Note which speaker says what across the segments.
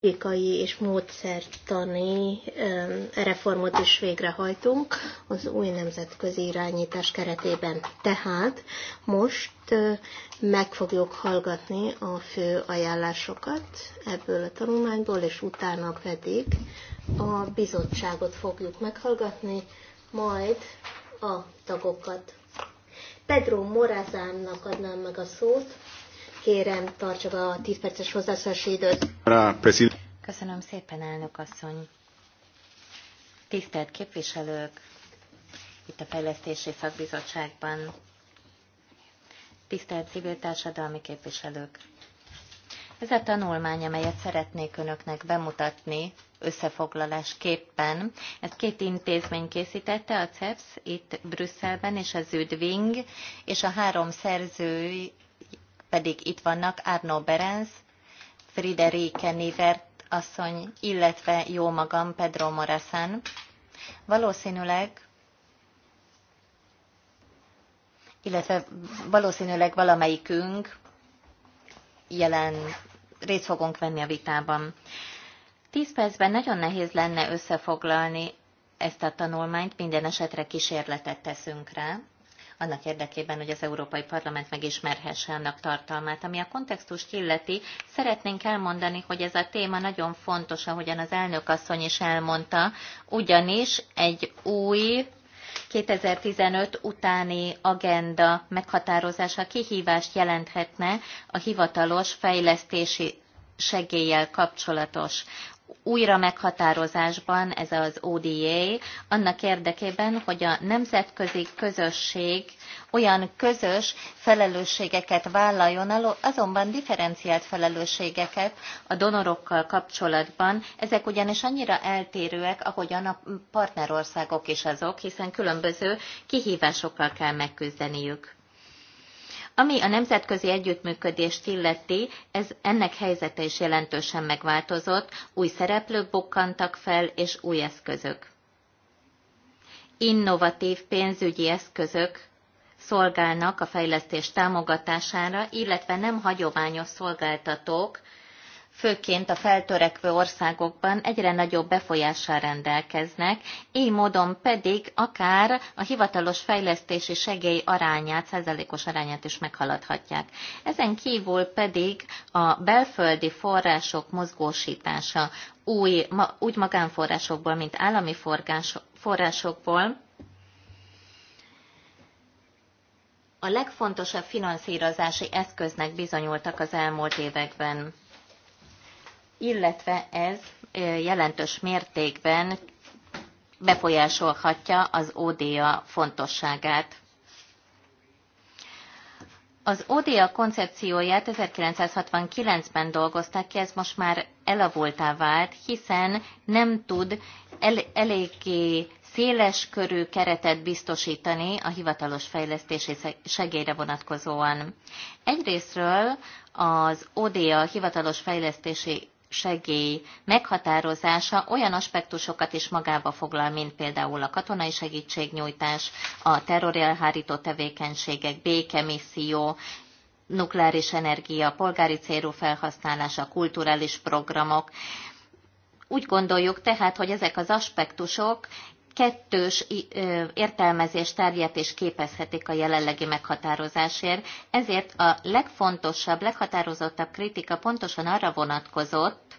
Speaker 1: politikai és módszertani reformot is végrehajtunk az új nemzetközi irányítás keretében. Tehát most meg fogjuk hallgatni a fő ajánlásokat ebből a tanulmányból, és utána pedig a bizottságot fogjuk meghallgatni, majd a tagokat. Pedro Morazánnak adnám
Speaker 2: meg a szót, Kérem, tartsa be a 10 perces hozzászólási időt. Köszönöm szépen, elnök asszony. Tisztelt képviselők, itt a Fejlesztési Szakbizottságban, tisztelt civil társadalmi képviselők. Ez a tanulmány, amelyet szeretnék önöknek bemutatni, összefoglalásképpen. Ezt két intézmény készítette, a CEPS itt Brüsszelben, és a Züdving, és a három szerzői pedig itt vannak Arno Berenz, Friderike Nivert asszony, illetve jó magam Pedro Morasan. Valószínűleg illetve valószínűleg valamelyikünk jelen részt fogunk venni a vitában. Tíz percben nagyon nehéz lenne összefoglalni ezt a tanulmányt, minden esetre kísérletet teszünk rá annak érdekében, hogy az Európai Parlament megismerhesse annak tartalmát. Ami a kontextust illeti, szeretnénk elmondani, hogy ez a téma nagyon fontos, ahogyan az elnök asszony is elmondta, ugyanis egy új 2015 utáni agenda meghatározása kihívást jelenthetne a hivatalos fejlesztési segéllyel kapcsolatos újra meghatározásban ez az ODA, annak érdekében, hogy a nemzetközi közösség olyan közös felelősségeket vállaljon, azonban differenciált felelősségeket a donorokkal kapcsolatban. Ezek ugyanis annyira eltérőek, ahogyan a partnerországok is azok, hiszen különböző kihívásokkal kell megküzdeniük. Ami a nemzetközi együttműködést illeti, ez ennek helyzete is jelentősen megváltozott, új szereplők bukkantak fel, és új eszközök. Innovatív pénzügyi eszközök szolgálnak a fejlesztés támogatására, illetve nem hagyományos szolgáltatók, főként a feltörekvő országokban egyre nagyobb befolyással rendelkeznek, így módon pedig akár a hivatalos fejlesztési segély arányát, százalékos arányát is meghaladhatják. Ezen kívül pedig a belföldi források mozgósítása új, ma, úgy magánforrásokból, mint állami forrásokból, a legfontosabb finanszírozási eszköznek bizonyultak az elmúlt években illetve ez jelentős mértékben befolyásolhatja az ODA fontosságát. Az ODA koncepcióját 1969-ben dolgozták ki, ez most már elavultá vált, hiszen nem tud el- eléggé széles körű keretet biztosítani a hivatalos fejlesztési segélyre vonatkozóan. Egyrésztről az ODA hivatalos fejlesztési segély meghatározása olyan aspektusokat is magába foglal, mint például a katonai segítségnyújtás, a terrorelhárító tevékenységek, békemisszió, nukleáris energia, polgári célú felhasználása, kulturális programok. Úgy gondoljuk tehát, hogy ezek az aspektusok kettős értelmezés tárgyát is képezhetik a jelenlegi meghatározásért, ezért a legfontosabb, leghatározottabb kritika pontosan arra vonatkozott,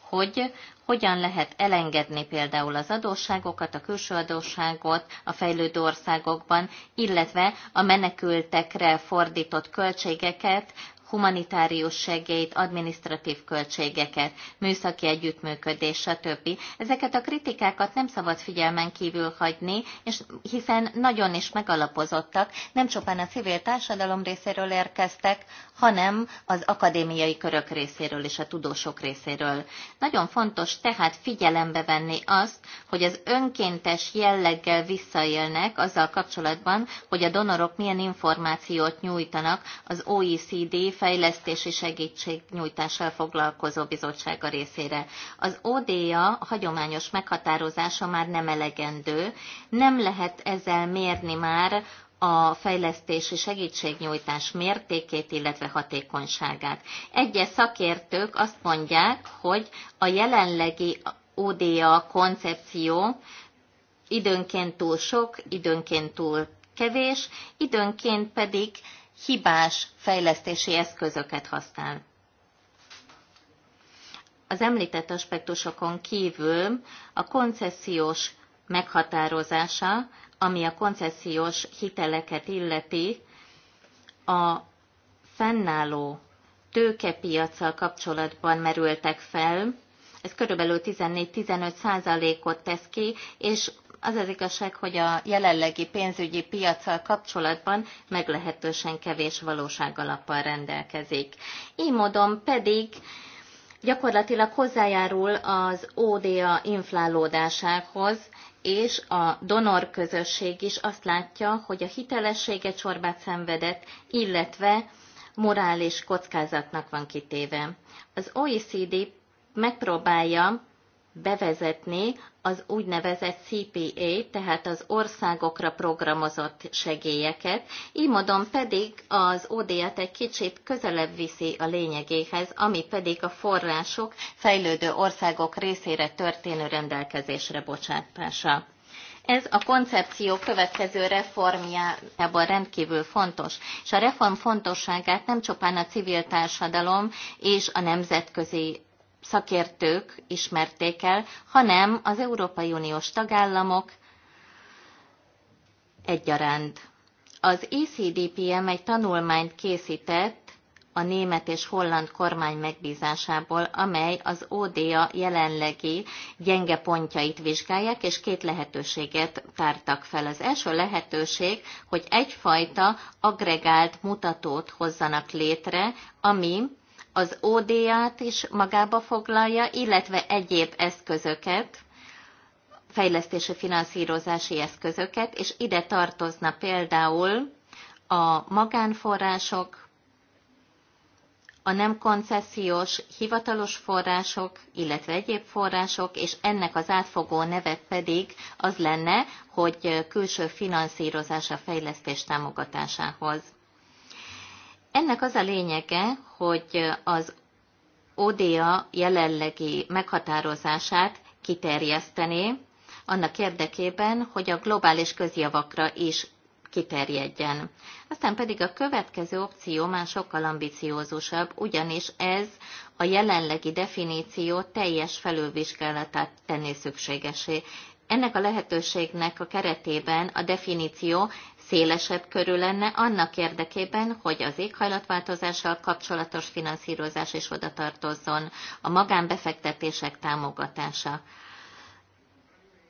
Speaker 2: hogy hogyan lehet elengedni például az adósságokat, a külső adósságot a fejlődő országokban, illetve a menekültekre fordított költségeket humanitárius segélyt, adminisztratív költségeket, műszaki együttműködés, stb. Ezeket a kritikákat nem szabad figyelmen kívül hagyni, és hiszen nagyon is megalapozottak, nem csupán a civil társadalom részéről érkeztek, hanem az akadémiai körök részéről és a tudósok részéről. Nagyon fontos tehát figyelembe venni azt, hogy az önkéntes jelleggel visszaélnek azzal kapcsolatban, hogy a donorok milyen információt nyújtanak az OECD fejlesztési segítségnyújtással foglalkozó bizottsága részére. Az ODA hagyományos meghatározása már nem elegendő, nem lehet ezzel mérni már a fejlesztési segítségnyújtás mértékét, illetve hatékonyságát. Egyes szakértők azt mondják, hogy a jelenlegi ODA koncepció időnként túl sok, időnként túl kevés, időnként pedig hibás fejlesztési eszközöket használ. Az említett aspektusokon kívül a koncesziós meghatározása, ami a koncesziós hiteleket illeti, a fennálló tőkepiacsal kapcsolatban merültek fel, ez körülbelül 14-15 százalékot tesz ki, és az az igazság, hogy a jelenlegi pénzügyi piacsal kapcsolatban meglehetősen kevés valóságalappal rendelkezik. Így módon pedig gyakorlatilag hozzájárul az ODA inflálódásához, és a donor közösség is azt látja, hogy a hitelessége csorbát szenvedett, illetve morális kockázatnak van kitéve. Az OECD megpróbálja bevezetni az úgynevezett CPA, tehát az országokra programozott segélyeket, így módon pedig az ODA-t egy kicsit közelebb viszi a lényegéhez, ami pedig a források fejlődő országok részére történő rendelkezésre bocsátása. Ez a koncepció következő reformjában rendkívül fontos, és a reform fontosságát nem csupán a civil társadalom és a nemzetközi szakértők ismerték el, hanem az Európai Uniós tagállamok egyaránt. Az ECDPM egy tanulmányt készített a német és holland kormány megbízásából, amely az ODA jelenlegi gyenge pontjait vizsgálják, és két lehetőséget tártak fel. Az első lehetőség, hogy egyfajta agregált mutatót hozzanak létre, ami az ODA-t is magába foglalja, illetve egyéb eszközöket, fejlesztési finanszírozási eszközöket, és ide tartozna például a magánforrások, a nem koncesziós hivatalos források, illetve egyéb források, és ennek az átfogó neve pedig az lenne, hogy külső finanszírozás a fejlesztés támogatásához. Ennek az a lényege, hogy az ODA jelenlegi meghatározását kiterjesztené, annak érdekében, hogy a globális közjavakra is kiterjedjen. Aztán pedig a következő opció már sokkal ambiciózusabb, ugyanis ez a jelenlegi definíció teljes felülvizsgálatát tenni szükségesé ennek a lehetőségnek a keretében a definíció szélesebb körül lenne annak érdekében, hogy az éghajlatváltozással kapcsolatos finanszírozás is oda tartozzon, a magánbefektetések támogatása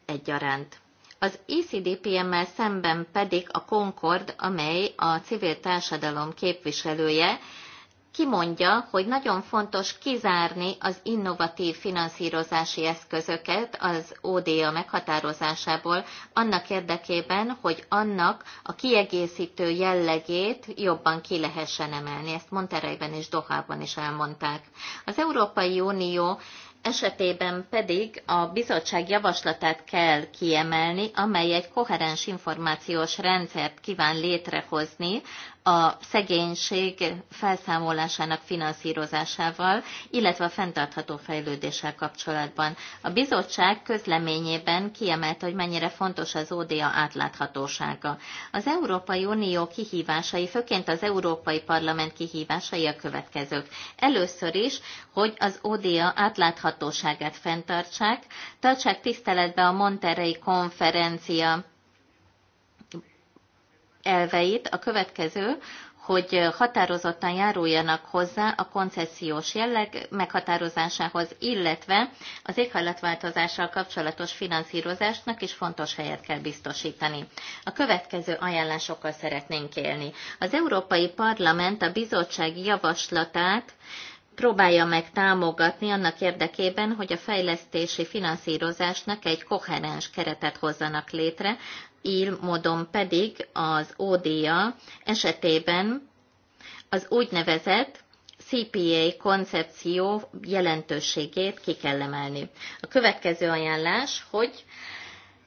Speaker 2: egyaránt. Az ECDPM-mel szemben pedig a Concord, amely a civil társadalom képviselője, kimondja, hogy nagyon fontos kizárni az innovatív finanszírozási eszközöket az ODA meghatározásából annak érdekében, hogy annak a kiegészítő jellegét jobban ki lehessen emelni. Ezt Monterreyben és Dohában is elmondták. Az Európai Unió esetében pedig a bizottság javaslatát kell kiemelni, amely egy koherens információs rendszert kíván létrehozni a szegénység felszámolásának finanszírozásával, illetve a fenntartható fejlődéssel kapcsolatban. A bizottság közleményében kiemelte, hogy mennyire fontos az ODA átláthatósága. Az Európai Unió kihívásai, főként az Európai Parlament kihívásai a következők. Először is, hogy az ODA átláthatóságát fenntartsák, tartsák tiszteletbe a Monterrey konferencia elveit a következő, hogy határozottan járuljanak hozzá a koncesziós jelleg meghatározásához, illetve az éghajlatváltozással kapcsolatos finanszírozásnak is fontos helyet kell biztosítani. A következő ajánlásokkal szeretnénk élni. Az Európai Parlament a bizottság javaslatát próbálja meg támogatni annak érdekében, hogy a fejlesztési finanszírozásnak egy koherens keretet hozzanak létre, így módon pedig az ODA esetében az úgynevezett CPA koncepció jelentőségét ki kell emelni. A következő ajánlás, hogy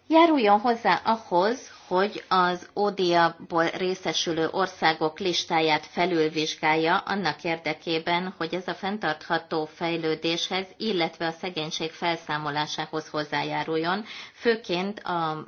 Speaker 2: járuljon hozzá ahhoz, hogy az oda ból részesülő országok listáját felülvizsgálja annak érdekében, hogy ez a fenntartható fejlődéshez, illetve a szegénység felszámolásához hozzájáruljon, főként a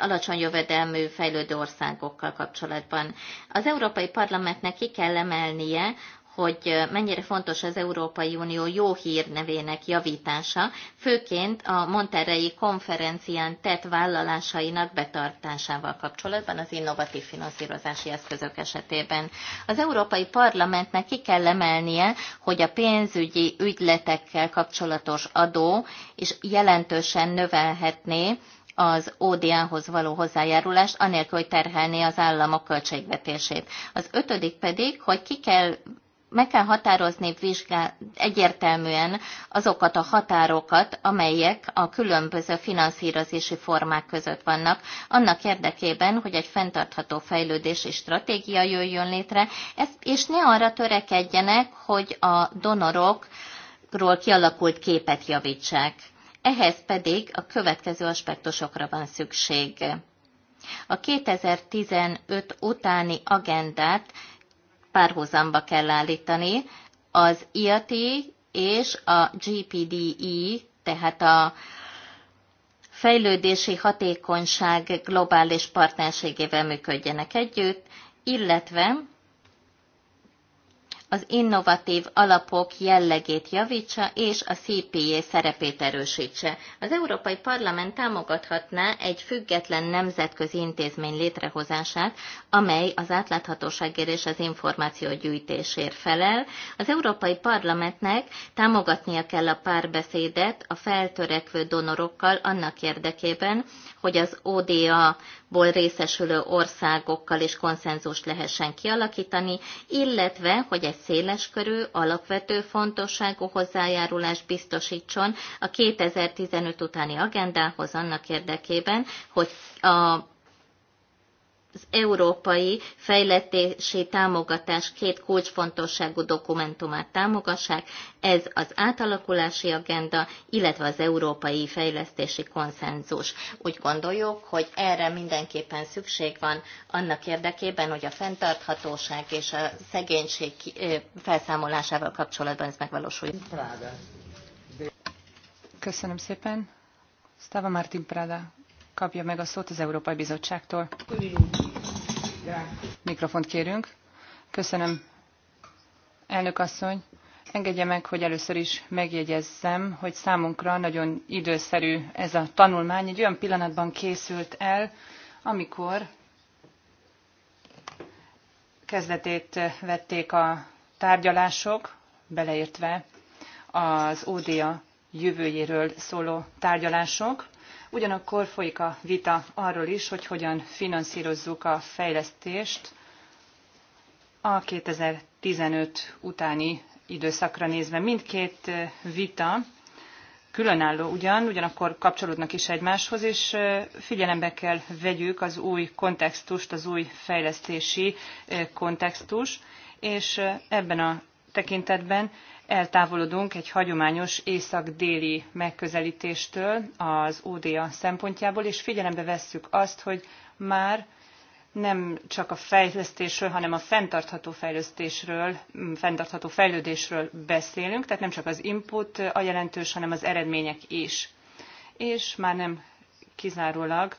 Speaker 2: alacsony jövedelmű fejlődő országokkal kapcsolatban. Az Európai Parlamentnek ki kell emelnie, hogy mennyire fontos az Európai Unió jó hírnevének javítása, főként a Monterrey konferencián tett vállalásainak betartásával kapcsolatban az innovatív finanszírozási eszközök esetében. Az Európai Parlamentnek ki kell emelnie, hogy a pénzügyi ügyletekkel kapcsolatos adó is jelentősen növelhetné az ODA-hoz való hozzájárulást, anélkül, hogy terhelné az államok költségvetését. Az ötödik pedig, hogy ki kell meg kell határozni vizsgál, egyértelműen azokat a határokat, amelyek a különböző finanszírozási formák között vannak, annak érdekében, hogy egy fenntartható fejlődési stratégia jöjjön létre, és ne arra törekedjenek, hogy a donorokról kialakult képet javítsák. Ehhez pedig a következő aspektusokra van szükség. A 2015 utáni agendát párhuzamba kell állítani, az IAT és a GPDE, tehát a fejlődési hatékonyság globális partnerségével működjenek együtt, illetve az innovatív alapok jellegét javítsa és a CPA szerepét erősítse. Az Európai Parlament támogathatná egy független nemzetközi intézmény létrehozását, amely az átláthatóságért és az információ gyűjtésért felel. Az Európai Parlamentnek támogatnia kell a párbeszédet a feltörekvő donorokkal annak érdekében, hogy az ODA ból részesülő országokkal is konszenzust lehessen kialakítani, illetve, hogy egy széleskörű, alapvető fontosságú hozzájárulást biztosítson a 2015 utáni agendához annak érdekében, hogy a az európai fejletési támogatás két kulcsfontosságú dokumentumát támogassák, ez az átalakulási agenda, illetve az európai fejlesztési konszenzus. Úgy gondoljuk, hogy erre mindenképpen szükség van annak érdekében, hogy a fenntarthatóság és a szegénység
Speaker 3: felszámolásával kapcsolatban ez megvalósuljon. Köszönöm szépen. Stava Martin Prada kapja meg a szót az Európai Bizottságtól. Mikrofont kérünk. Köszönöm, elnök asszony. Engedje meg, hogy először is megjegyezzem, hogy számunkra nagyon időszerű ez a tanulmány. Egy olyan pillanatban készült el, amikor kezdetét vették a tárgyalások, beleértve az ODA jövőjéről szóló tárgyalások, Ugyanakkor folyik a vita arról is, hogy hogyan finanszírozzuk a fejlesztést a 2015 utáni időszakra nézve. Mindkét vita különálló ugyan, ugyanakkor kapcsolódnak is egymáshoz, és figyelembe kell vegyük az új kontextust, az új fejlesztési kontextus, és ebben a tekintetben eltávolodunk egy hagyományos észak-déli megközelítéstől az ODA szempontjából, és figyelembe vesszük azt, hogy már nem csak a fejlesztésről, hanem a fenntartható fejlesztésről, fenntartható fejlődésről beszélünk, tehát nem csak az input a jelentős, hanem az eredmények is. És már nem kizárólag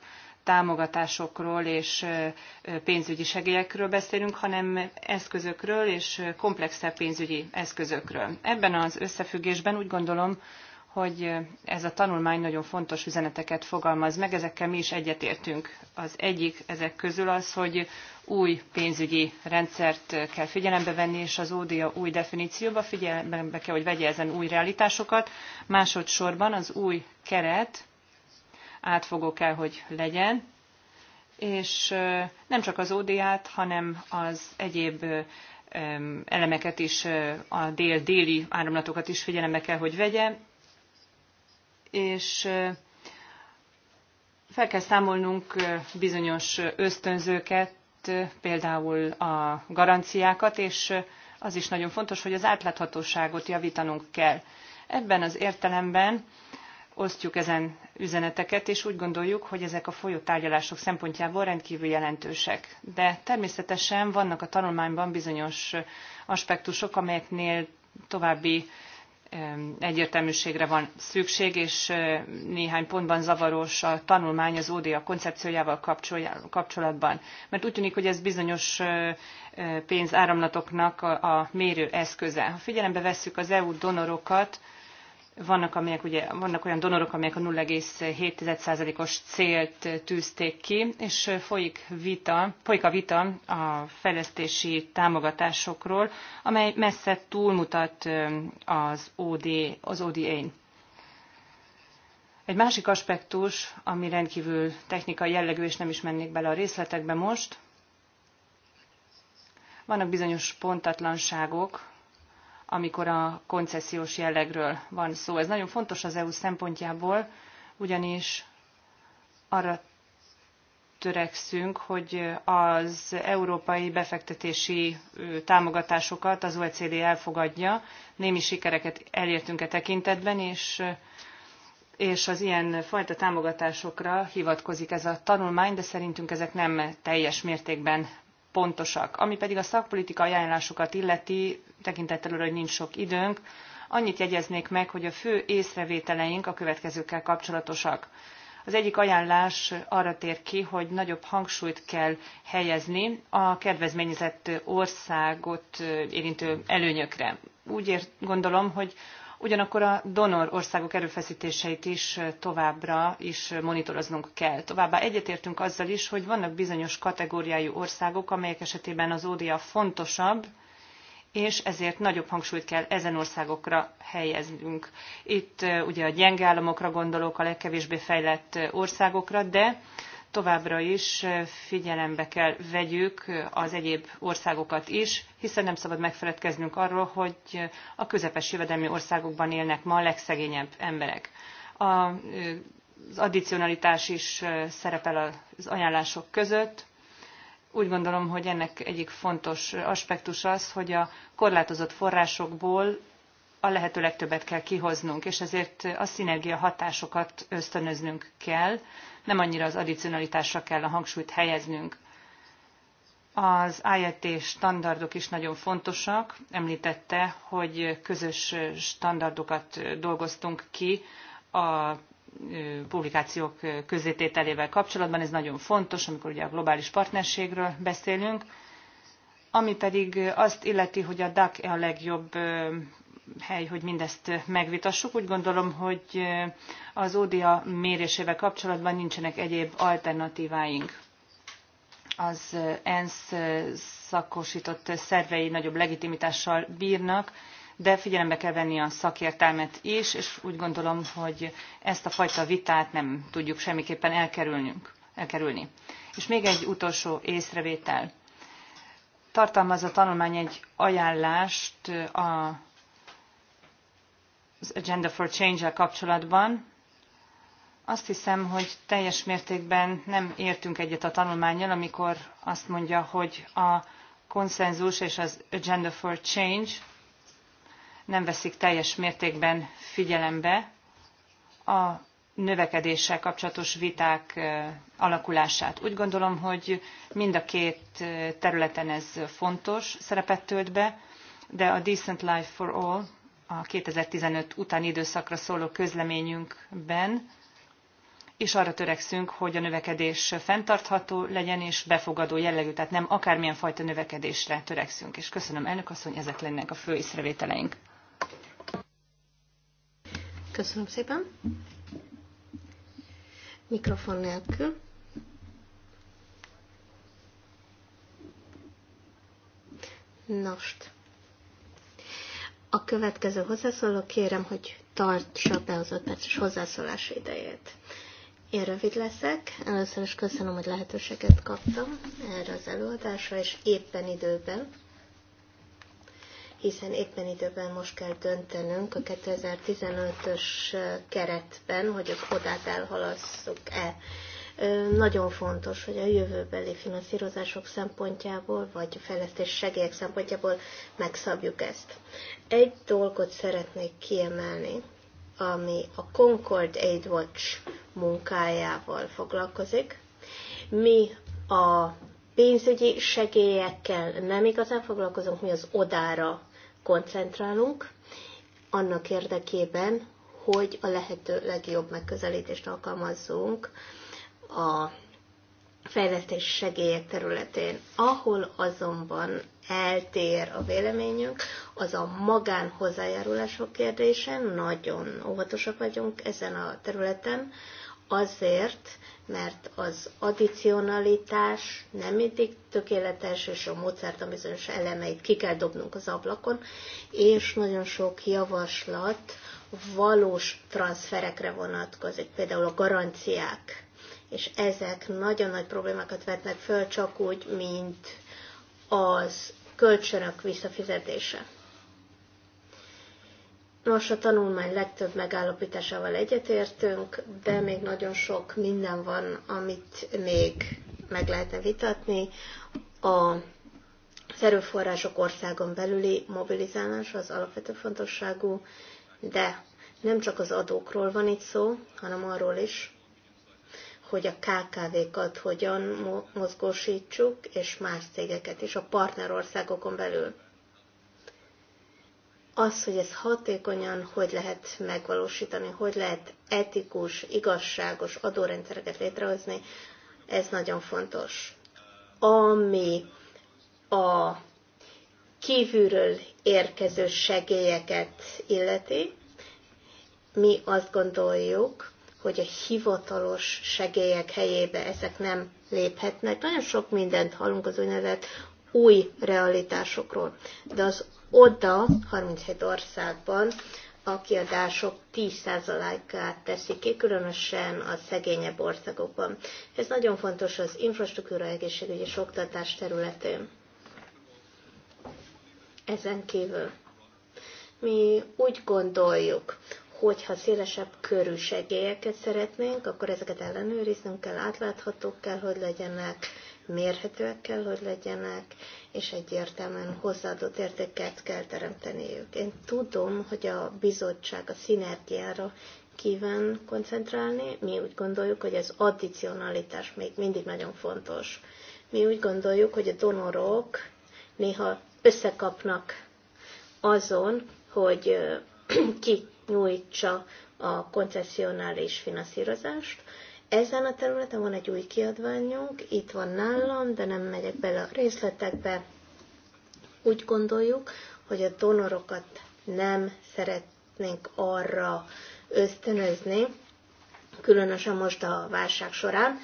Speaker 3: támogatásokról és pénzügyi segélyekről beszélünk, hanem eszközökről és komplexebb pénzügyi eszközökről. Ebben az összefüggésben úgy gondolom, hogy ez a tanulmány nagyon fontos üzeneteket fogalmaz meg, ezekkel mi is egyetértünk. Az egyik ezek közül az, hogy új pénzügyi rendszert kell figyelembe venni, és az ódia új definícióba figyelembe kell, hogy vegye ezen új realitásokat. Másodszorban az új keret átfogó kell, hogy legyen, és nem csak az ódiát, hanem az egyéb elemeket is, a dél-déli áramlatokat is figyelembe kell, hogy vegye, és fel kell számolnunk bizonyos ösztönzőket, például a garanciákat, és az is nagyon fontos, hogy az átláthatóságot javítanunk kell. Ebben az értelemben osztjuk ezen üzeneteket, és úgy gondoljuk, hogy ezek a folyó tárgyalások szempontjából rendkívül jelentősek. De természetesen vannak a tanulmányban bizonyos aspektusok, amelyeknél további egyértelműségre van szükség, és néhány pontban zavaros a tanulmány az ODA koncepciójával kapcsolatban. Mert úgy tűnik, hogy ez bizonyos pénzáramlatoknak a mérő eszköze. Ha figyelembe vesszük az EU donorokat, vannak, amelyek, ugye, vannak olyan donorok, amelyek a 0,7%-os célt tűzték ki, és folyik, vita, folyik a vita a fejlesztési támogatásokról, amely messze túlmutat az, OD, az ODA-n. Egy másik aspektus, ami rendkívül technikai jellegű, és nem is mennék bele a részletekbe most, vannak bizonyos pontatlanságok, amikor a koncesziós jellegről van szó. Ez nagyon fontos az EU szempontjából, ugyanis arra törekszünk, hogy az európai befektetési támogatásokat az OECD elfogadja. Némi sikereket elértünk e tekintetben, és, és az ilyen fajta támogatásokra hivatkozik ez a tanulmány, de szerintünk ezek nem teljes mértékben pontosak. Ami pedig a szakpolitika ajánlásokat illeti, tekintettel arra, hogy nincs sok időnk, annyit jegyeznék meg, hogy a fő észrevételeink a következőkkel kapcsolatosak. Az egyik ajánlás arra tér ki, hogy nagyobb hangsúlyt kell helyezni a kedvezményezett országot érintő előnyökre. Úgy ért, gondolom, hogy Ugyanakkor a donor országok erőfeszítéseit is továbbra is monitoroznunk kell. Továbbá egyetértünk azzal is, hogy vannak bizonyos kategóriájú országok, amelyek esetében az ODA fontosabb, és ezért nagyobb hangsúlyt kell ezen országokra helyeznünk. Itt ugye a gyenge államokra gondolok, a legkevésbé fejlett országokra, de továbbra is figyelembe kell vegyük az egyéb országokat is, hiszen nem szabad megfeledkeznünk arról, hogy a közepes jövedelmi országokban élnek ma a legszegényebb emberek. A az addicionalitás is szerepel az ajánlások között. Úgy gondolom, hogy ennek egyik fontos aspektus az, hogy a korlátozott forrásokból a lehető legtöbbet kell kihoznunk, és ezért a szinergia hatásokat ösztönöznünk kell, nem annyira az addicionalitásra kell a hangsúlyt helyeznünk. Az IET standardok is nagyon fontosak. Említette, hogy közös standardokat dolgoztunk ki a publikációk közzétételével kapcsolatban. Ez nagyon fontos, amikor ugye a globális partnerségről beszélünk. Ami pedig azt illeti, hogy a DAC e a legjobb hely, hogy mindezt megvitassuk. Úgy gondolom, hogy az ódia mérésével kapcsolatban nincsenek egyéb alternatíváink. Az ENSZ szakosított szervei nagyobb legitimitással bírnak, de figyelembe kell venni a szakértelmet is, és úgy gondolom, hogy ezt a fajta vitát nem tudjuk semmiképpen elkerülnünk, elkerülni. És még egy utolsó észrevétel. Tartalmaz a tanulmány egy ajánlást a az Agenda for Change-el kapcsolatban. Azt hiszem, hogy teljes mértékben nem értünk egyet a tanulmányjal, amikor azt mondja, hogy a konszenzus és az Agenda for Change nem veszik teljes mértékben figyelembe a növekedéssel kapcsolatos viták alakulását. Úgy gondolom, hogy mind a két területen ez fontos szerepet tölt be, de a Decent Life for All a 2015 utáni időszakra szóló közleményünkben, és arra törekszünk, hogy a növekedés fenntartható legyen és befogadó jellegű, tehát nem akármilyen fajta növekedésre törekszünk. És köszönöm, elnök asszony, ezek lennek a fő észrevételeink.
Speaker 1: Köszönöm szépen. Mikrofon nélkül. Nost. A következő hozzászóló kérem, hogy tartsa be az 5 perces hozzászólás idejét. Én rövid leszek. Először is köszönöm, hogy lehetőséget kaptam erre az előadásra, és éppen időben, hiszen éppen időben most kell döntenünk a 2015-ös keretben, hogy a odát elhalasszuk-e. Nagyon fontos, hogy a jövőbeli finanszírozások szempontjából, vagy a fejlesztés segélyek szempontjából megszabjuk ezt. Egy dolgot szeretnék kiemelni, ami a Concord Aid Watch munkájával foglalkozik. Mi a pénzügyi segélyekkel nem igazán foglalkozunk, mi az odára koncentrálunk, annak érdekében, hogy a lehető legjobb megközelítést alkalmazzunk a fejlesztés segélyek területén. Ahol azonban eltér a véleményünk, az a magán hozzájárulások kérdése. Nagyon óvatosak vagyunk ezen a területen, azért, mert az addicionalitás nem mindig tökéletes, és a a bizonyos elemeit ki kell dobnunk az ablakon, és nagyon sok javaslat valós transferekre vonatkozik, például a garanciák és ezek nagyon nagy problémákat vetnek föl, csak úgy, mint az kölcsönök visszafizetése. Nos, a tanulmány legtöbb megállapításával egyetértünk, de még nagyon sok minden van, amit még meg lehetne vitatni. A az erőforrások országon belüli mobilizálása az alapvető fontosságú, de nem csak az adókról van itt szó, hanem arról is, hogy a KKV-kat hogyan mozgósítsuk, és más cégeket is a partnerországokon belül. Az, hogy ez hatékonyan hogy lehet megvalósítani, hogy lehet etikus, igazságos adórendszereket létrehozni, ez nagyon fontos. Ami a kívülről érkező segélyeket illeti, mi azt gondoljuk, hogy a hivatalos segélyek helyébe ezek nem léphetnek. Nagyon sok mindent hallunk az úgynevezett új realitásokról, de az oda 37 országban a kiadások 10%-át teszik ki, különösen a szegényebb országokban. Ez nagyon fontos az infrastruktúra, egészségügy és oktatás területén. Ezen kívül mi úgy gondoljuk, hogyha szélesebb körű segélyeket szeretnénk, akkor ezeket ellenőriznünk kell, átláthatók kell, hogy legyenek, mérhetőek kell, hogy legyenek, és egyértelműen hozzáadott értéket kell teremteniük. Én tudom, hogy a bizottság a szinergiára kíván koncentrálni. Mi úgy gondoljuk, hogy az addicionalitás még mindig nagyon fontos. Mi úgy gondoljuk, hogy a donorok néha összekapnak azon, hogy ki nyújtsa a koncessionális finanszírozást. Ezen a területen van egy új kiadványunk, itt van nálam, de nem megyek bele a részletekbe. Úgy gondoljuk, hogy a donorokat nem szeretnénk arra ösztönözni, különösen most a válság során,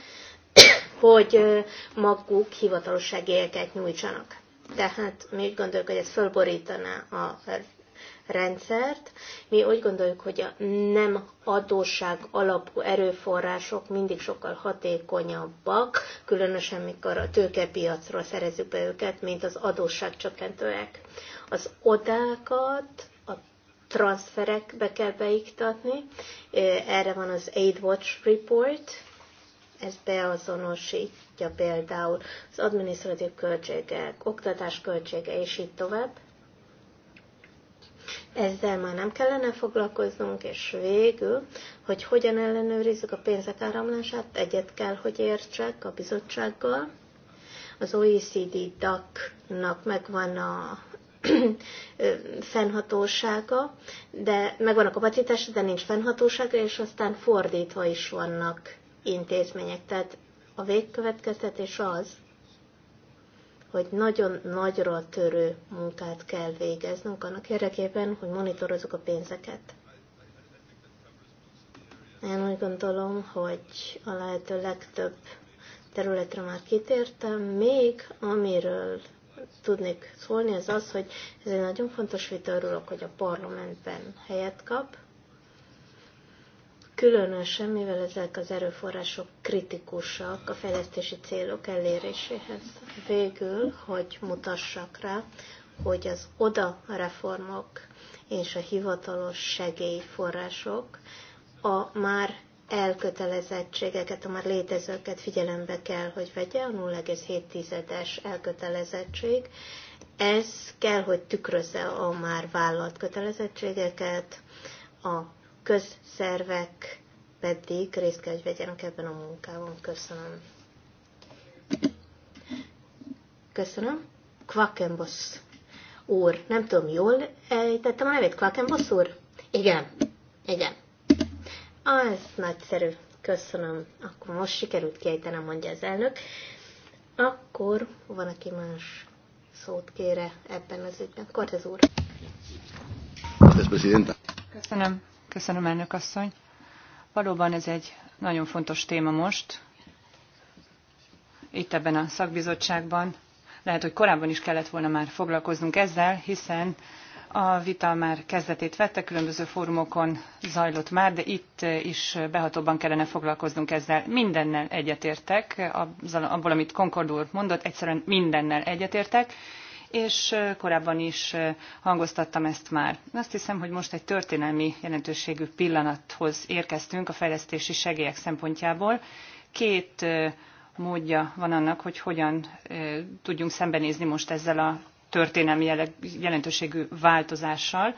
Speaker 1: hogy maguk hivatalos segélyeket nyújtsanak. Tehát mi úgy gondoljuk, hogy ez fölborítaná a rendszert. Mi úgy gondoljuk, hogy a nem adósság alapú erőforrások mindig sokkal hatékonyabbak, különösen mikor a tőkepiacról szerezzük be őket, mint az adósság csökkentőek. Az odákat a transferekbe kell beiktatni, erre van az Aid Watch Report, ez beazonosítja például az adminisztratív költségek, oktatás költsége, és így tovább ezzel már nem kellene foglalkoznunk, és végül, hogy hogyan ellenőrizzük a pénzek áramlását, egyet kell, hogy értsek a bizottsággal. Az OECD DAC-nak megvan a fennhatósága, de megvan a kapacitása, de nincs fennhatósága, és aztán fordítva is vannak intézmények. Tehát a végkövetkeztetés az, hogy nagyon nagyra törő munkát kell végeznünk annak érdekében, hogy monitorozzuk a pénzeket. Én úgy gondolom, hogy a lehető legtöbb területre már kitértem. Még amiről tudnék szólni, az az, hogy ez egy nagyon fontos vita, örülök, hogy a parlamentben helyet kap, különösen mivel ezek az erőforrások kritikusak a fejlesztési célok eléréséhez. Végül, hogy mutassak rá, hogy az oda reformok és a hivatalos segélyforrások a már elkötelezettségeket, a már létezőket figyelembe kell, hogy vegye a 0,7-es elkötelezettség. Ez kell, hogy tükrözze a már vállalt kötelezettségeket, a közszervek pedig részt kell, hogy vegyenek ebben a munkában. Köszönöm. Köszönöm. Kvakenbosz úr. Nem tudom, jól ejtettem a nevét? Kvakenbosz úr? Igen. Igen. Az nagyszerű. Köszönöm. Akkor most sikerült kiejtenem, mondja az elnök. Akkor van, aki más szót kére ebben az ügyben. Kortez úr.
Speaker 3: Köszönöm. Köszönöm, elnök asszony. Valóban ez egy nagyon fontos téma most. Itt ebben a szakbizottságban lehet, hogy korábban is kellett volna már foglalkoznunk ezzel, hiszen a vita már kezdetét vette, különböző fórumokon zajlott már, de itt is behatóban kellene foglalkoznunk ezzel. Mindennel egyetértek, abból, amit Concord úr mondott, egyszerűen mindennel egyetértek, és korábban is hangoztattam ezt már. Azt hiszem, hogy most egy történelmi jelentőségű pillanathoz érkeztünk a fejlesztési segélyek szempontjából. Két módja van annak, hogy hogyan tudjunk szembenézni most ezzel a történelmi jelentőségű változással.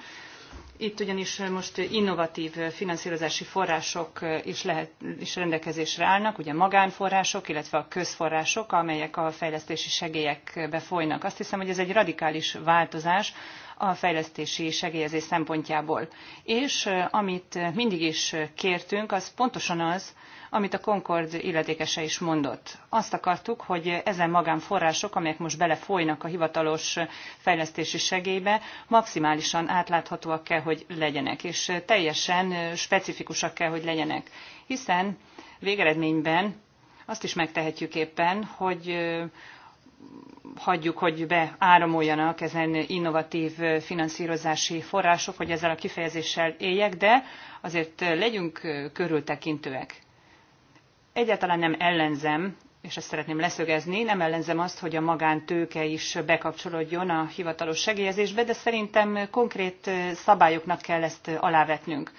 Speaker 3: Itt ugyanis most innovatív finanszírozási források is, lehet, is rendelkezésre állnak, ugye magánforrások, illetve a közforrások, amelyek a fejlesztési segélyekbe folynak. Azt hiszem, hogy ez egy radikális változás a fejlesztési segélyezés szempontjából. És amit mindig is kértünk, az pontosan az, amit a Concord illetékese is mondott. Azt akartuk, hogy ezen magánforrások, amelyek most belefolynak a hivatalos fejlesztési segélybe, maximálisan átláthatóak kell, hogy legyenek, és teljesen specifikusak kell, hogy legyenek. Hiszen végeredményben azt is megtehetjük éppen, hogy hagyjuk, hogy beáramoljanak ezen innovatív finanszírozási források, hogy ezzel a kifejezéssel éljek, de azért legyünk körültekintőek. Egyáltalán nem ellenzem, és ezt szeretném leszögezni, nem ellenzem azt, hogy a magántőke is bekapcsolódjon a hivatalos segélyezésbe, de szerintem konkrét eh, szabályoknak kell ezt alávetnünk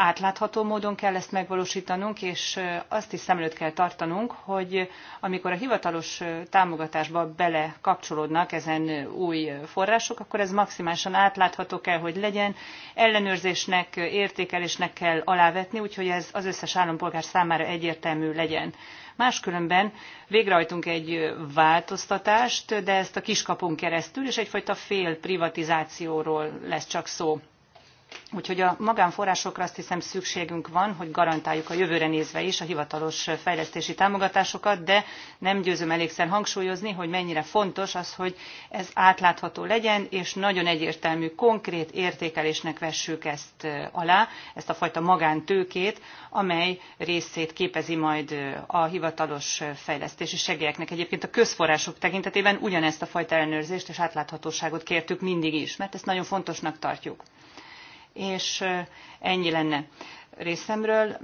Speaker 3: átlátható módon kell ezt megvalósítanunk, és azt is szem előtt kell tartanunk, hogy amikor a hivatalos támogatásba bele kapcsolódnak ezen új források, akkor ez maximálisan átlátható kell, hogy legyen. Ellenőrzésnek, értékelésnek kell alávetni, úgyhogy ez az összes állampolgár számára egyértelmű legyen. Máskülönben végrehajtunk egy változtatást, de ezt a kiskapun keresztül, és egyfajta fél privatizációról lesz csak szó. Úgyhogy a magánforrásokra azt hiszem szükségünk van, hogy garantáljuk a jövőre nézve is a hivatalos fejlesztési támogatásokat, de nem győzöm elégszer hangsúlyozni, hogy mennyire fontos az, hogy ez átlátható legyen, és nagyon egyértelmű, konkrét értékelésnek vessük ezt alá, ezt a fajta magántőkét, amely részét képezi majd a hivatalos fejlesztési segélyeknek. Egyébként a közforrások tekintetében ugyanezt a fajta ellenőrzést és átláthatóságot kértük mindig is, mert ezt nagyon fontosnak tartjuk és ennyi lenne részemről.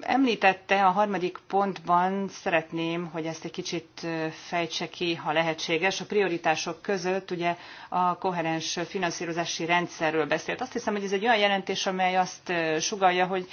Speaker 3: Említette a harmadik pontban, szeretném, hogy ezt egy kicsit fejtse ki, ha lehetséges. A prioritások között ugye a koherens finanszírozási rendszerről beszélt. Azt hiszem, hogy ez egy olyan jelentés, amely azt sugalja, hogy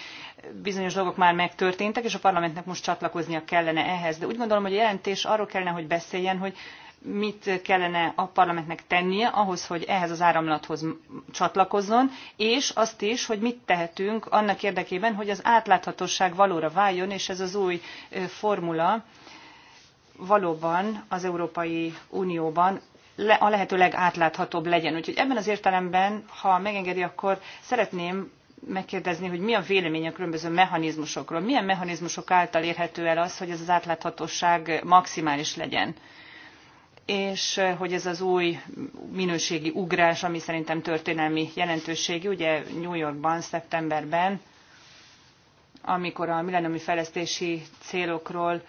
Speaker 3: bizonyos dolgok már megtörténtek, és a parlamentnek most csatlakoznia kellene ehhez. De úgy gondolom, hogy a jelentés arról kellene, hogy beszéljen, hogy mit kellene a parlamentnek tennie ahhoz, hogy ehhez az áramlathoz csatlakozzon, és azt is, hogy mit tehetünk annak érdekében, hogy az átláthatóság valóra váljon, és ez az új formula valóban az Európai Unióban a lehető legátláthatóbb legyen. Úgyhogy ebben az értelemben, ha megengedi, akkor szeretném megkérdezni, hogy mi a vélemény a különböző mechanizmusokról. Milyen mechanizmusok által érhető el az, hogy ez az átláthatóság maximális legyen? és eh, hogy ez az új minőségi ugrás, ami szerintem történelmi jelentőségi, ugye New Yorkban, szeptemberben, amikor a millenniumi fejlesztési célokról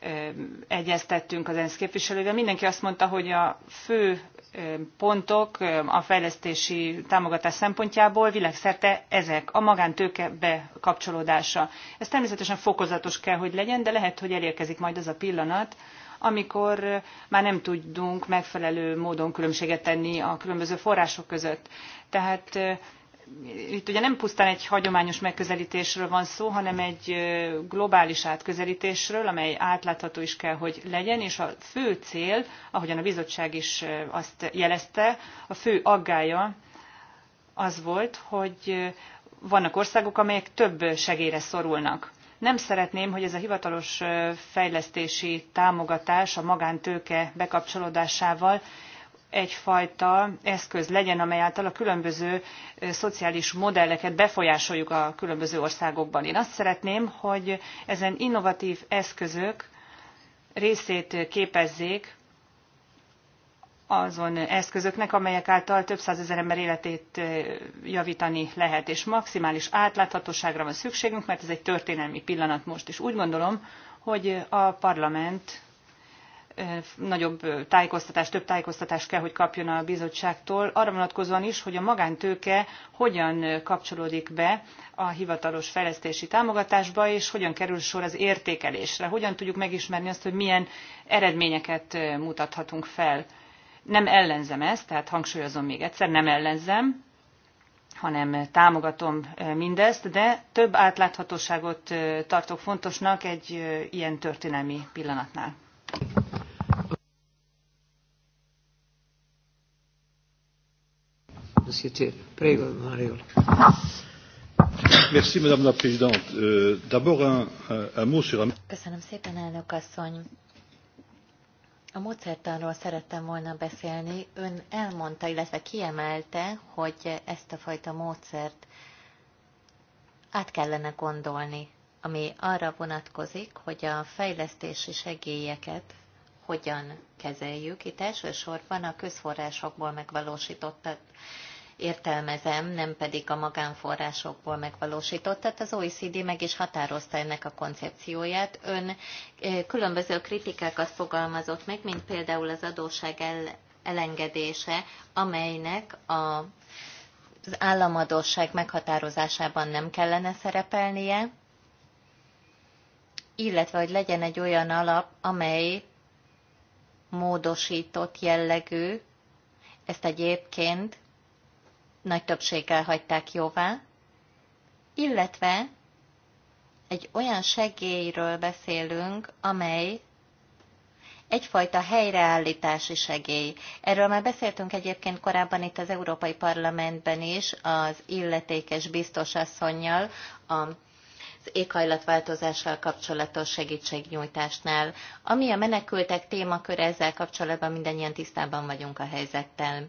Speaker 3: eh, egyeztettünk az ENSZ képviselővel, mindenki azt mondta, hogy a fő eh, pontok a fejlesztési támogatás szempontjából világszerte ezek, a magántőke bekapcsolódása. Ez természetesen fokozatos kell, hogy legyen, de lehet, hogy elérkezik majd az a pillanat, amikor már nem tudunk megfelelő módon különbséget tenni a különböző források között. Tehát itt ugye nem pusztán egy hagyományos megközelítésről van szó, hanem egy globális átközelítésről, amely átlátható is kell, hogy legyen, és a fő cél, ahogyan a bizottság is azt jelezte, a fő aggája az volt, hogy vannak országok, amelyek több segélyre szorulnak. Nem szeretném, hogy ez a hivatalos fejlesztési támogatás a magántőke bekapcsolódásával egyfajta eszköz legyen, amely által a különböző szociális modelleket befolyásoljuk a különböző országokban. Én azt szeretném, hogy ezen innovatív eszközök részét képezzék azon eszközöknek, amelyek által több százezer ember életét javítani lehet, és maximális átláthatóságra van szükségünk, mert ez egy történelmi pillanat most is. Úgy gondolom, hogy a parlament nagyobb tájékoztatást, több tájékoztatást kell, hogy kapjon a bizottságtól, arra vonatkozóan is, hogy a magántőke hogyan kapcsolódik be a hivatalos fejlesztési támogatásba, és hogyan kerül sor az értékelésre. Hogyan tudjuk megismerni azt, hogy milyen eredményeket mutathatunk fel nem ellenzem ezt, tehát hangsúlyozom még egyszer, nem ellenzem, hanem támogatom mindezt, de több átláthatóságot tartok fontosnak egy ilyen történelmi pillanatnál. Euh,
Speaker 2: Köszönöm szépen, elnök asszony. A módszertanról szerettem volna beszélni. Ön elmondta, illetve kiemelte, hogy ezt a fajta módszert át kellene gondolni, ami arra vonatkozik, hogy a fejlesztési segélyeket hogyan kezeljük. Itt elsősorban a közforrásokból megvalósított értelmezem, nem pedig a magánforrásokból megvalósított. Tehát az OECD meg is határozta ennek a koncepcióját. Ön különböző kritikákat fogalmazott meg, mint például az adósság elengedése, amelynek a az államadóság meghatározásában nem kellene szerepelnie, illetve hogy legyen egy olyan alap, amely módosított jellegű, ezt egyébként nagy többséggel hagyták jóvá, illetve egy olyan segélyről beszélünk, amely egyfajta helyreállítási segély. Erről már beszéltünk egyébként korábban itt az Európai Parlamentben is az illetékes biztosasszonynal az éghajlatváltozással kapcsolatos segítségnyújtásnál. Ami a menekültek témakör, ezzel kapcsolatban mindannyian tisztában vagyunk a helyzettel.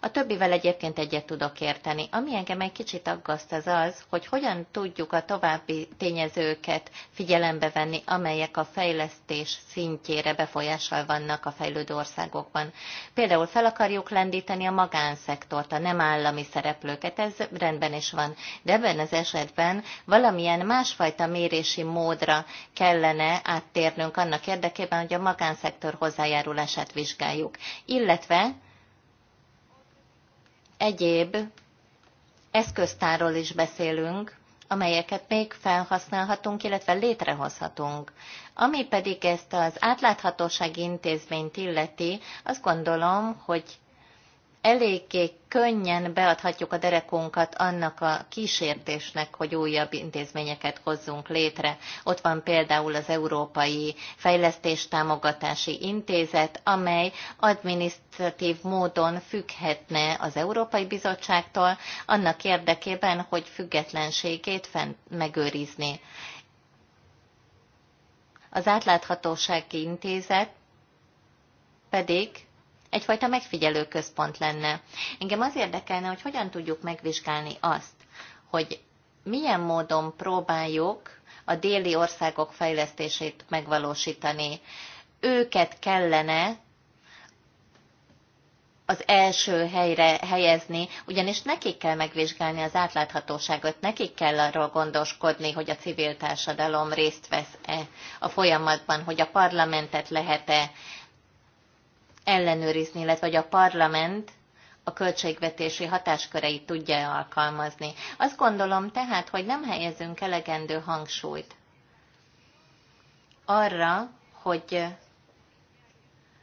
Speaker 2: A többivel egyébként egyet tudok érteni. Ami engem egy kicsit aggaszt az az, hogy hogyan tudjuk a további tényezőket figyelembe venni, amelyek a fejlesztés szintjére befolyással vannak a fejlődő országokban. Például fel akarjuk lendíteni a magánszektort, a nem állami szereplőket, ez rendben is van. De ebben az esetben valamilyen másfajta mérési módra kellene áttérnünk annak érdekében, hogy a magánszektor hozzájárulását vizsgáljuk. Illetve egyéb eszköztárról is beszélünk, amelyeket még felhasználhatunk, illetve létrehozhatunk. Ami pedig ezt az átláthatósági intézményt illeti, azt gondolom, hogy eléggé könnyen beadhatjuk a derekunkat annak a kísértésnek, hogy újabb intézményeket hozzunk létre. Ott van például az Európai Fejlesztéstámogatási Intézet, amely adminisztratív módon függhetne az Európai Bizottságtól, annak érdekében, hogy függetlenségét fent megőrizni. Az átláthatósági intézet pedig egyfajta megfigyelő központ lenne. Engem az érdekelne, hogy hogyan tudjuk megvizsgálni azt, hogy milyen módon próbáljuk a déli országok fejlesztését megvalósítani. Őket kellene az első helyre helyezni, ugyanis nekik kell megvizsgálni az átláthatóságot, nekik kell arról gondoskodni, hogy a civil társadalom részt vesz-e a folyamatban, hogy a parlamentet lehet-e ellenőrizni, illetve hogy a parlament a költségvetési hatásköreit tudja alkalmazni. Azt gondolom tehát, hogy nem helyezünk elegendő hangsúlyt arra, hogy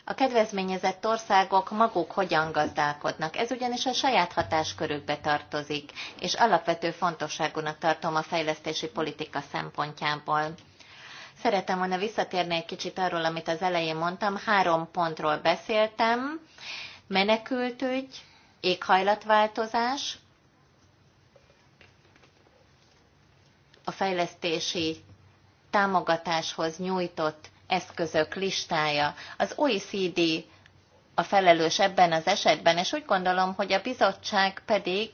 Speaker 2: a kedvezményezett országok maguk hogyan gazdálkodnak. Ez ugyanis a saját hatáskörükbe tartozik, és alapvető fontosságúnak tartom a fejlesztési politika szempontjából. Szeretem volna visszatérni egy kicsit arról, amit az elején mondtam. Három pontról beszéltem. Menekültügy, éghajlatváltozás, a fejlesztési támogatáshoz nyújtott eszközök listája. Az OECD a felelős ebben az esetben, és úgy gondolom, hogy a bizottság pedig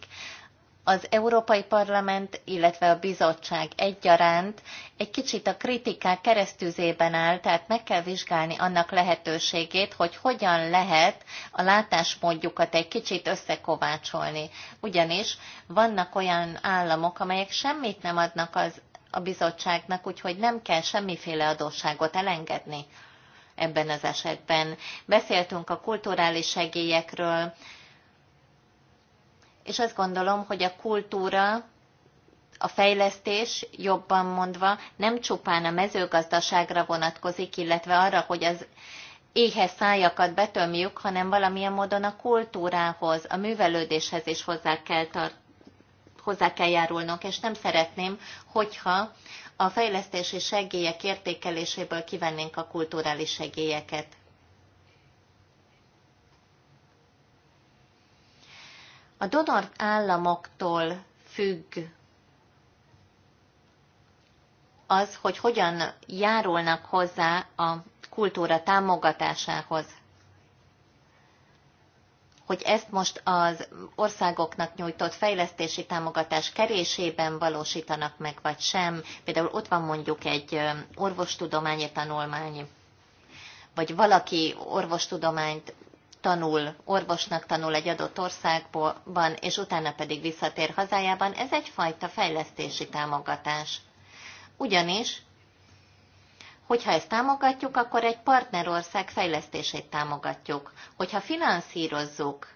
Speaker 2: az Európai Parlament, illetve a bizottság egyaránt egy kicsit a kritikák keresztüzében áll, tehát meg kell vizsgálni annak lehetőségét, hogy hogyan lehet a látásmódjukat egy kicsit összekovácsolni. Ugyanis vannak olyan államok, amelyek semmit nem adnak az, a bizottságnak, úgyhogy nem kell semmiféle adósságot elengedni ebben az esetben. Beszéltünk a kulturális segélyekről, és azt gondolom, hogy a kultúra, a fejlesztés, jobban mondva, nem csupán a mezőgazdaságra vonatkozik, illetve arra, hogy az éhes szájakat betömjük, hanem valamilyen módon a kultúrához, a művelődéshez is hozzá kell, tart, hozzá kell járulnunk, és nem szeretném, hogyha a fejlesztési segélyek értékeléséből kivennénk a kulturális segélyeket. A donor államoktól függ az, hogy hogyan járulnak hozzá a kultúra támogatásához. Hogy ezt most az országoknak nyújtott fejlesztési támogatás kerésében valósítanak meg, vagy sem. Például ott van mondjuk egy orvostudományi tanulmány, vagy valaki orvostudományt tanul, orvosnak tanul egy adott országban, és utána pedig visszatér hazájában, ez egyfajta fejlesztési támogatás. Ugyanis, hogyha ezt támogatjuk, akkor egy partnerország fejlesztését támogatjuk. Hogyha finanszírozzuk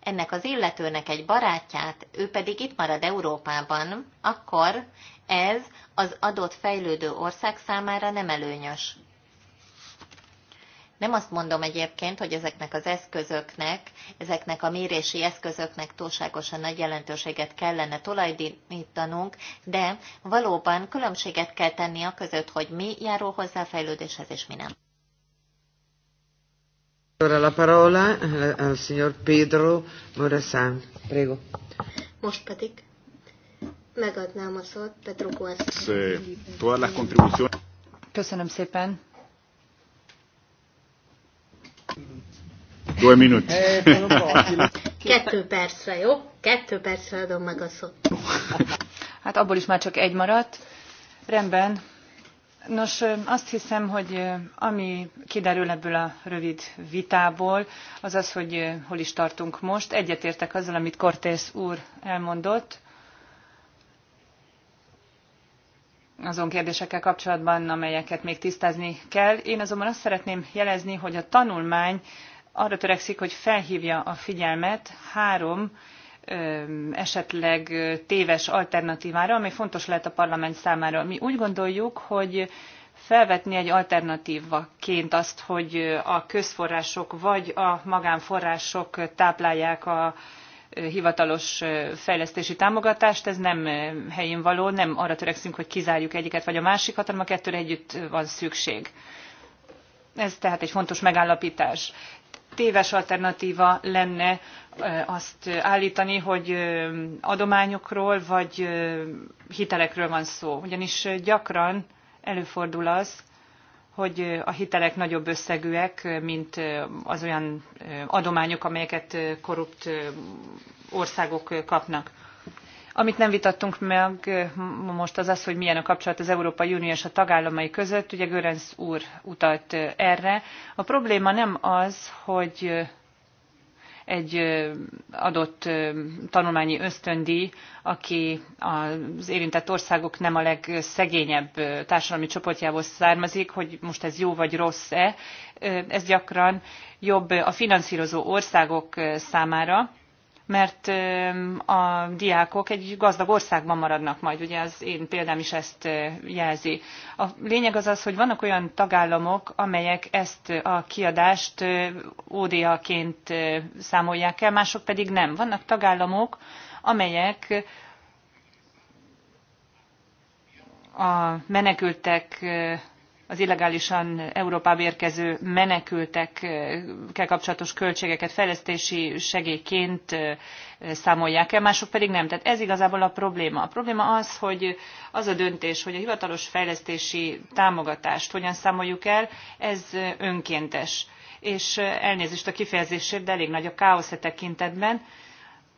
Speaker 2: ennek az illetőnek egy barátját, ő pedig itt marad Európában, akkor ez az adott fejlődő ország számára nem előnyös. Nem azt mondom egyébként, hogy ezeknek az eszközöknek, ezeknek a mérési eszközöknek túlságosan nagy jelentőséget kellene tulajdonítanunk, de valóban különbséget kell tenni a között, hogy mi járul hozzá a fejlődéshez és mi nem.
Speaker 1: Ora la parola eh, al signor Pedro Morasan. Prego. Most pedig megadnám a szót Pedro Guas.
Speaker 3: Köszönöm szépen Due minuti. Eh, Kettő percre, jó? Kettő percre adom meg a szót. Hát abból is már csak egy maradt. Rendben. Nos, azt hiszem, hogy ami kiderül ebből a rövid vitából, az az, hogy hol is tartunk most. Egyetértek azzal, amit Cortés úr elmondott azon kérdésekkel kapcsolatban, amelyeket még tisztázni kell. Én azonban azt szeretném jelezni, hogy a tanulmány arra törekszik, hogy felhívja a figyelmet három esetleg téves alternatívára, ami fontos lehet a parlament számára. Mi úgy gondoljuk, hogy felvetni egy alternatívaként azt, hogy a közforrások vagy a magánforrások táplálják a hivatalos fejlesztési támogatást, ez nem helyén való, nem arra törekszünk, hogy kizárjuk egyiket vagy a másikat, hanem a kettőre együtt van szükség. Ez tehát egy fontos megállapítás. Téves alternatíva lenne azt állítani, hogy adományokról vagy hitelekről van szó. Ugyanis gyakran előfordul az, hogy a hitelek nagyobb összegűek, mint az olyan adományok, amelyeket korrupt országok kapnak. Amit nem vitattunk meg most az az, hogy milyen a kapcsolat az Európai Unió és a tagállamai között. Ugye Görenc úr utalt erre. A probléma nem az, hogy egy adott tanulmányi ösztöndíj, aki az érintett országok nem a legszegényebb társadalmi csoportjából származik, hogy most ez jó vagy rossz-e, ez gyakran jobb a finanszírozó országok számára, mert a diákok egy gazdag országban maradnak majd, ugye az én példám is ezt jelzi. A lényeg az az, hogy vannak olyan tagállamok, amelyek ezt a kiadást ODA-ként számolják el, mások pedig nem. Vannak tagállamok, amelyek a menekültek az illegálisan Európába érkező menekültekkel kapcsolatos költségeket fejlesztési segélyként számolják el, mások pedig nem. Tehát ez igazából a probléma. A probléma az, hogy az a döntés, hogy a hivatalos fejlesztési támogatást hogyan számoljuk el, ez önkéntes. És elnézést a kifejezésért, de elég nagy a káosz e tekintetben,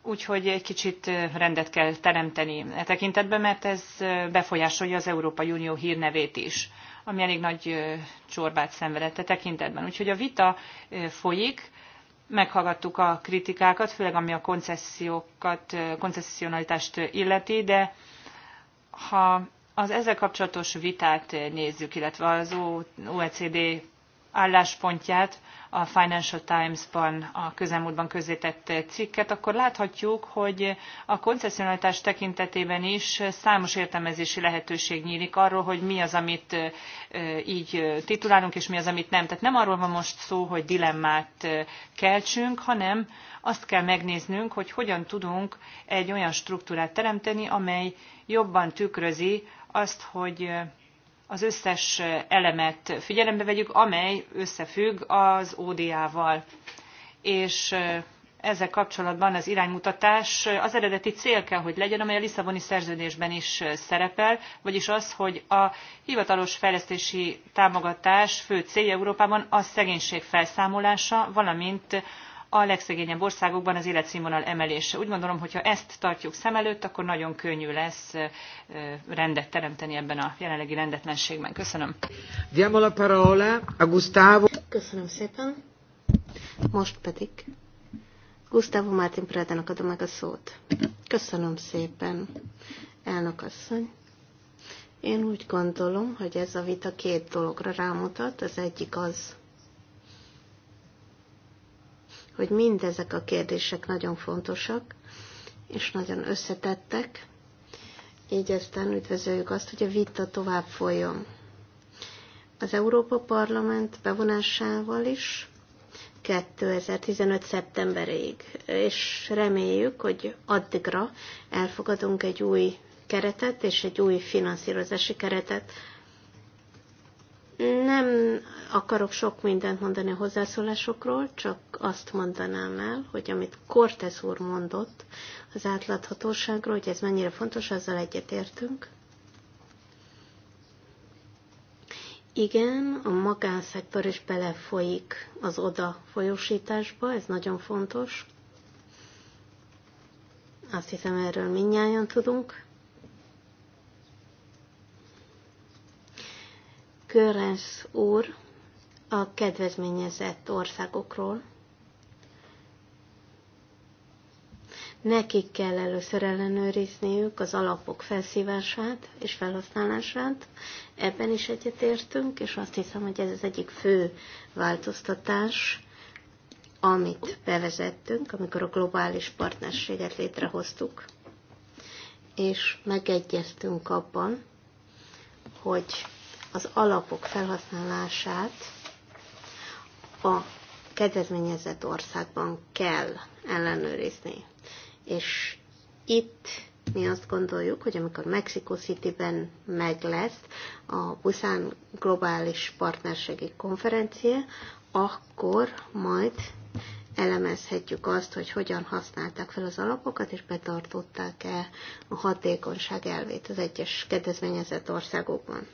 Speaker 3: úgyhogy egy kicsit rendet kell teremteni e tekintetben, mert ez befolyásolja az Európai Unió hírnevét is ami elég nagy csorbát szenvedett a tekintetben. Úgyhogy a vita folyik, meghallgattuk a kritikákat, főleg ami a koncesziókat, koncesszionalitást illeti, de ha az ezzel kapcsolatos vitát nézzük, illetve az OECD álláspontját, a Financial Times-ban a közelmúltban közzétett cikket, akkor láthatjuk, hogy a koncesszionalitás tekintetében is számos értelmezési lehetőség nyílik arról, hogy mi az, amit így titulálunk, és mi az, amit nem. Tehát nem arról van most szó, hogy dilemmát keltsünk, hanem azt kell megnéznünk, hogy hogyan tudunk egy olyan struktúrát teremteni, amely jobban tükrözi azt, hogy az összes elemet figyelembe vegyük, amely összefügg az ODA-val. És ezzel kapcsolatban az iránymutatás az eredeti cél kell, hogy legyen, amely a Lisszaboni szerződésben is szerepel, vagyis az, hogy a hivatalos fejlesztési támogatás fő célja Európában a szegénység felszámolása, valamint a legszegényebb országokban az életsznvonal emelése. Úgy gondolom, hogy ha ezt tartjuk szem előtt, akkor nagyon könnyű lesz rendet teremteni ebben a jelenlegi rendetlenségben. Köszönöm.
Speaker 2: Diamo la parola a Gustavo.
Speaker 1: Köszönöm szépen. Most pedig Gustavo Martin Predának adom meg a szót. Köszönöm szépen, elnök asszony. Én úgy gondolom, hogy ez a vita két dologra rámutat. Az egyik az, hogy mindezek a kérdések nagyon fontosak, és nagyon összetettek, így aztán üdvözöljük azt, hogy a vita tovább folyjon. Az Európa Parlament bevonásával is 2015. szeptemberéig, és reméljük, hogy addigra elfogadunk egy új keretet és egy új finanszírozási keretet nem akarok sok mindent mondani a hozzászólásokról, csak azt mondanám el, hogy amit Cortez úr mondott az átláthatóságról, hogy ez mennyire fontos, azzal egyetértünk. Igen, a magánszektor is belefolyik az oda folyósításba, ez nagyon fontos. Azt hiszem, erről mindnyáján tudunk. Görensz úr a kedvezményezett országokról. Nekik kell először ellenőrizniük az alapok felszívását és felhasználását. Ebben is egyetértünk, és azt hiszem, hogy ez az egyik fő változtatás, amit bevezettünk, amikor a globális partnerséget létrehoztuk. És megegyeztünk abban, hogy az alapok felhasználását a kedvezményezett országban kell ellenőrizni. És itt mi azt gondoljuk, hogy amikor Mexico City-ben meg lesz a Busan Globális Partnerségi Konferencia, akkor majd elemezhetjük azt, hogy hogyan használták fel az alapokat, és betartották-e a hatékonyság elvét az egyes kedvezményezett országokban.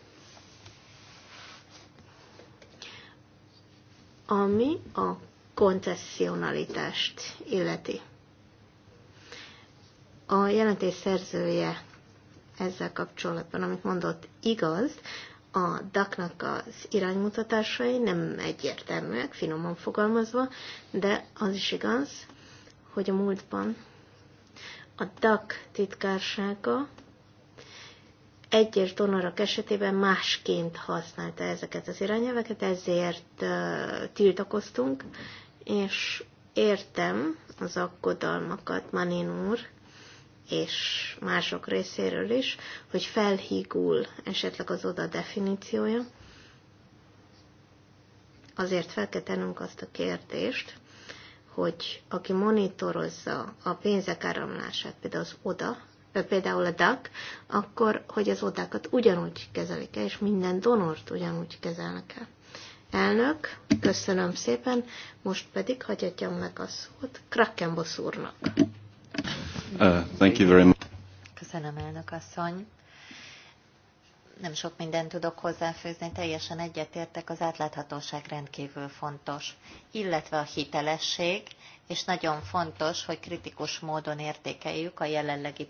Speaker 1: ami a koncessionalitást illeti. A jelentés szerzője ezzel kapcsolatban, amit mondott, igaz, a DAC-nak az iránymutatásai nem egyértelműek, finoman fogalmazva, de az is igaz, hogy a múltban a DAC titkársága egyes donorok esetében másként használta ezeket az irányelveket, ezért tiltakoztunk, és értem az aggodalmakat Manin úr és mások részéről is, hogy felhígul esetleg az oda definíciója. Azért fel kell tennünk azt a kérdést, hogy aki monitorozza a pénzek áramlását, például az oda, például a DAC, akkor hogy az odákat ugyanúgy kezelik el, és minden donort ugyanúgy kezelnek el. Elnök, köszönöm szépen, most pedig hagyjam meg a szót Krakenbosz úrnak.
Speaker 3: Uh, thank you very much.
Speaker 2: Köszönöm, elnök asszony. Nem sok mindent tudok hozzáfőzni, teljesen egyetértek, az átláthatóság rendkívül fontos, illetve a hitelesség, és nagyon fontos, hogy kritikus módon értékeljük a jelenlegi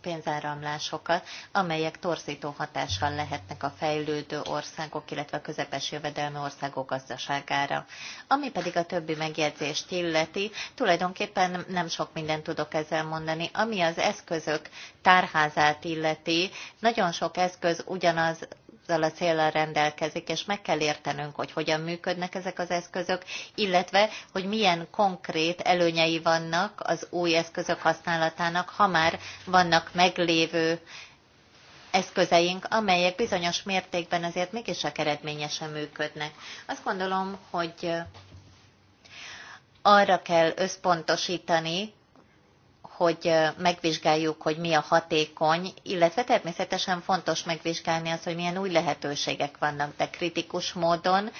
Speaker 2: pénzáramlásokat, amelyek torzító hatással lehetnek a fejlődő országok, illetve a közepes jövedelmi országok gazdaságára. Ami pedig a többi megjegyzést illeti, tulajdonképpen nem sok mindent tudok ezzel mondani. Ami az eszközök tárházát illeti, nagyon sok eszköz ugyanaz ezzel a célral rendelkezik, és meg kell értenünk, hogy hogyan működnek ezek az eszközök, illetve, hogy milyen konkrét előnyei vannak az új eszközök használatának, ha már vannak meglévő eszközeink, amelyek bizonyos mértékben azért mégis csak eredményesen működnek. Azt gondolom, hogy arra kell összpontosítani, hogy megvizsgáljuk, hogy mi a hatékony, illetve természetesen fontos megvizsgálni azt, hogy milyen új lehetőségek vannak, de kritikus módon,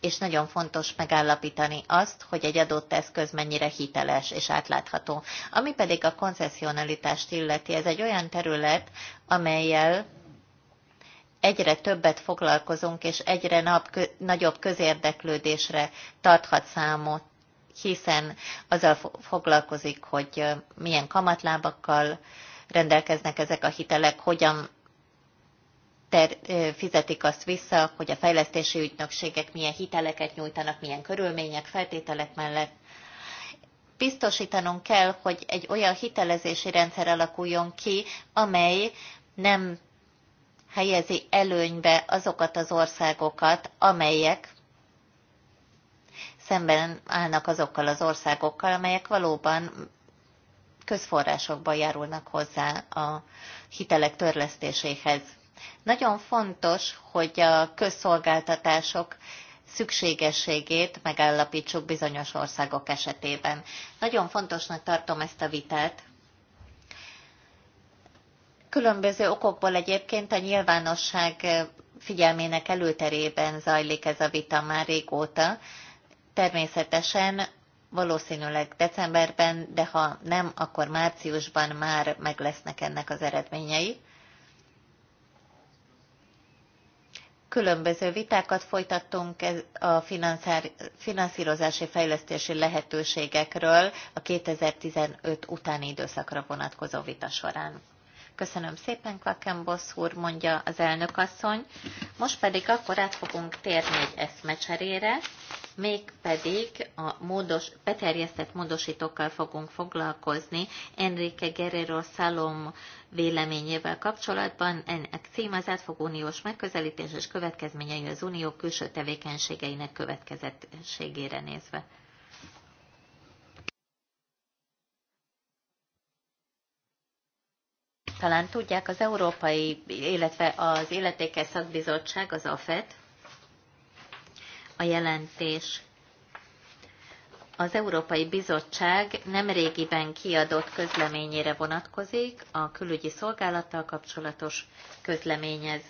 Speaker 2: és nagyon fontos megállapítani azt, hogy egy adott eszköz mennyire hiteles és átlátható. Ami pedig a koncesszionalitást illeti, ez egy olyan terület, amelyel egyre többet foglalkozunk, és egyre nap, nagyobb közérdeklődésre tarthat számot hiszen azzal foglalkozik, hogy milyen kamatlábakkal rendelkeznek ezek a hitelek, hogyan ter, fizetik azt vissza, hogy a fejlesztési ügynökségek milyen hiteleket nyújtanak, milyen körülmények, feltételek mellett. Biztosítanunk kell, hogy egy olyan hitelezési rendszer alakuljon ki, amely nem helyezi előnybe azokat az országokat, amelyek szemben állnak azokkal az országokkal, amelyek valóban közforrásokban járulnak hozzá a hitelek törlesztéséhez. Nagyon fontos, hogy a közszolgáltatások szükségességét megállapítsuk bizonyos országok esetében. Nagyon fontosnak tartom ezt a vitát. Különböző okokból egyébként a nyilvánosság figyelmének előterében zajlik ez a vita már régóta, Természetesen valószínűleg decemberben, de ha nem, akkor márciusban már meg lesznek ennek az eredményei. Különböző vitákat folytattunk a finanszírozási fejlesztési lehetőségekről a 2015 utáni időszakra vonatkozó vita során. Köszönöm szépen, Kvakenbosz úr, mondja az elnök asszony. Most pedig akkor át fogunk térni egy eszmecserére mégpedig a módos, beterjesztett módosítókkal fogunk foglalkozni Enrique Guerrero Salom véleményével kapcsolatban. Ennek cím az átfogó uniós megközelítés és következményei az unió külső tevékenységeinek következetségére nézve. Talán tudják, az Európai, illetve az Életékes Szakbizottság, az AFET, a jelentés. Az Európai Bizottság nemrégiben kiadott közleményére vonatkozik, a külügyi szolgálattal kapcsolatos közleményez.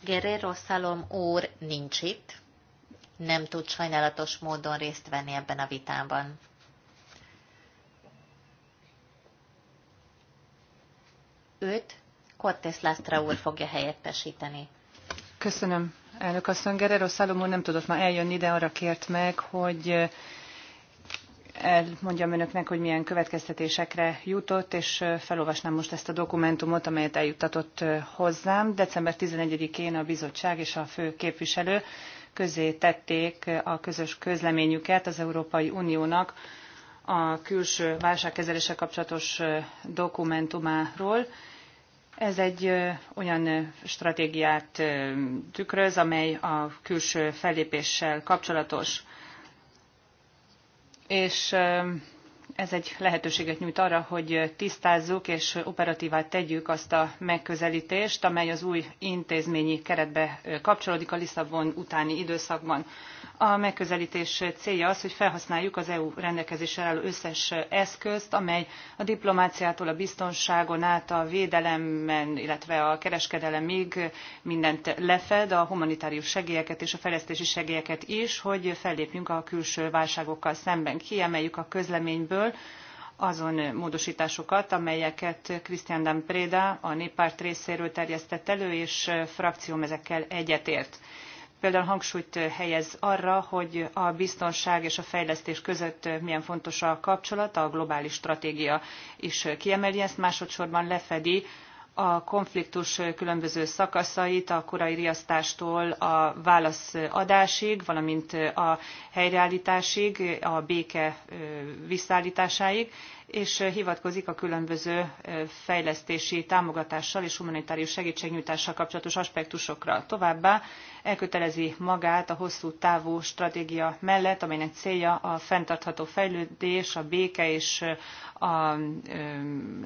Speaker 2: Guerrero Szalom úr nincs itt, nem tud sajnálatos módon részt venni ebben a vitában. Őt
Speaker 3: Cortés Lastra úr fogja helyettesíteni. Köszönöm elnök asszony. Gerero Salomon nem tudott ma eljönni, de arra kért meg, hogy eh, elmondjam önöknek, hogy milyen következtetésekre jutott, és eh, felolvasnám most ezt a dokumentumot, amelyet eljuttatott eh, hozzám. December 11-én a bizottság és a fő képviselő közé tették a közös közleményüket az Európai Uniónak a külső válságkezelése kapcsolatos dokumentumáról ez egy olyan stratégiát tükröz, amely a külső fellépéssel kapcsolatos, és ez egy lehetőséget nyújt arra, hogy tisztázzuk és operatívá tegyük azt a megközelítést, amely az új intézményi keretbe kapcsolódik a Lisszabon utáni időszakban. A megközelítés célja az, hogy felhasználjuk az EU rendelkezésre álló összes eszközt, amely a diplomáciától a biztonságon át a védelemen, illetve a kereskedelemig mindent lefed, a humanitárius segélyeket és a fejlesztési segélyeket is, hogy fellépjünk a külső válságokkal szemben. Kiemeljük a közleményből, részéről azon módosításokat, amelyeket Christian Dampreda a néppárt részéről terjesztett elő, és frakcióm ezekkel egyetért például hangsúlyt helyez arra, hogy a biztonság és a fejlesztés között milyen fontos a kapcsolat, a globális stratégia is kiemeli ezt, másodszorban lefedi a konfliktus különböző szakaszait, a korai riasztástól a válaszadásig, valamint a helyreállításig, a béke visszaállításáig, és hivatkozik a különböző fejlesztési támogatással és humanitárius segítségnyújtással kapcsolatos aspektusokra. Továbbá elkötelezi magát a hosszú távú stratégia mellett, amelynek célja a fenntartható fejlődés, a béke és a, a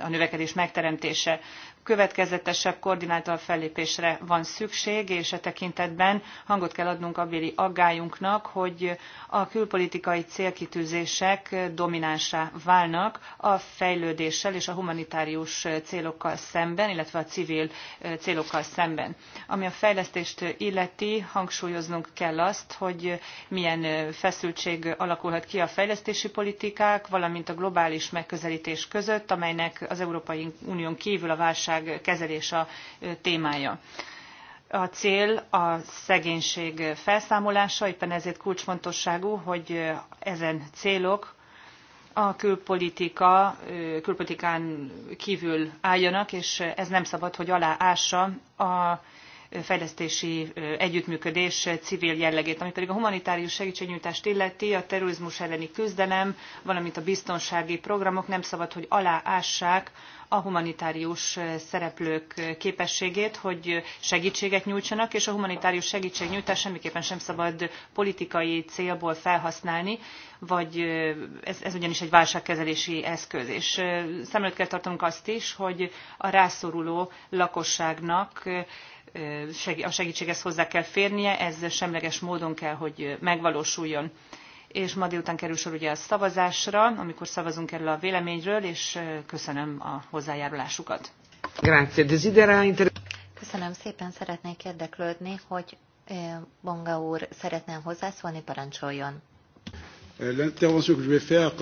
Speaker 3: növekedés megteremtése. Következetesebb, koordináltabb fellépésre van szükség, és e tekintetben hangot kell adnunk abbéli aggályunknak, hogy a külpolitikai célkitűzések dominánsá válnak a fejlődéssel és a humanitárius célokkal szemben, illetve a civil célokkal szemben. Ami a fejlesztést illeti, illeti, hangsúlyoznunk kell azt, hogy milyen feszültség alakulhat ki a fejlesztési politikák, valamint a globális megközelítés között, amelynek az Európai Unión kívül a válság kezelés a témája. A cél a szegénység felszámolása, éppen ezért kulcsfontosságú, hogy ezen célok a külpolitika, külpolitikán kívül álljanak, és ez nem szabad, hogy aláássa a fejlesztési együttműködés civil jellegét, ami pedig a humanitárius segítségnyújtást illeti, a terrorizmus elleni küzdelem, valamint a biztonsági programok nem szabad, hogy aláássák a humanitárius szereplők képességét, hogy segítséget nyújtsanak, és a humanitárius segítségnyújtás semmiképpen sem szabad politikai célból felhasználni, vagy ez, ez ugyanis egy válságkezelési eszköz. És szem előtt kell tartanunk azt is, hogy a rászoruló lakosságnak a segítséghez hozzá kell férnie, ez semleges módon kell, hogy megvalósuljon. És ma délután kerül sor ugye a szavazásra, amikor szavazunk erről a véleményről, és köszönöm a hozzájárulásukat.
Speaker 1: Grazie, desidera
Speaker 2: inter... Köszönöm szépen, szeretnék érdeklődni, hogy Bonga úr szeretne hozzászólni, parancsoljon.
Speaker 3: L'intervention que je vais faire,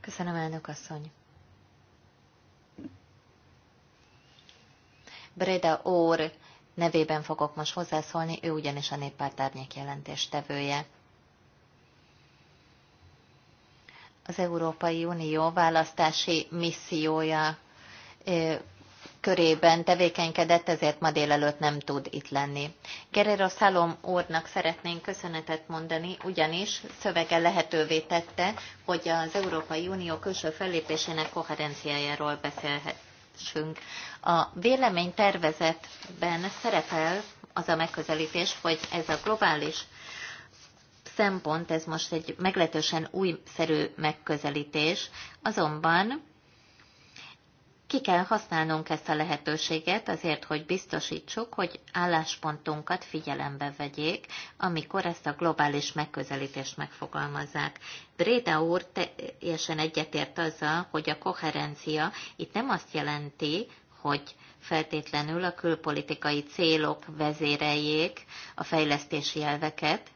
Speaker 2: Köszönöm, elnök asszony. Breda Orr nevében fogok most hozzászólni, ő ugyanis a néppárt árnyék jelentéstevője. Az Európai Unió választási missziója körében tevékenykedett, ezért ma délelőtt nem tud itt lenni. Gerero Szalom úrnak szeretnénk köszönetet mondani, ugyanis szövege lehetővé tette, hogy az Európai Unió külső fellépésének koherenciájáról beszélhet, megközelítésünk. A véleménytervezetben szerepel az a megközelítés, hogy ez a globális szempont, ez most egy meglehetősen újszerű megközelítés, azonban ki kell használnunk ezt a lehetőséget azért, hogy biztosítsuk, hogy álláspontunkat figyelembe vegyék, amikor ezt a globális megközelítést megfogalmazzák. Bréda úr teljesen egyetért azzal, hogy a koherencia itt nem azt jelenti, hogy feltétlenül a külpolitikai célok vezéreljék a fejlesztési elveket,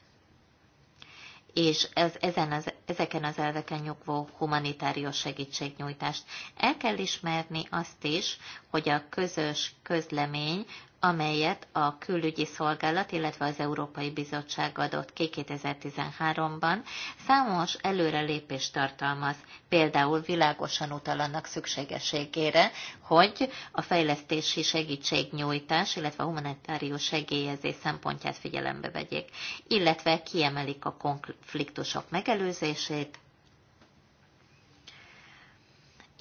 Speaker 2: és ez, ezen az, ezeken az elveken nyugvó humanitárius segítségnyújtást. El kell ismerni azt is, hogy a közös közlemény amelyet a külügyi szolgálat, illetve az Európai Bizottság adott ki 2013-ban, számos előrelépést tartalmaz, például világosan utal annak szükségességére, hogy a fejlesztési segítségnyújtás, illetve a humanitárius segélyezés szempontját figyelembe vegyék, illetve kiemelik a konfliktusok megelőzését,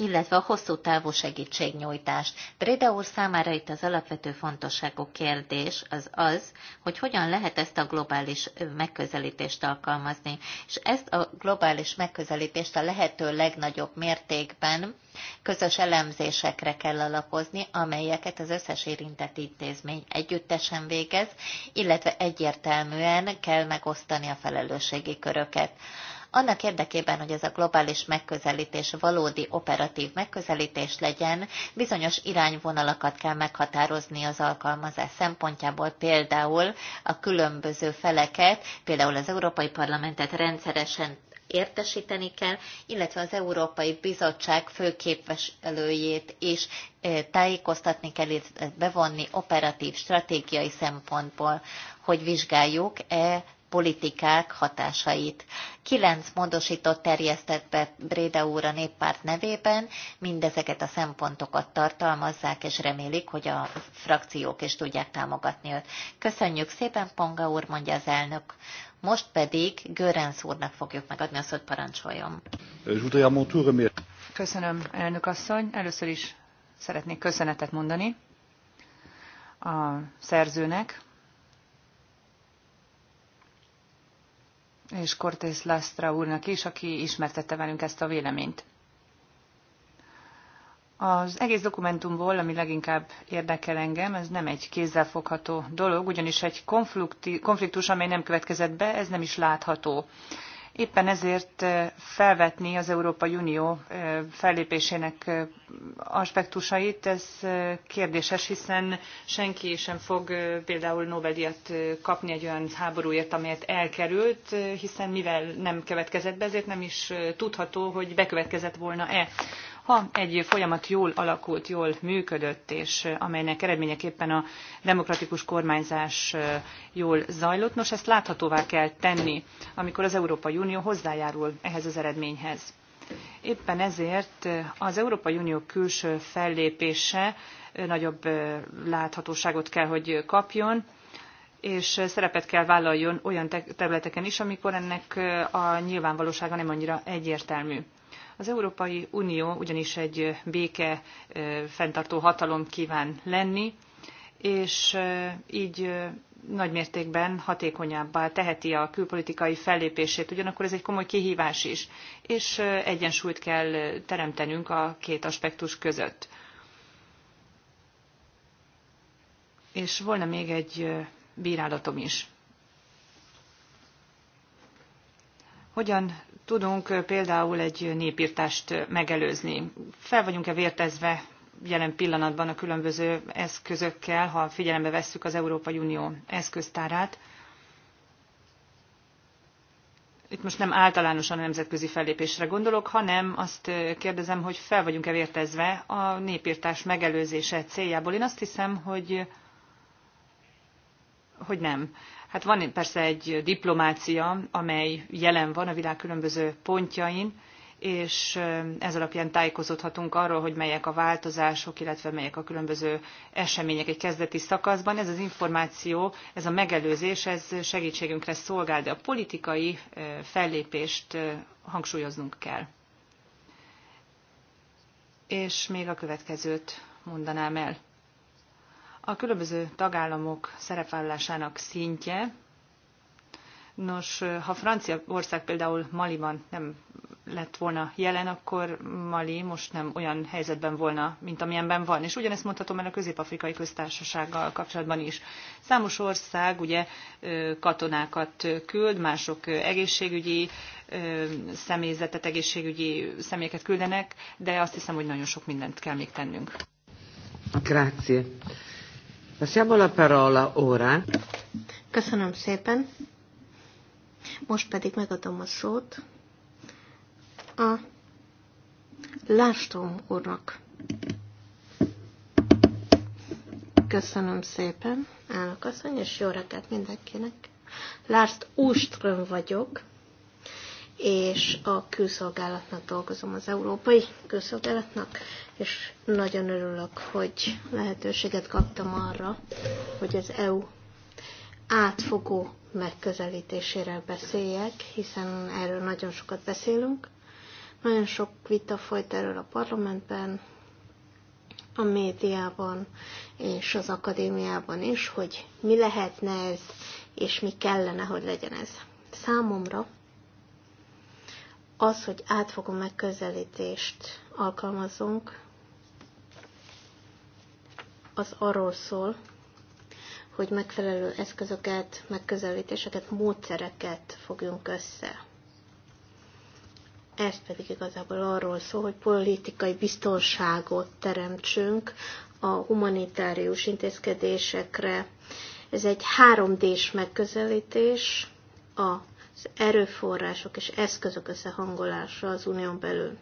Speaker 2: illetve a hosszú távú segítségnyújtást. Breda úr számára itt az alapvető fontosságú kérdés az az, hogy hogyan lehet ezt a globális megközelítést alkalmazni, és ezt a globális megközelítést a lehető legnagyobb mértékben közös elemzésekre kell alapozni, amelyeket az összes érintett intézmény együttesen végez, illetve egyértelműen kell megosztani a felelősségi köröket annak érdekében, hogy ez a globális megközelítés valódi operatív megközelítés legyen, bizonyos irányvonalakat kell meghatározni az alkalmazás szempontjából, például a különböző feleket, például az Európai Parlamentet rendszeresen értesíteni kell, illetve az Európai Bizottság főképviselőjét is tájékoztatni kell, bevonni operatív, stratégiai szempontból, hogy vizsgáljuk-e politikák hatásait. Kilenc módosított terjesztett be Bréda úr a néppárt nevében, mindezeket a szempontokat tartalmazzák, és remélik, hogy a frakciók is tudják támogatni őt. Köszönjük szépen, Ponga úr, mondja az elnök. Most pedig Görenc úrnak fogjuk megadni a szót, parancsoljon.
Speaker 3: Euh, Köszönöm, elnök asszony. Először is szeretnék köszönetet mondani a szerzőnek, és Cortés Lastra úrnak is, aki ismertette velünk ezt a véleményt. Az egész dokumentumból, ami leginkább érdekel engem, ez nem egy kézzelfogható dolog, ugyanis egy konfliktus, amely nem következett be, ez nem is látható. Éppen ezért felvetni az Európai Unió fellépésének aspektusait, ez kérdéses, hiszen senki sem fog például Nobel-díjat kapni egy olyan háborúért, amelyet elkerült, hiszen mivel nem következett be, ezért nem is tudható, hogy bekövetkezett volna-e ha egy folyamat jól alakult, jól működött, és amelynek eredményeképpen a demokratikus kormányzás jól zajlott, nos ezt láthatóvá kell tenni, amikor az Európai Unió hozzájárul ehhez az eredményhez. Éppen ezért az Európai Unió külső fellépése nagyobb láthatóságot kell, hogy kapjon, és szerepet kell vállaljon olyan területeken is, amikor ennek a nyilvánvalósága nem annyira egyértelmű. Az Európai Unió ugyanis egy béke fenntartó hatalom kíván lenni, és így nagy mértékben hatékonyabbá teheti a külpolitikai fellépését, ugyanakkor ez egy komoly kihívás is, és egyensúlyt kell teremtenünk a két aspektus között. És volna még egy bírálatom is. Hogyan tudunk például egy népírtást megelőzni? Fel vagyunk-e vértezve jelen pillanatban a különböző eszközökkel, ha figyelembe vesszük az Európai Unió eszköztárát? Itt most nem általánosan a nemzetközi fellépésre gondolok, hanem azt kérdezem, hogy fel vagyunk-e vértezve a népírtás megelőzése céljából. Én azt hiszem, hogy hogy nem. Hát van persze egy diplomácia, amely jelen van a világ különböző pontjain, és ez alapján tájékozódhatunk arról, hogy melyek a változások, illetve melyek a különböző események egy kezdeti szakaszban. Ez az információ, ez a megelőzés, ez segítségünkre szolgál, de a politikai fellépést hangsúlyoznunk kell. És még a következőt mondanám el. A különböző tagállamok szerepvállalásának szintje, nos, ha Franciaország például Maliban nem lett volna jelen, akkor Mali most nem olyan helyzetben volna, mint amilyenben van. És ugyanezt mondhatom el a Közép-Afrikai Köztársasággal kapcsolatban is. Számos ország ugye katonákat küld, mások egészségügyi személyzetet, egészségügyi személyeket küldenek, de azt hiszem, hogy nagyon sok mindent kell még tennünk. Grazie. Passiamo la parola ora.
Speaker 1: Köszönöm szépen. Most pedig megadom a szót a lástom úrnak. Köszönöm szépen, elnök asszony, és jó reggelt mindenkinek. Lárst Úrström vagyok, és a külszolgálatnak dolgozom, az európai külszolgálatnak, és nagyon örülök, hogy lehetőséget kaptam arra, hogy az EU átfogó megközelítéséről beszéljek, hiszen erről nagyon sokat beszélünk. Nagyon sok vita folyt erről a parlamentben, a médiában és az akadémiában is, hogy mi lehetne ez, és mi kellene, hogy legyen ez. Számomra az, hogy átfogó megközelítést alkalmazunk, az arról szól, hogy megfelelő eszközöket, megközelítéseket, módszereket fogjunk össze. Ez pedig igazából arról szól, hogy politikai biztonságot teremtsünk a humanitárius intézkedésekre. Ez egy 3D-s megközelítés, a az erőforrások és eszközök összehangolása az unión belül.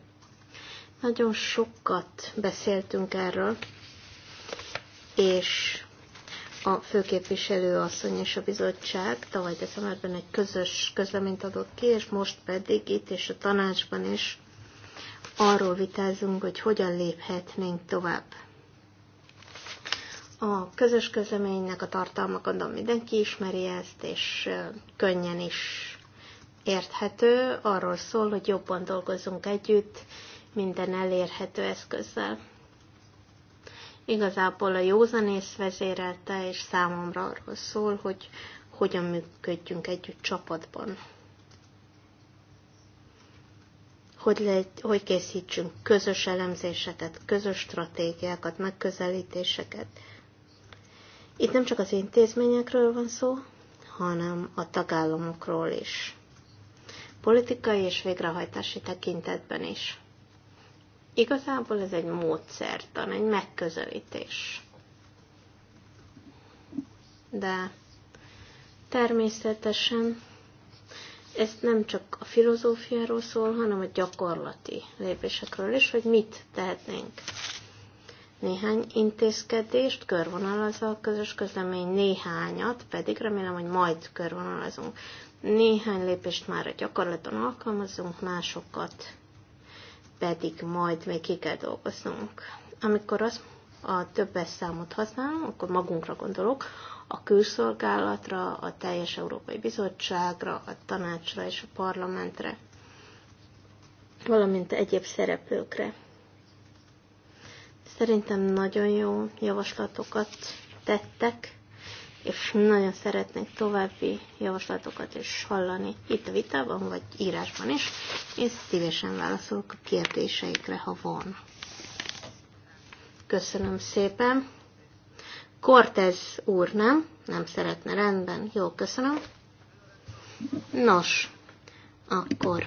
Speaker 1: Nagyon sokat beszéltünk erről, és a főképviselő asszony és a bizottság tavaly decemberben egy közös közleményt adott ki, és most pedig itt és a tanácsban is arról vitázunk, hogy hogyan léphetnénk tovább. A közös közleménynek a tartalma, gondolom mindenki ismeri ezt, és könnyen is érthető, arról szól, hogy jobban dolgozunk együtt minden elérhető eszközzel. Igazából a józanész vezérelte, és számomra arról szól, hogy hogyan működjünk együtt csapatban. Hogy, le, hogy készítsünk közös elemzéseket, közös stratégiákat, megközelítéseket. Itt nem csak az intézményekről van szó, hanem a tagállamokról is politikai és végrehajtási tekintetben is. Igazából ez egy módszertan, egy megközelítés. De természetesen ez nem csak a filozófiáról szól, hanem a gyakorlati lépésekről is, hogy mit tehetnénk. Néhány intézkedést körvonalazza a közös közlemény, néhányat pedig remélem, hogy majd körvonalazunk. Néhány lépést már a gyakorlaton alkalmazunk, másokat pedig majd még ki kell dolgoznunk. Amikor az a többes számot használom, akkor magunkra gondolok, a külszolgálatra, a teljes Európai Bizottságra, a tanácsra és a parlamentre, valamint egyéb szereplőkre. Szerintem nagyon jó javaslatokat tettek, és nagyon szeretnék további javaslatokat is hallani itt a vitában, vagy írásban is, és szívesen válaszolok a kérdéseikre, ha van. Köszönöm szépen. Kortez úr nem, nem szeretne, rendben, jó, köszönöm. Nos, akkor.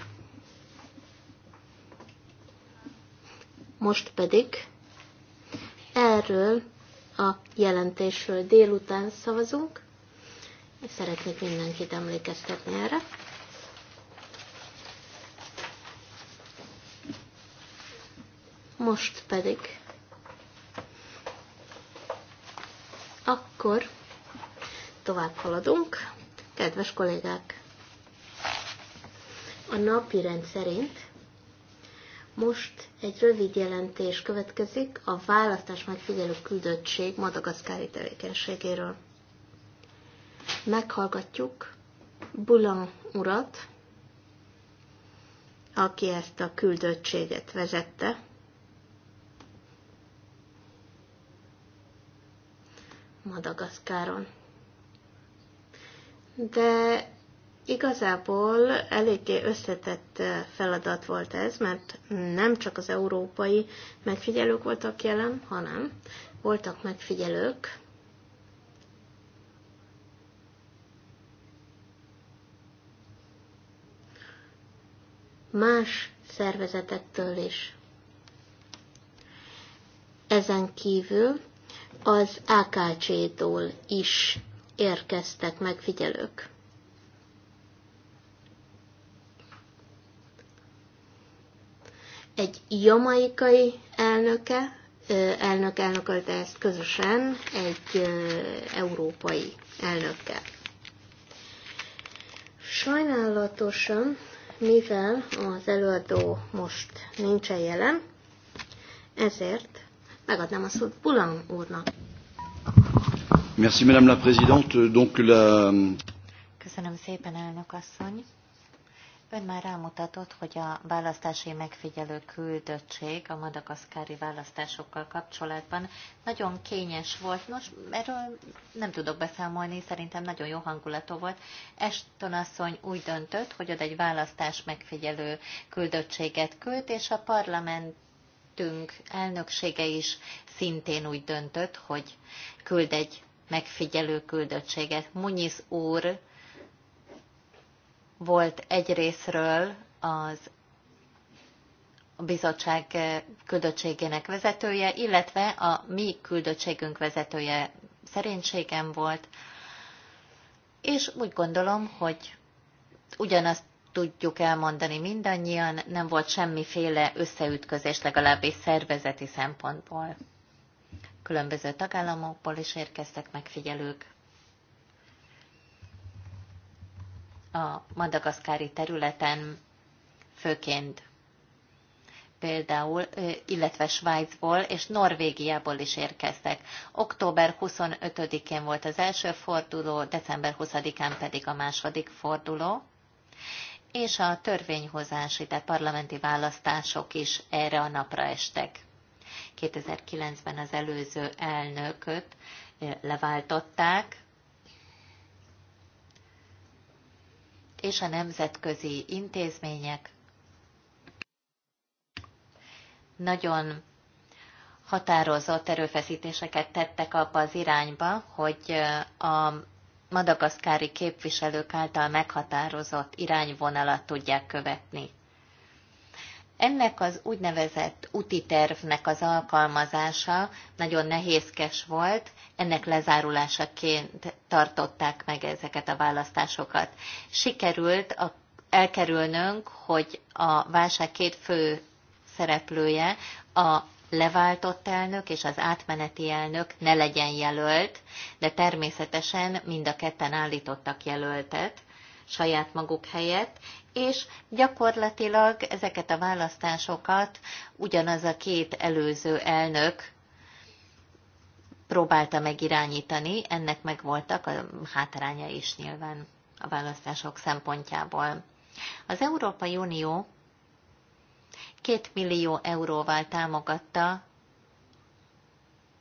Speaker 1: Most pedig erről a jelentésről délután szavazunk. Szeretnék mindenkit emlékeztetni erre. Most pedig akkor tovább haladunk, kedves kollégák. A napi rend szerint most egy rövid jelentés következik a választás megfigyelő küldöttség madagaszkári tevékenységéről. Meghallgatjuk Bulan urat, aki ezt a küldöttséget vezette. Madagaszkáron. De Igazából eléggé összetett feladat volt ez, mert nem csak az európai megfigyelők voltak jelen, hanem voltak megfigyelők, más szervezetektől is. Ezen kívül az AKC-tól is érkeztek megfigyelők. egy jamaikai elnöke, elnök elnökölte ezt közösen egy európai elnöke Sajnálatosan, mivel az előadó most nincsen jelen, ezért megadnám a szót Bulan úrnak.
Speaker 3: Merci, Madame la Présidente. Donc la...
Speaker 2: Köszönöm szépen, elnök asszony. Ön már rámutatott, hogy a választási megfigyelő küldöttség a madagaszkári választásokkal kapcsolatban nagyon kényes volt. Nos, erről nem tudok beszámolni, szerintem nagyon jó hangulatú volt. Eston asszony úgy döntött, hogy ad egy választás megfigyelő küldöttséget küld, és a parlamentünk elnöksége is szintén úgy döntött, hogy küld egy megfigyelő küldöttséget. Munyis úr volt egyrésztről az a bizottság küldöttségének vezetője, illetve a mi küldöttségünk vezetője szerénységem volt, és úgy gondolom, hogy ugyanazt tudjuk elmondani mindannyian, nem volt semmiféle összeütközés legalábbis szervezeti szempontból. Különböző tagállamokból is érkeztek megfigyelők. a madagaszkári területen, főként például, illetve Svájcból és Norvégiából is érkeztek. Október 25-én volt az első forduló, december 20-án pedig a második forduló, és a törvényhozási, tehát parlamenti választások is erre a napra estek. 2009-ben az előző elnököt leváltották, és a nemzetközi intézmények nagyon határozott erőfeszítéseket tettek abba az irányba, hogy a madagaszkári képviselők által meghatározott irányvonalat tudják követni. Ennek az úgynevezett úti tervnek az alkalmazása nagyon nehézkes volt, ennek lezárulásaként tartották meg ezeket a választásokat. Sikerült a, elkerülnünk, hogy a válság két fő szereplője, a leváltott elnök és az átmeneti elnök ne legyen jelölt, de természetesen mind a ketten állítottak jelöltet, saját maguk helyett, és gyakorlatilag ezeket a választásokat ugyanaz a két előző elnök próbálta megirányítani, ennek megvoltak a hátránya is nyilván a választások szempontjából. Az Európai Unió 2 millió euróval támogatta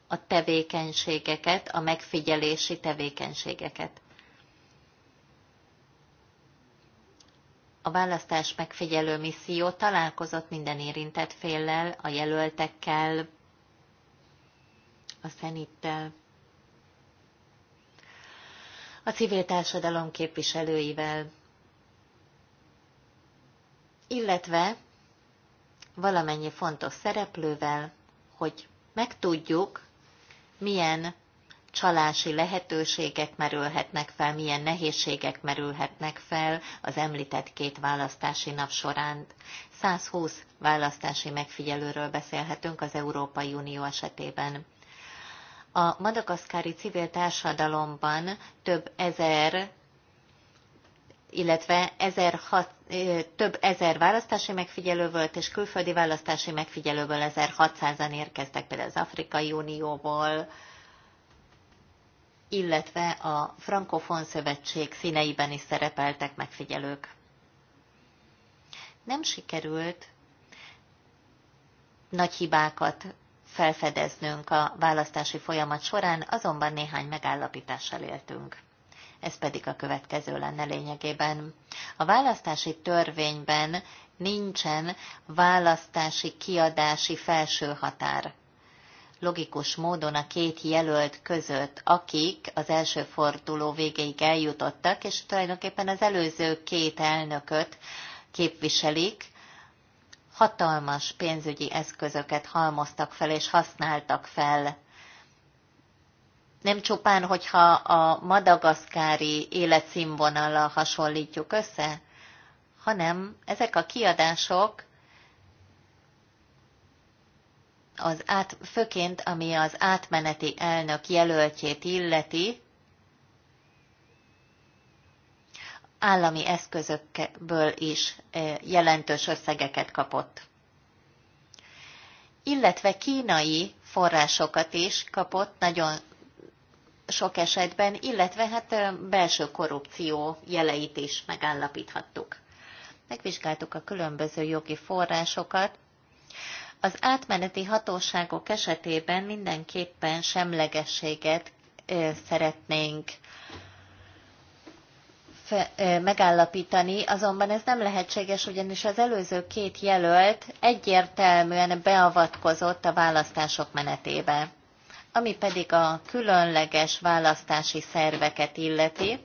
Speaker 2: a tevékenységeket, a megfigyelési tevékenységeket. a választás megfigyelő misszió találkozott minden érintett féllel, a jelöltekkel, a szenittel, a civil társadalom képviselőivel, illetve valamennyi fontos szereplővel, hogy megtudjuk, milyen csalási lehetőségek merülhetnek fel, milyen nehézségek merülhetnek fel az említett két választási nap során. 120 választási megfigyelőről beszélhetünk az Európai Unió esetében. A madagaszkári civil társadalomban több ezer illetve 1600, több ezer választási megfigyelő volt, és külföldi választási megfigyelőből 1600-an érkeztek például az Afrikai Unióból, illetve a Frankofon Szövetség színeiben is szerepeltek megfigyelők. Nem sikerült nagy hibákat felfedeznünk a választási folyamat során, azonban néhány megállapítással éltünk. Ez pedig a következő lenne lényegében. A választási törvényben nincsen választási kiadási felső határ logikus módon a két jelölt között, akik az első forduló végéig eljutottak, és tulajdonképpen az előző két elnököt képviselik, hatalmas pénzügyi eszközöket halmoztak fel és használtak fel. Nem csupán, hogyha a madagaszkári életszínvonallal hasonlítjuk össze, hanem ezek a kiadások az át, főként ami az átmeneti elnök jelöltjét illeti, állami eszközökből is jelentős összegeket kapott. Illetve kínai forrásokat is kapott nagyon sok esetben, illetve hát belső korrupció jeleit is megállapíthattuk. Megvizsgáltuk a különböző jogi forrásokat, az átmeneti hatóságok esetében mindenképpen semlegességet szeretnénk megállapítani, azonban ez nem lehetséges, ugyanis az előző két jelölt egyértelműen beavatkozott a választások menetébe. Ami pedig a különleges választási szerveket illeti,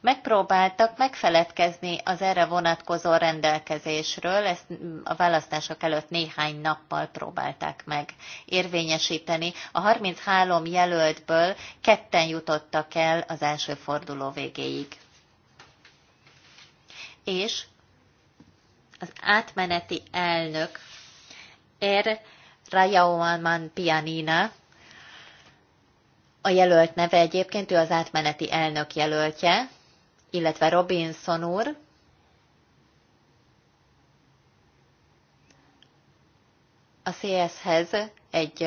Speaker 2: Megpróbáltak megfeledkezni az erre vonatkozó rendelkezésről, ezt a választások előtt néhány nappal próbálták meg érvényesíteni. A 33 jelöltből ketten jutottak el az első forduló végéig. És az átmeneti elnök R. Rajaoman Pianina a jelölt neve egyébként ő az átmeneti elnök jelöltje, illetve Robinson úr, a CS-hez egy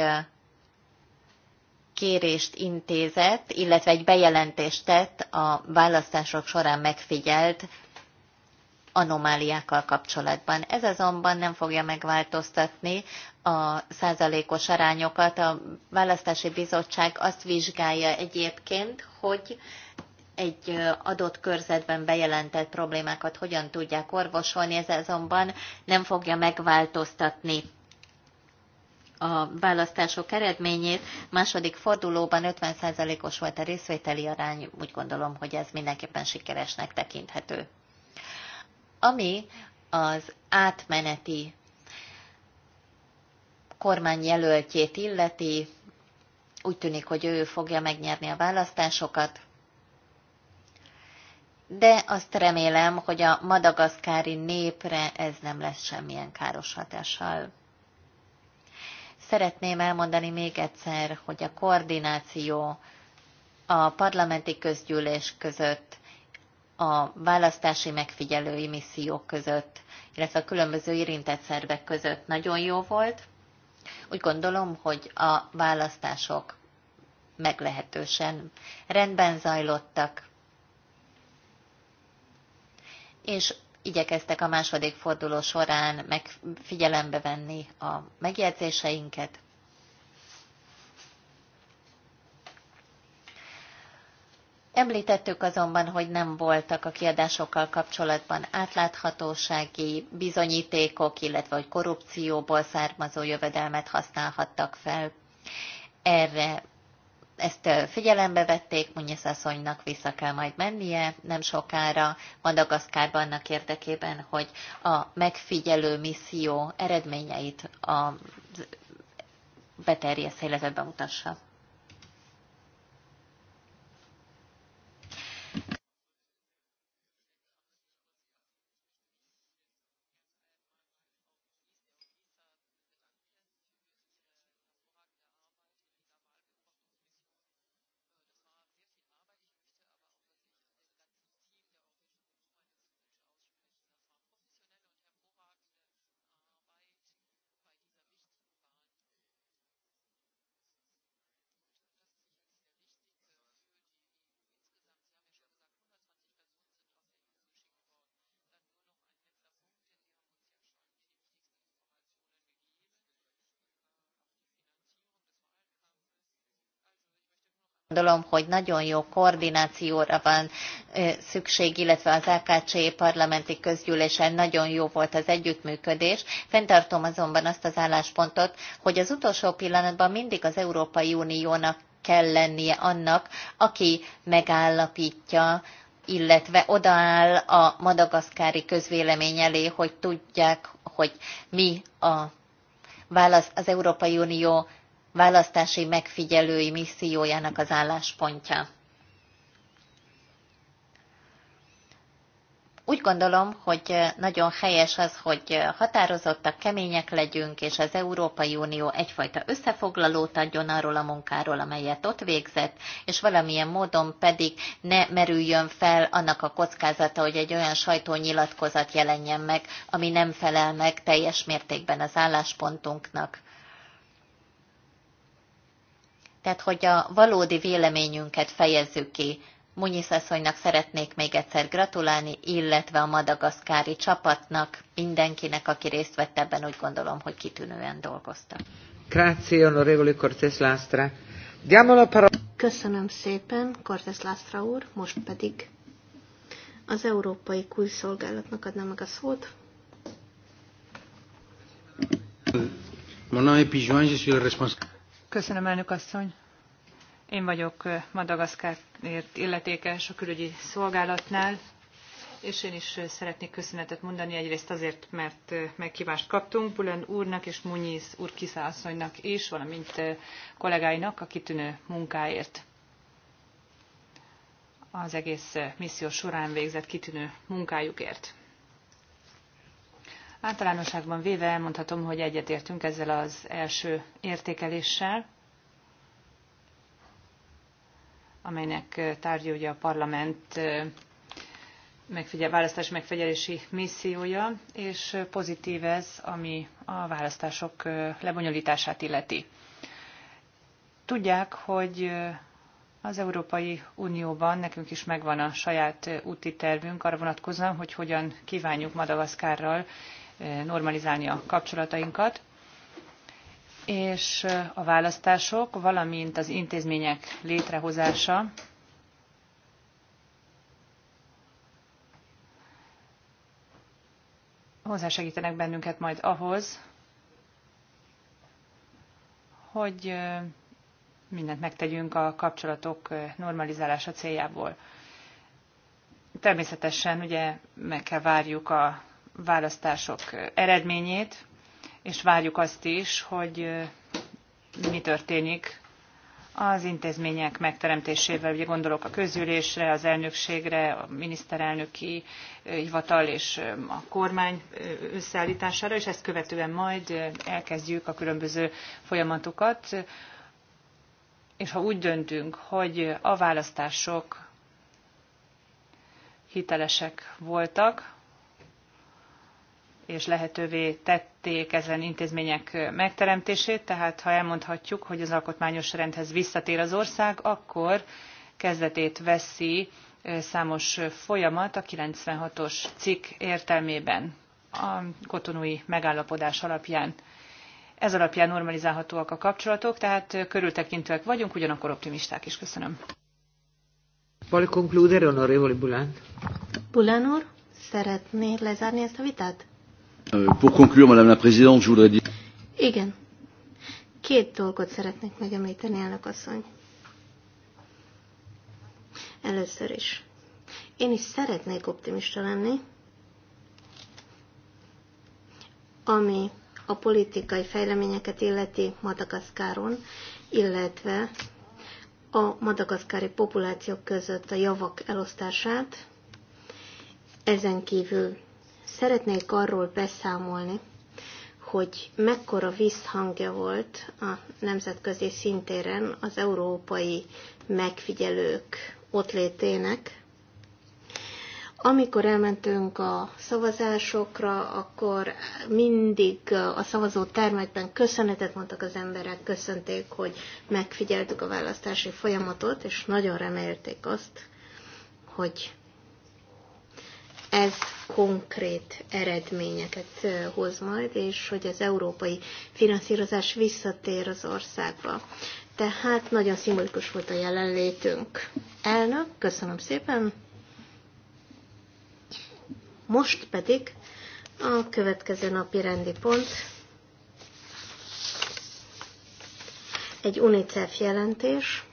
Speaker 2: kérést intézett, illetve egy bejelentést tett a választások során megfigyelt anomáliákkal kapcsolatban. Ez azonban nem fogja megváltoztatni a százalékos arányokat. A választási bizottság azt vizsgálja egyébként, hogy egy adott körzetben bejelentett problémákat hogyan tudják orvosolni, ez azonban nem fogja megváltoztatni a választások eredményét. Második fordulóban 50%-os volt a részvételi arány, úgy gondolom, hogy ez mindenképpen sikeresnek tekinthető. Ami az átmeneti kormányjelöltjét illeti, úgy tűnik, hogy ő fogja megnyerni a választásokat, de azt remélem, hogy a madagaszkári népre ez nem lesz semmilyen káros hatással. Szeretném elmondani még egyszer, hogy a koordináció a parlamenti közgyűlés között a választási megfigyelői missziók között, illetve a különböző érintett szervek között nagyon jó volt. Úgy gondolom, hogy a választások meglehetősen rendben zajlottak, és igyekeztek a második forduló során megfigyelembe venni a megjegyzéseinket. Említettük azonban, hogy nem voltak a kiadásokkal kapcsolatban átláthatósági bizonyítékok, illetve hogy korrupcióból származó jövedelmet használhattak fel. Erre ezt figyelembe vették, Munyisz asszonynak vissza kell majd mennie nem sokára Madagaszkárban annak érdekében, hogy a megfigyelő misszió eredményeit a beterjeszte, illetve bemutassa. gondolom, hogy nagyon jó koordinációra van szükség, illetve az AKC parlamenti közgyűlésen nagyon jó volt az együttműködés. Fentartom azonban azt az álláspontot, hogy az utolsó pillanatban mindig az Európai Uniónak kell lennie annak, aki megállapítja, illetve odaáll a madagaszkári közvélemény elé, hogy tudják, hogy mi a válasz az Európai Unió választási megfigyelői missziójának az álláspontja. Úgy gondolom, hogy nagyon helyes az, hogy határozottak, kemények legyünk, és az Európai Unió egyfajta összefoglalót adjon arról a munkáról, amelyet ott végzett, és valamilyen módon pedig ne merüljön fel annak a kockázata, hogy egy olyan sajtónyilatkozat jelenjen meg, ami nem felel meg teljes mértékben az álláspontunknak tehát hogy a valódi véleményünket fejezzük ki. Munyisz asszonynak szeretnék még egyszer gratulálni, illetve a madagaszkári csapatnak, mindenkinek, aki részt vett ebben, úgy gondolom, hogy kitűnően dolgoztak. Grazie, onorevoli Cortés Lastra. Diamo
Speaker 1: la parola. Köszönöm szépen, Cortés Lastra úr, most pedig az Európai Kulszolgálatnak adnám meg a szót. Mon nom est Pijuan, je suis le responsable.
Speaker 3: Köszönöm, elnök asszony. Én vagyok Madagaszkárért illetékes a külügyi szolgálatnál, és én is szeretnék köszönetet mondani egyrészt azért, mert megkívást kaptunk Bulen úrnak és Munyiz úr asszonynak is, valamint kollégáinak a kitűnő munkáért. Az egész misszió során végzett kitűnő munkájukért. Általánosságban véve elmondhatom, hogy egyetértünk ezzel az első értékeléssel, amelynek tárgya ugye a parlament megfigyel, választás megfigyelési missziója, és pozitív ez, ami a választások lebonyolítását illeti. Tudják, hogy az Európai Unióban nekünk is megvan a saját úti tervünk arra vonatkozóan, hogy hogyan kívánjuk Madagaszkárral normalizálni a kapcsolatainkat, és a választások, valamint az intézmények létrehozása hozzásegítenek bennünket majd ahhoz, hogy mindent megtegyünk a kapcsolatok normalizálása céljából. Természetesen ugye meg kell várjuk a választások eredményét, és várjuk azt is, hogy mi történik az intézmények megteremtésével, ugye gondolok a közülésre, az elnökségre, a miniszterelnöki hivatal és a kormány összeállítására, és ezt követően majd elkezdjük a különböző folyamatokat. És ha úgy döntünk, hogy a választások hitelesek voltak, és lehetővé tették ezen intézmények megteremtését, tehát ha elmondhatjuk, hogy az alkotmányos rendhez visszatér az ország, akkor kezdetét veszi számos folyamat a 96-os cikk értelmében a kotonui megállapodás alapján. Ez alapján normalizálhatóak a kapcsolatok, tehát körültekintőek vagyunk, ugyanakkor optimisták is. Köszönöm. Val concludere, onorevole Bulán.
Speaker 1: Bulán úr, szeretné lezárni ezt a vitát?
Speaker 3: Euh, pour conclure, Madame la Présidente, je voudrais dire...
Speaker 1: Igen. Két dolgot szeretnék megemlíteni, elnök asszony. Először is. Én is szeretnék optimista lenni, ami a politikai fejleményeket illeti Madagaszkáron, illetve a madagaszkári populációk között a javak elosztását, ezen kívül Szeretnék arról beszámolni, hogy mekkora visszhangja volt a nemzetközi szintéren az európai megfigyelők ott létének. Amikor elmentünk a szavazásokra, akkor mindig a szavazó termekben köszönetet mondtak az emberek, köszönték, hogy megfigyeltük a választási folyamatot, és nagyon remélték azt, hogy ez konkrét eredményeket hoz majd, és hogy az európai finanszírozás visszatér az országba. Tehát nagyon szimbolikus volt a jelenlétünk. Elnök, köszönöm szépen. Most pedig a következő napi rendi pont. Egy UNICEF jelentés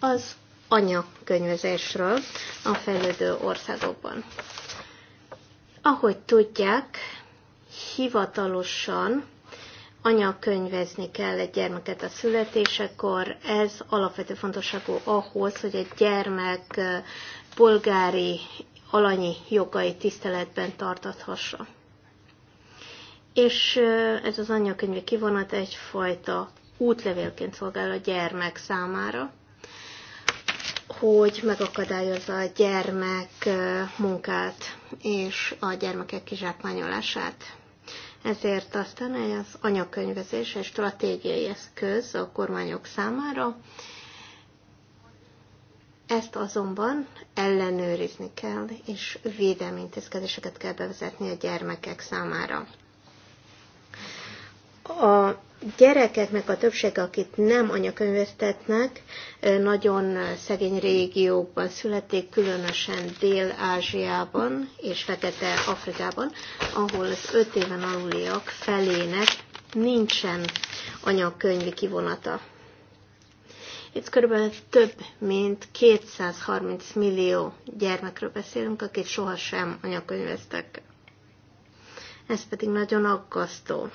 Speaker 1: az anyakönyvezésről a fejlődő országokban. Ahogy tudják, hivatalosan anyakönyvezni kell egy gyermeket a születésekor. Ez alapvető fontosságú ahhoz, hogy egy gyermek polgári alanyi jogai tiszteletben tartathassa. És ez az anyakönyvi kivonat egyfajta útlevélként szolgál a gyermek számára, hogy megakadályozza a gyermek munkát és a gyermekek kizsákmányolását. Ezért aztán az anyakönyvezés egy stratégiai eszköz a kormányok számára. Ezt azonban ellenőrizni kell, és védelmi intézkedéseket kell bevezetni a gyermekek számára. A gyerekeknek a többsége, akit nem anyakönyvöztetnek, nagyon szegény régiókban születik, különösen Dél-Ázsiában és Fekete-Afrikában, ahol az öt éven aluliak felének nincsen anyakönyvi kivonata. Itt körülbelül több mint 230 millió gyermekről beszélünk, akik sohasem anyakönyveztek. Ez pedig nagyon aggasztó.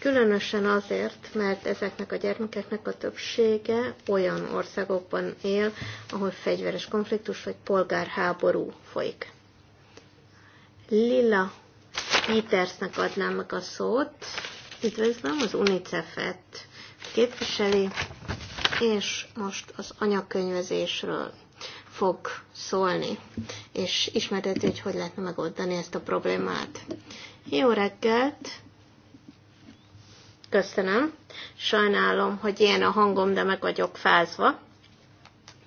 Speaker 1: Különösen azért, mert ezeknek a gyermekeknek a többsége olyan országokban él, ahol fegyveres konfliktus vagy polgárháború folyik. Lila Petersnek adnám meg a szót. Üdvözlöm, az UNICEF-et képviseli, és most az anyakönyvezésről fog szólni, és ismerteti, hogy hogy lehetne megoldani ezt a problémát. Jó reggelt! Köszönöm. Sajnálom, hogy ilyen a hangom, de meg vagyok fázva.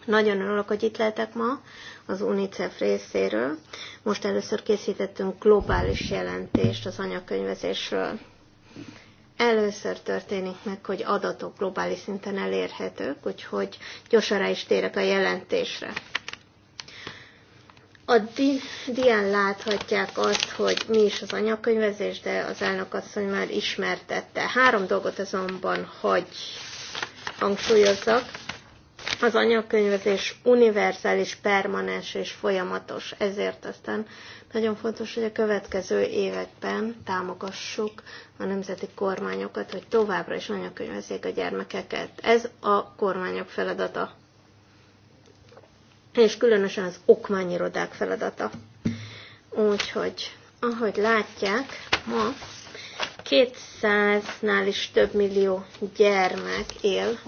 Speaker 1: Nagyon örülök, hogy itt lehetek ma az UNICEF részéről. Most először készítettünk globális jelentést az anyakönyvezésről. Először történik meg, hogy adatok globális szinten elérhetők, úgyhogy gyorsan rá is térek a jelentésre. A di- dián láthatják azt, hogy mi is az anyakönyvezés, de az elnökasszony már ismertette. Három dolgot azonban hagy hangsúlyozzak. Az anyakönyvezés univerzális, permanens és folyamatos, ezért aztán nagyon fontos, hogy a következő években támogassuk a nemzeti kormányokat, hogy továbbra is anyakönyvezzék a gyermekeket. Ez a kormányok feladata és különösen az okmányirodák feladata. Úgyhogy, ahogy látják, ma 200-nál is több millió gyermek él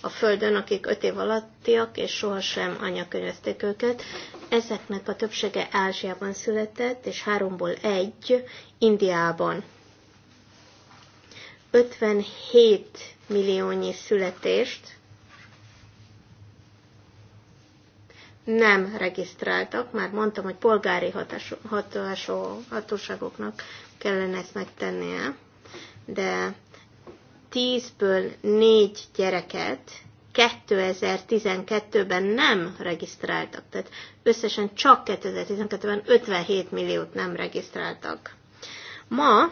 Speaker 1: a Földön, akik 5 év alattiak, és sohasem anyakönyvezték őket. Ezeknek a többsége Ázsiában született, és háromból egy Indiában. 57 milliónyi születést nem regisztráltak. Már mondtam, hogy polgári hatású, hatóságoknak kellene ezt megtennie, de 10-ből 4 gyereket 2012-ben nem regisztráltak. Tehát összesen csak 2012-ben 57 milliót nem regisztráltak. Ma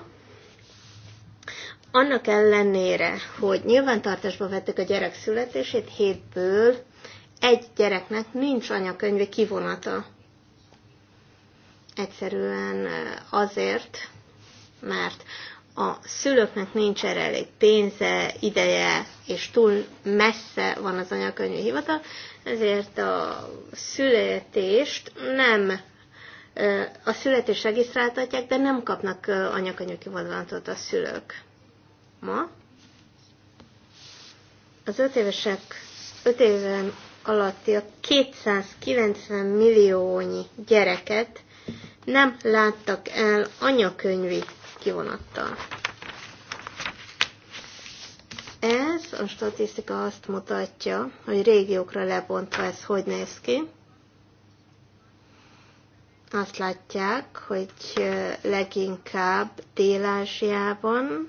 Speaker 1: annak ellenére, hogy nyilvántartásba vettük a gyerek születését, hétből egy gyereknek nincs anyakönyve kivonata. Egyszerűen azért, mert a szülőknek nincs erre elég pénze, ideje, és túl messze van az anyakönyvi hivatal, ezért a születést nem a születés regisztráltatják, de nem kapnak anyakönyvi kivonatot a szülők. Ma az öt évesek, öt éven alatti a 290 milliónyi gyereket nem láttak el anyakönyvi kivonattal. Ez a statisztika azt mutatja, hogy régiókra lebontva ez hogy néz ki. Azt látják, hogy leginkább Dél-Ázsiában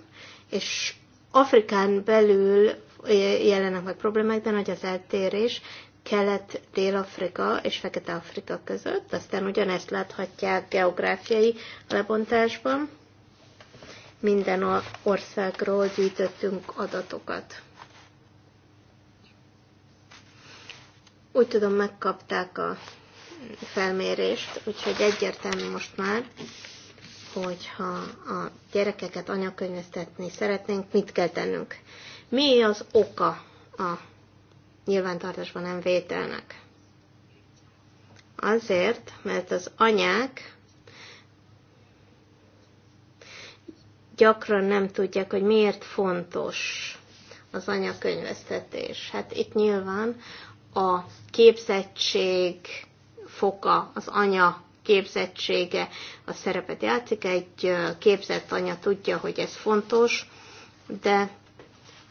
Speaker 1: és Afrikán belül jelennek meg problémák, de nagy az eltérés Kelet-Dél-Afrika és Fekete-Afrika között. Aztán ugyanezt láthatják geográfiai lebontásban. Minden országról gyűjtöttünk adatokat. Úgy tudom, megkapták a felmérést, úgyhogy egyértelmű most már, hogyha a gyerekeket anyakönyvesztetni szeretnénk, mit kell tennünk. Mi az oka a nyilvántartásban nem vételnek? Azért, mert az anyák gyakran nem tudják, hogy miért fontos az anyakönyvesztetés. Hát itt nyilván a képzettség foka, az anya képzettsége a szerepet játszik. Egy képzett anya tudja, hogy ez fontos, de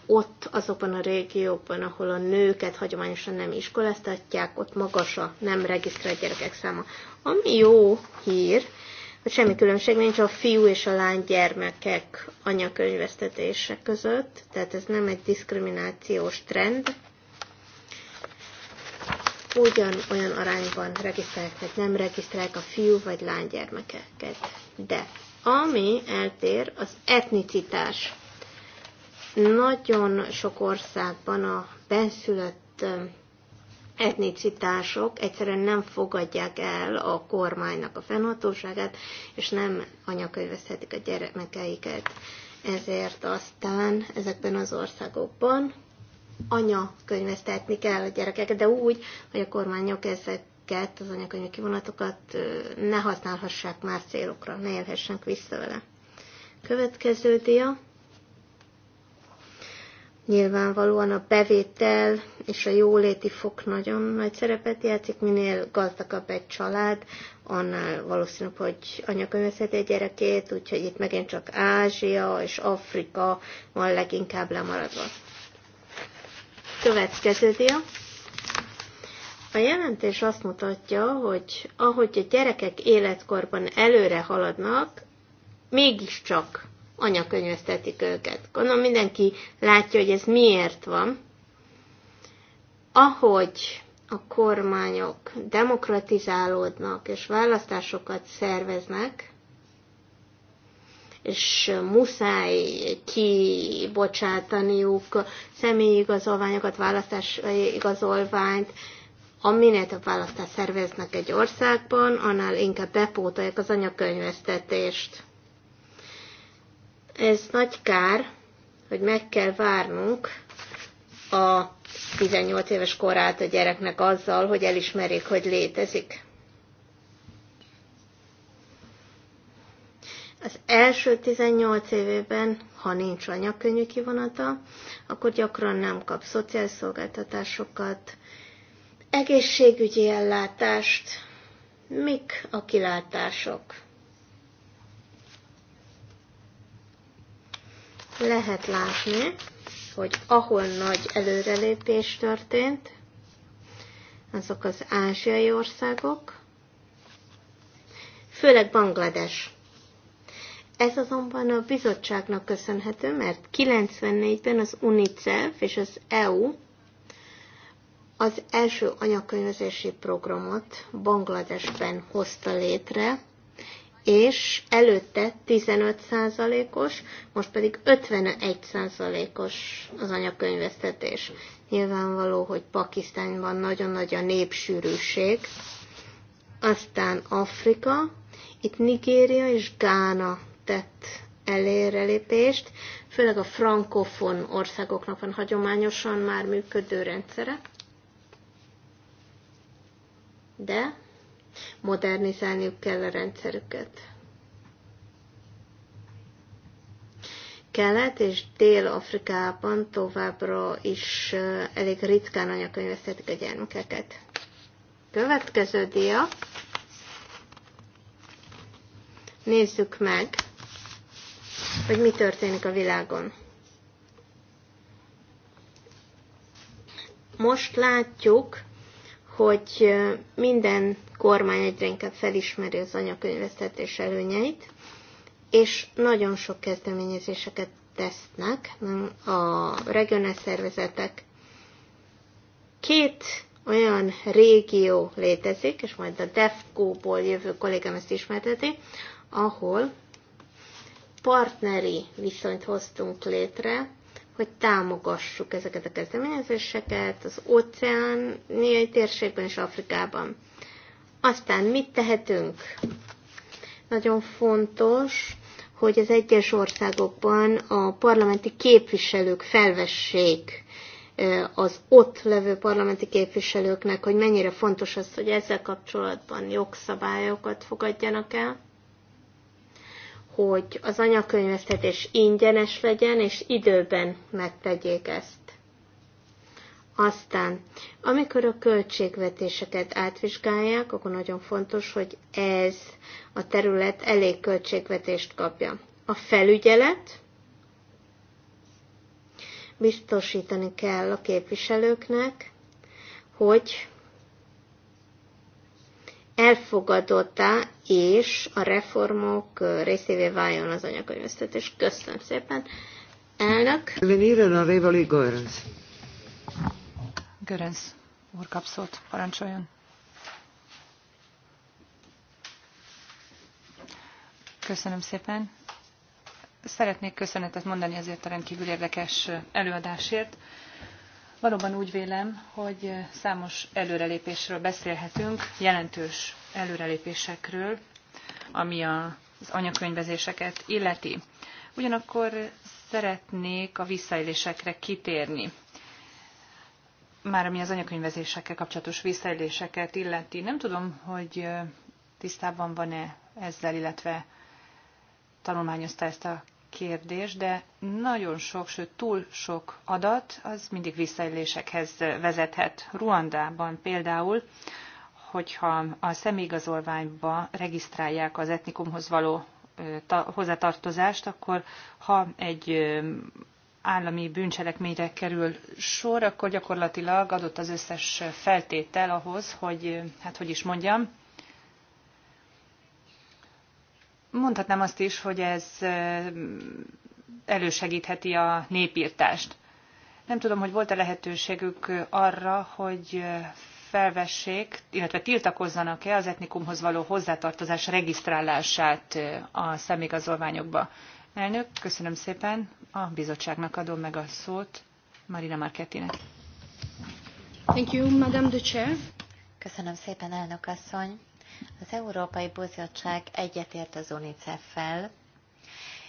Speaker 1: ott azokban a régiókban, ahol a nőket hagyományosan nem iskoláztatják, ott magas a nem regisztrált gyerekek száma. Ami jó hír, hogy semmi különbség nincs a fiú és a lány gyermekek anyakönyvesztetése között, tehát ez nem egy diszkriminációs trend. Ugyan olyan arányban regisztrálják, tehát nem regisztrálják a fiú vagy lány gyermekeket. De ami eltér, az etnicitás nagyon sok országban a benszülött etnicitások egyszerűen nem fogadják el a kormánynak a fennhatóságát, és nem anyakönyvezhetik a gyermekeiket. Ezért aztán ezekben az országokban anyakönyveztetni kell a gyerekeket, de úgy, hogy a kormányok ezeket az anyakönyvi kivonatokat ne használhassák már célokra, ne élhessenek vissza vele. Következő dia. Nyilvánvalóan a bevétel és a jóléti fok nagyon nagy szerepet játszik, minél gazdagabb egy család, annál valószínű, hogy anyakönyvezheti a gyerekét, úgyhogy itt megint csak Ázsia és Afrika van leginkább lemaradva. Következő dia. A jelentés azt mutatja, hogy ahogy a gyerekek életkorban előre haladnak, mégiscsak anyakönyvesztetik őket. Gondolom mindenki látja, hogy ez miért van. Ahogy a kormányok demokratizálódnak és választásokat szerveznek, és muszáj kibocsátaniuk személyi igazolványokat, választási igazolványt, aminél több választást szerveznek egy országban, annál inkább bepótolják az anyakönyvesztetést. Ez nagy kár, hogy meg kell várnunk a 18 éves korát a gyereknek azzal, hogy elismerik, hogy létezik. Az első 18 évében, ha nincs anyakönyvi kivonata, akkor gyakran nem kap szociális szolgáltatásokat, egészségügyi ellátást, mik a kilátások. lehet látni, hogy ahol nagy előrelépés történt, azok az ázsiai országok, főleg Banglades. Ez azonban a bizottságnak köszönhető, mert 94-ben az UNICEF és az EU az első anyakönyvezési programot Bangladesben hozta létre, és előtte 15%-os, most pedig 51%-os az anyakönyvesztetés. Nyilvánvaló, hogy Pakisztánban nagyon nagy a népsűrűség, aztán Afrika, itt Nigéria és Gána tett elérelépést, főleg a frankofon országoknak van hagyományosan már működő rendszere, de modernizálniuk kell a rendszerüket. Kelet és Dél-Afrikában továbbra is eh, elég ritkán anyakönyvesztetik a gyermekeket. Következő dia. Nézzük meg, hogy mi történik a világon. Most látjuk, hogy minden kormány egyre inkább felismeri az anyakönyvesztetés előnyeit, és nagyon sok kezdeményezéseket tesznek a regionális szervezetek. Két olyan régió létezik, és majd a DEFCO-ból jövő kollégám ezt ismerteti, ahol partneri viszonyt hoztunk létre hogy támogassuk ezeket a kezdeményezéseket az óceániai térségben és Afrikában. Aztán mit tehetünk? Nagyon fontos, hogy az egyes országokban a parlamenti képviselők felvessék az ott levő parlamenti képviselőknek, hogy mennyire fontos az, hogy ezzel kapcsolatban jogszabályokat fogadjanak el hogy az anyakönyvesztetés ingyenes legyen, és időben megtegyék ezt. Aztán, amikor a költségvetéseket átvizsgálják, akkor nagyon fontos, hogy ez a terület elég költségvetést kapja. A felügyelet biztosítani kell a képviselőknek, hogy elfogadottá és a reformok részévé váljon az anyakönyvöztetés. Köszönöm
Speaker 3: szépen. Elnök. Venire a Révali Görens. Görens úr kap Parancsoljon. Köszönöm szépen. Szeretnék köszönetet mondani ezért a rendkívül érdekes előadásért. Valóban úgy vélem, hogy számos előrelépésről beszélhetünk, jelentős előrelépésekről, ami az anyakönyvezéseket illeti. Ugyanakkor szeretnék a visszaélésekre kitérni. Már ami az anyakönyvezésekkel kapcsolatos visszaéléseket illeti, nem tudom, hogy tisztában van-e ezzel, illetve tanulmányozta ezt a kérdés, de nagyon sok, sőt túl sok adat az mindig visszaélésekhez vezethet. Ruandában például, hogyha a személyigazolványba regisztrálják az etnikumhoz való hozzátartozást, akkor ha egy állami bűncselekményre kerül sor, akkor gyakorlatilag adott az összes feltétel ahhoz, hogy, hát hogy is mondjam, Mondhatnám azt is, hogy ez elősegítheti a népírtást. Nem tudom, hogy volt-e lehetőségük arra, hogy felvessék, illetve tiltakozzanak-e az etnikumhoz való hozzátartozás regisztrálását a szemigazolványokba. Elnök, köszönöm szépen. A bizottságnak adom meg a szót. Marina Marketinek. Thank you, Madame de Chair.
Speaker 2: Köszönöm szépen, elnök asszony. Az Európai Bizottság egyetért az UNICEF-fel,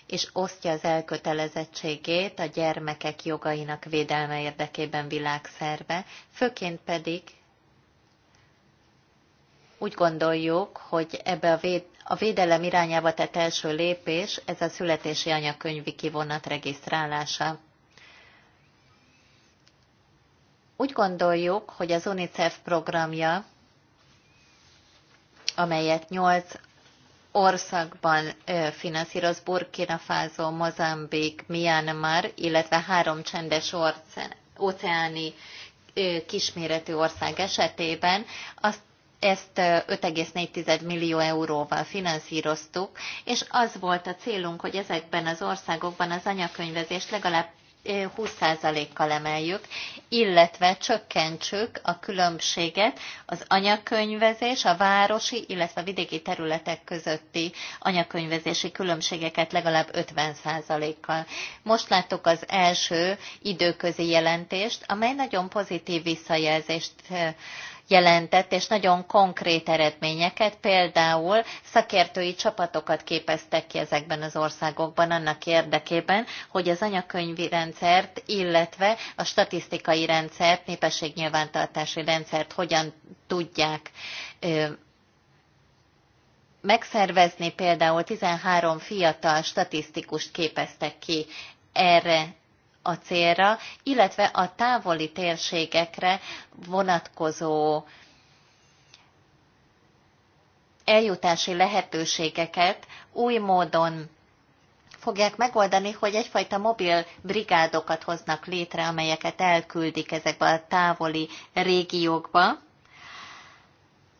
Speaker 2: és osztja az elkötelezettségét a gyermekek jogainak védelme érdekében világszerve, főként pedig úgy gondoljuk, hogy ebbe a, véd, a védelem irányába tett első lépés, ez a születési anyakönyvi kivonat regisztrálása. Úgy gondoljuk, hogy az UNICEF programja amelyet nyolc országban finanszíroz Burkina Faso, Mozambik, Myanmar, illetve három csendes óceáni kisméretű ország esetében. Azt ezt 5,4 millió euróval finanszíroztuk, és az volt a célunk, hogy ezekben az országokban az anyakönyvezést legalább 20%-kal emeljük, illetve csökkentsük a különbséget az anyakönyvezés, a városi, illetve a vidéki területek közötti anyakönyvezési különbségeket legalább 50%-kal. Most láttuk az első időközi jelentést, amely nagyon pozitív visszajelzést eh, jelentett, és nagyon konkrét eredményeket, például szakértői csapatokat képeztek ki ezekben az országokban annak érdekében, hogy az anyakönyvi rendszert, illetve a statisztikai rendszert, népességnyilvántartási rendszert hogyan tudják megszervezni például 13 fiatal statisztikust képeztek ki erre a célra, illetve a távoli térségekre vonatkozó eljutási lehetőségeket új módon fogják megoldani, hogy egyfajta mobil brigádokat hoznak létre, amelyeket elküldik ezekbe a távoli régiókba,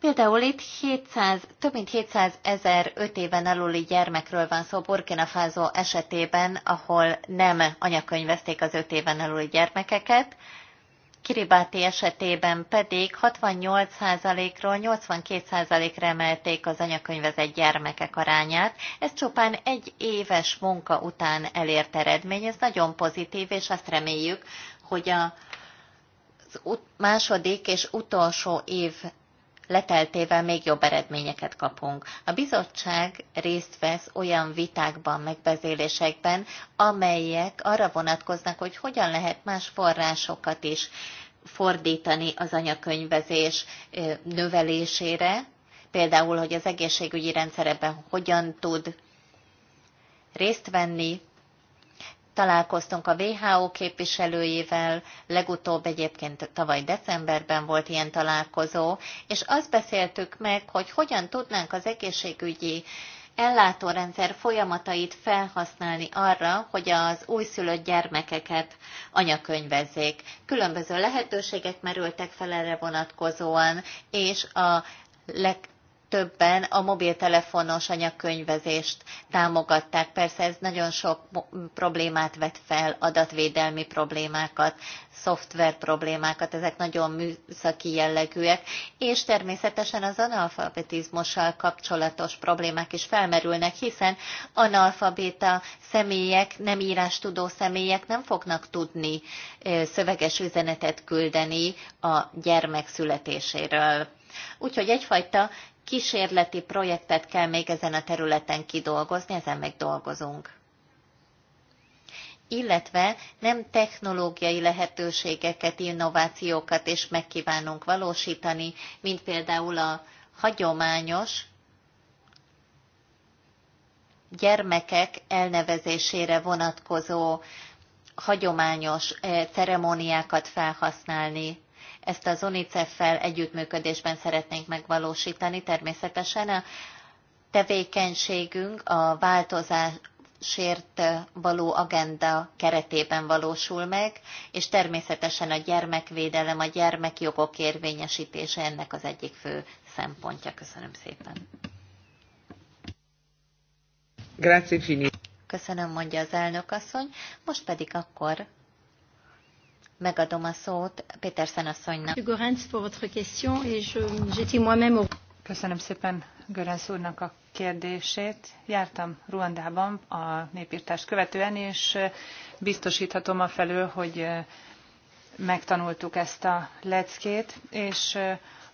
Speaker 2: Például itt 700, több mint 700 ezer 5 éven aluli gyermekről van szó Burkina Faso esetében, ahol nem anyakönyvezték az 5 éven aluli gyermekeket, Kiribáti esetében pedig 68%-ról 82%-ra emelték az anyakönyvezett gyermekek arányát. Ez csupán egy éves munka után elért eredmény, ez nagyon pozitív, és azt reméljük, hogy a második és utolsó év leteltével még jobb eredményeket kapunk. A bizottság részt vesz olyan vitákban, megbeszélésekben, amelyek arra vonatkoznak, hogy hogyan lehet más forrásokat is fordítani az anyakönyvezés növelésére, például, hogy az egészségügyi rendszerben hogyan tud részt venni, Találkoztunk a WHO képviselőjével, legutóbb egyébként tavaly decemberben volt ilyen találkozó, és azt beszéltük meg, hogy hogyan tudnánk az egészségügyi ellátórendszer folyamatait felhasználni arra, hogy az újszülött gyermekeket anyakönyvezzék. Különböző lehetőségek merültek fel erre vonatkozóan, és a leg, többen a mobiltelefonos anyagkönyvezést támogatták. Persze ez nagyon sok problémát vet fel, adatvédelmi problémákat, szoftver problémákat, ezek nagyon műszaki jellegűek, és természetesen az analfabetizmussal kapcsolatos problémák is felmerülnek, hiszen analfabéta személyek, nem írás tudó személyek nem fognak tudni szöveges üzenetet küldeni a gyermek születéséről. Úgyhogy egyfajta kísérleti projektet kell még ezen a területen kidolgozni, ezen meg dolgozunk. Illetve nem technológiai lehetőségeket, innovációkat is megkívánunk valósítani, mint például a hagyományos gyermekek elnevezésére vonatkozó hagyományos eh, ceremóniákat felhasználni, ezt az UNICEF-fel együttműködésben szeretnénk megvalósítani. Természetesen a tevékenységünk a változás, sért való agenda keretében valósul meg, és természetesen a gyermekvédelem, a gyermekjogok érvényesítése ennek az egyik fő szempontja. Köszönöm szépen.
Speaker 3: Grazie, Fini.
Speaker 2: Köszönöm, mondja az elnök asszony. Most pedig akkor Megadom a szót Péter
Speaker 3: asszonynak. Köszönöm szépen Görenc úrnak a kérdését. Jártam Ruandában a népírtást követően, és biztosíthatom a felől, hogy megtanultuk ezt a leckét, és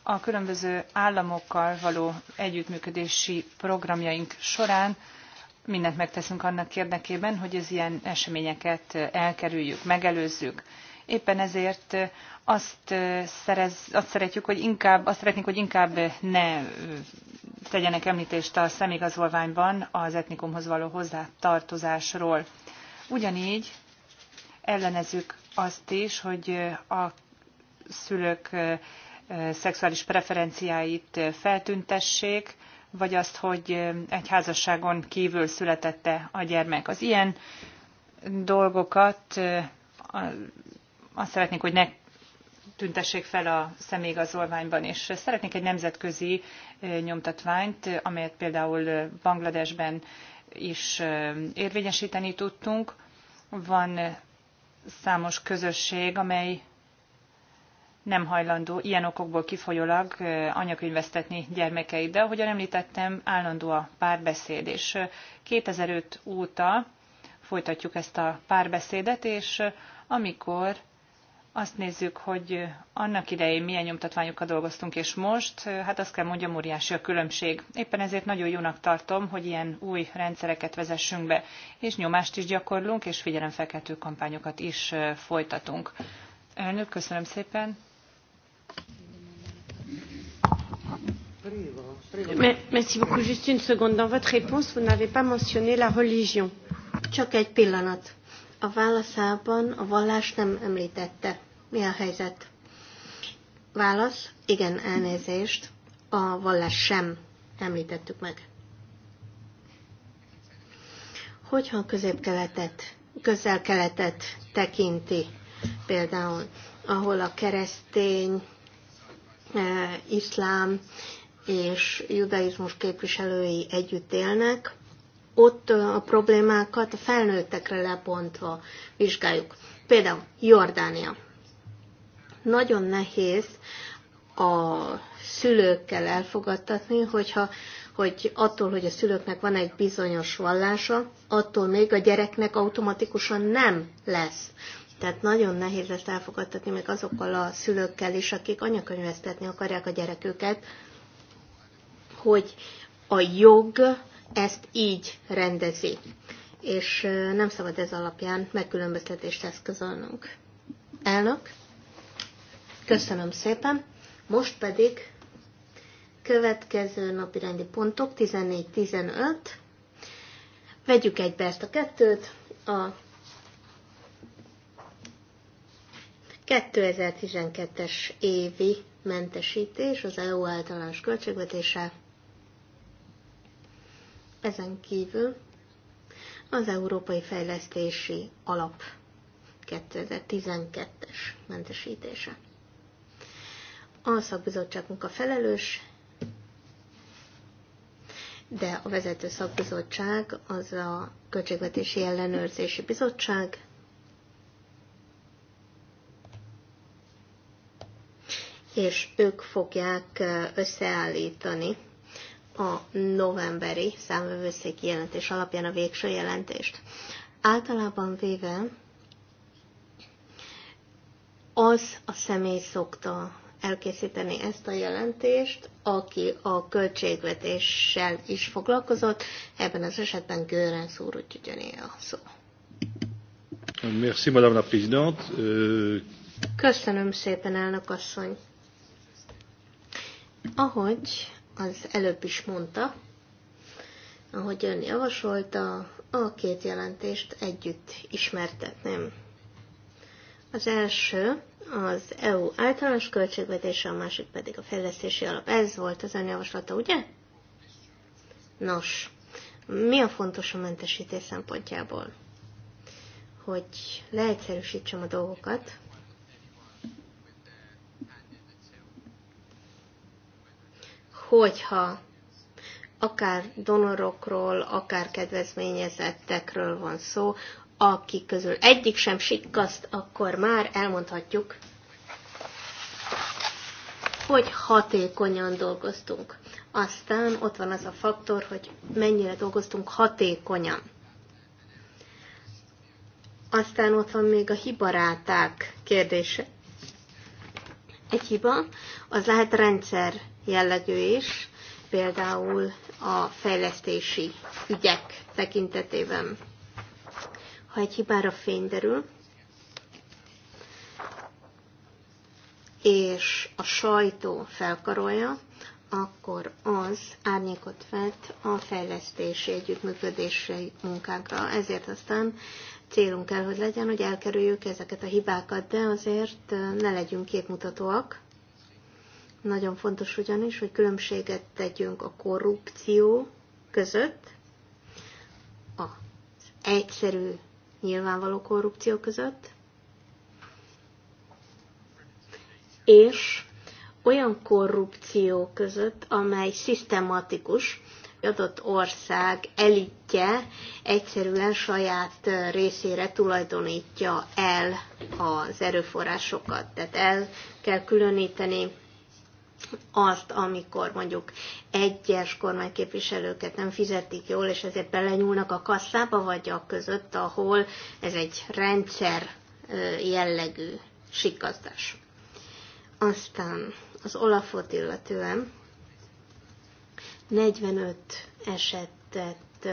Speaker 3: a különböző államokkal való együttműködési programjaink során mindent megteszünk annak érdekében, hogy az ilyen eseményeket elkerüljük, megelőzzük. Éppen ezért azt, szerez, azt szeretjük, hogy inkább, azt szeretnénk, hogy inkább ne tegyenek említést a szemigazolványban az etnikumhoz való hozzátartozásról. Ugyanígy ellenezzük azt is, hogy a szülők szexuális preferenciáit feltüntessék, vagy azt, hogy egy házasságon kívül születette a gyermek. Az ilyen dolgokat azt szeretnénk, hogy ne tüntessék fel a személyigazolványban, és szeretnék egy nemzetközi nyomtatványt, amelyet például Bangladesben is érvényesíteni tudtunk. Van számos közösség, amely nem hajlandó ilyen okokból kifolyólag anyakönyvesztetni gyermekeit, de ahogyan említettem, állandó a párbeszéd, és 2005 óta folytatjuk ezt a párbeszédet, és amikor azt nézzük, hogy annak idején milyen nyomtatványokkal dolgoztunk, és most, hát azt kell mondjam, óriási a különbség. Éppen ezért nagyon jónak tartom, hogy ilyen új rendszereket vezessünk be, és nyomást is gyakorlunk, és figyelemfelkeltő kampányokat is folytatunk. Elnök, köszönöm szépen. Merci
Speaker 1: beaucoup. Juste une seconde. Dans votre réponse, vous n'avez pas mentionné la religion. Csak egy pillanat. A válaszában a vallás nem említette. Mi a helyzet? Válasz, igen, elnézést, a vallás sem említettük meg. Hogyha a közép-keletet, közel-keletet tekinti, például, ahol a keresztény, eh, iszlám és judaizmus képviselői együtt élnek, ott eh, a problémákat a felnőttekre lebontva vizsgáljuk. Például Jordánia nagyon nehéz a szülőkkel elfogadtatni, hogyha, hogy attól, hogy a szülőknek van egy bizonyos vallása, attól még a gyereknek automatikusan nem lesz. Tehát nagyon nehéz ezt elfogadtatni még azokkal a szülőkkel is, akik anyakönyvesztetni akarják a gyereküket, hogy a jog ezt így rendezi. És nem szabad ez alapján megkülönböztetést eszközölnünk. Elnök? Köszönöm szépen. Most pedig következő napi rendi pontok 14-15. Vegyük egybe ezt a kettőt. A 2012-es évi mentesítés az EU általános költségvetése. Ezen kívül az Európai Fejlesztési Alap 2012-es mentesítése a szakbizottságunk a felelős, de a vezető szakbizottság az a Költségvetési Ellenőrzési Bizottság, és ők fogják eh, összeállítani a novemberi számvevőszéki jelentés alapján a végső jelentést. Általában véve az a személy szokta elkészíteni ezt a jelentést, aki a költségvetéssel is foglalkozott, ebben az esetben Gőren Szúr úgyhogy öné a szó.
Speaker 3: Merci, Madame la Présidente. Euh,
Speaker 1: Köszönöm szépen, elnök asszony. Ahogy az előbb is mondta, ahogy ön javasolta, a két jelentést együtt ismertetném. Az első az EU általános költségvetése, a másik pedig a fejlesztési alap. Ez volt az önjavaslata, ugye? Nos, mi a fontos a mentesítés szempontjából? Hogy leegyszerűsítsem a dolgokat, hogyha akár donorokról, akár kedvezményezettekről van szó, akik közül egyik sem sikkaszt, akkor már elmondhatjuk, hogy hatékonyan dolgoztunk. Aztán ott van az a faktor, hogy mennyire dolgoztunk hatékonyan. Aztán ott van még a hibaráták kérdése. Egy hiba, az lehet rendszer jellegű is, például a fejlesztési ügyek tekintetében ha egy hibára fény derül, és a sajtó felkarolja, akkor az árnyékot vet a fejlesztési együttműködési munkánkra. Ezért aztán célunk kell, hogy legyen, hogy elkerüljük ezeket a hibákat, de azért ne legyünk képmutatóak. Nagyon fontos ugyanis, hogy különbséget tegyünk a korrupció között, az egyszerű nyilvánvaló korrupció között, és olyan korrupció között, amely szisztematikus, adott ország elitje egyszerűen saját részére tulajdonítja el az erőforrásokat. Tehát el kell különíteni azt, amikor mondjuk egyes kormányképviselőket nem fizetik jól, és ezért belenyúlnak a kasszába, vagy a között, ahol ez egy rendszer jellegű sikazdás. Aztán az Olafot illetően 45 esetet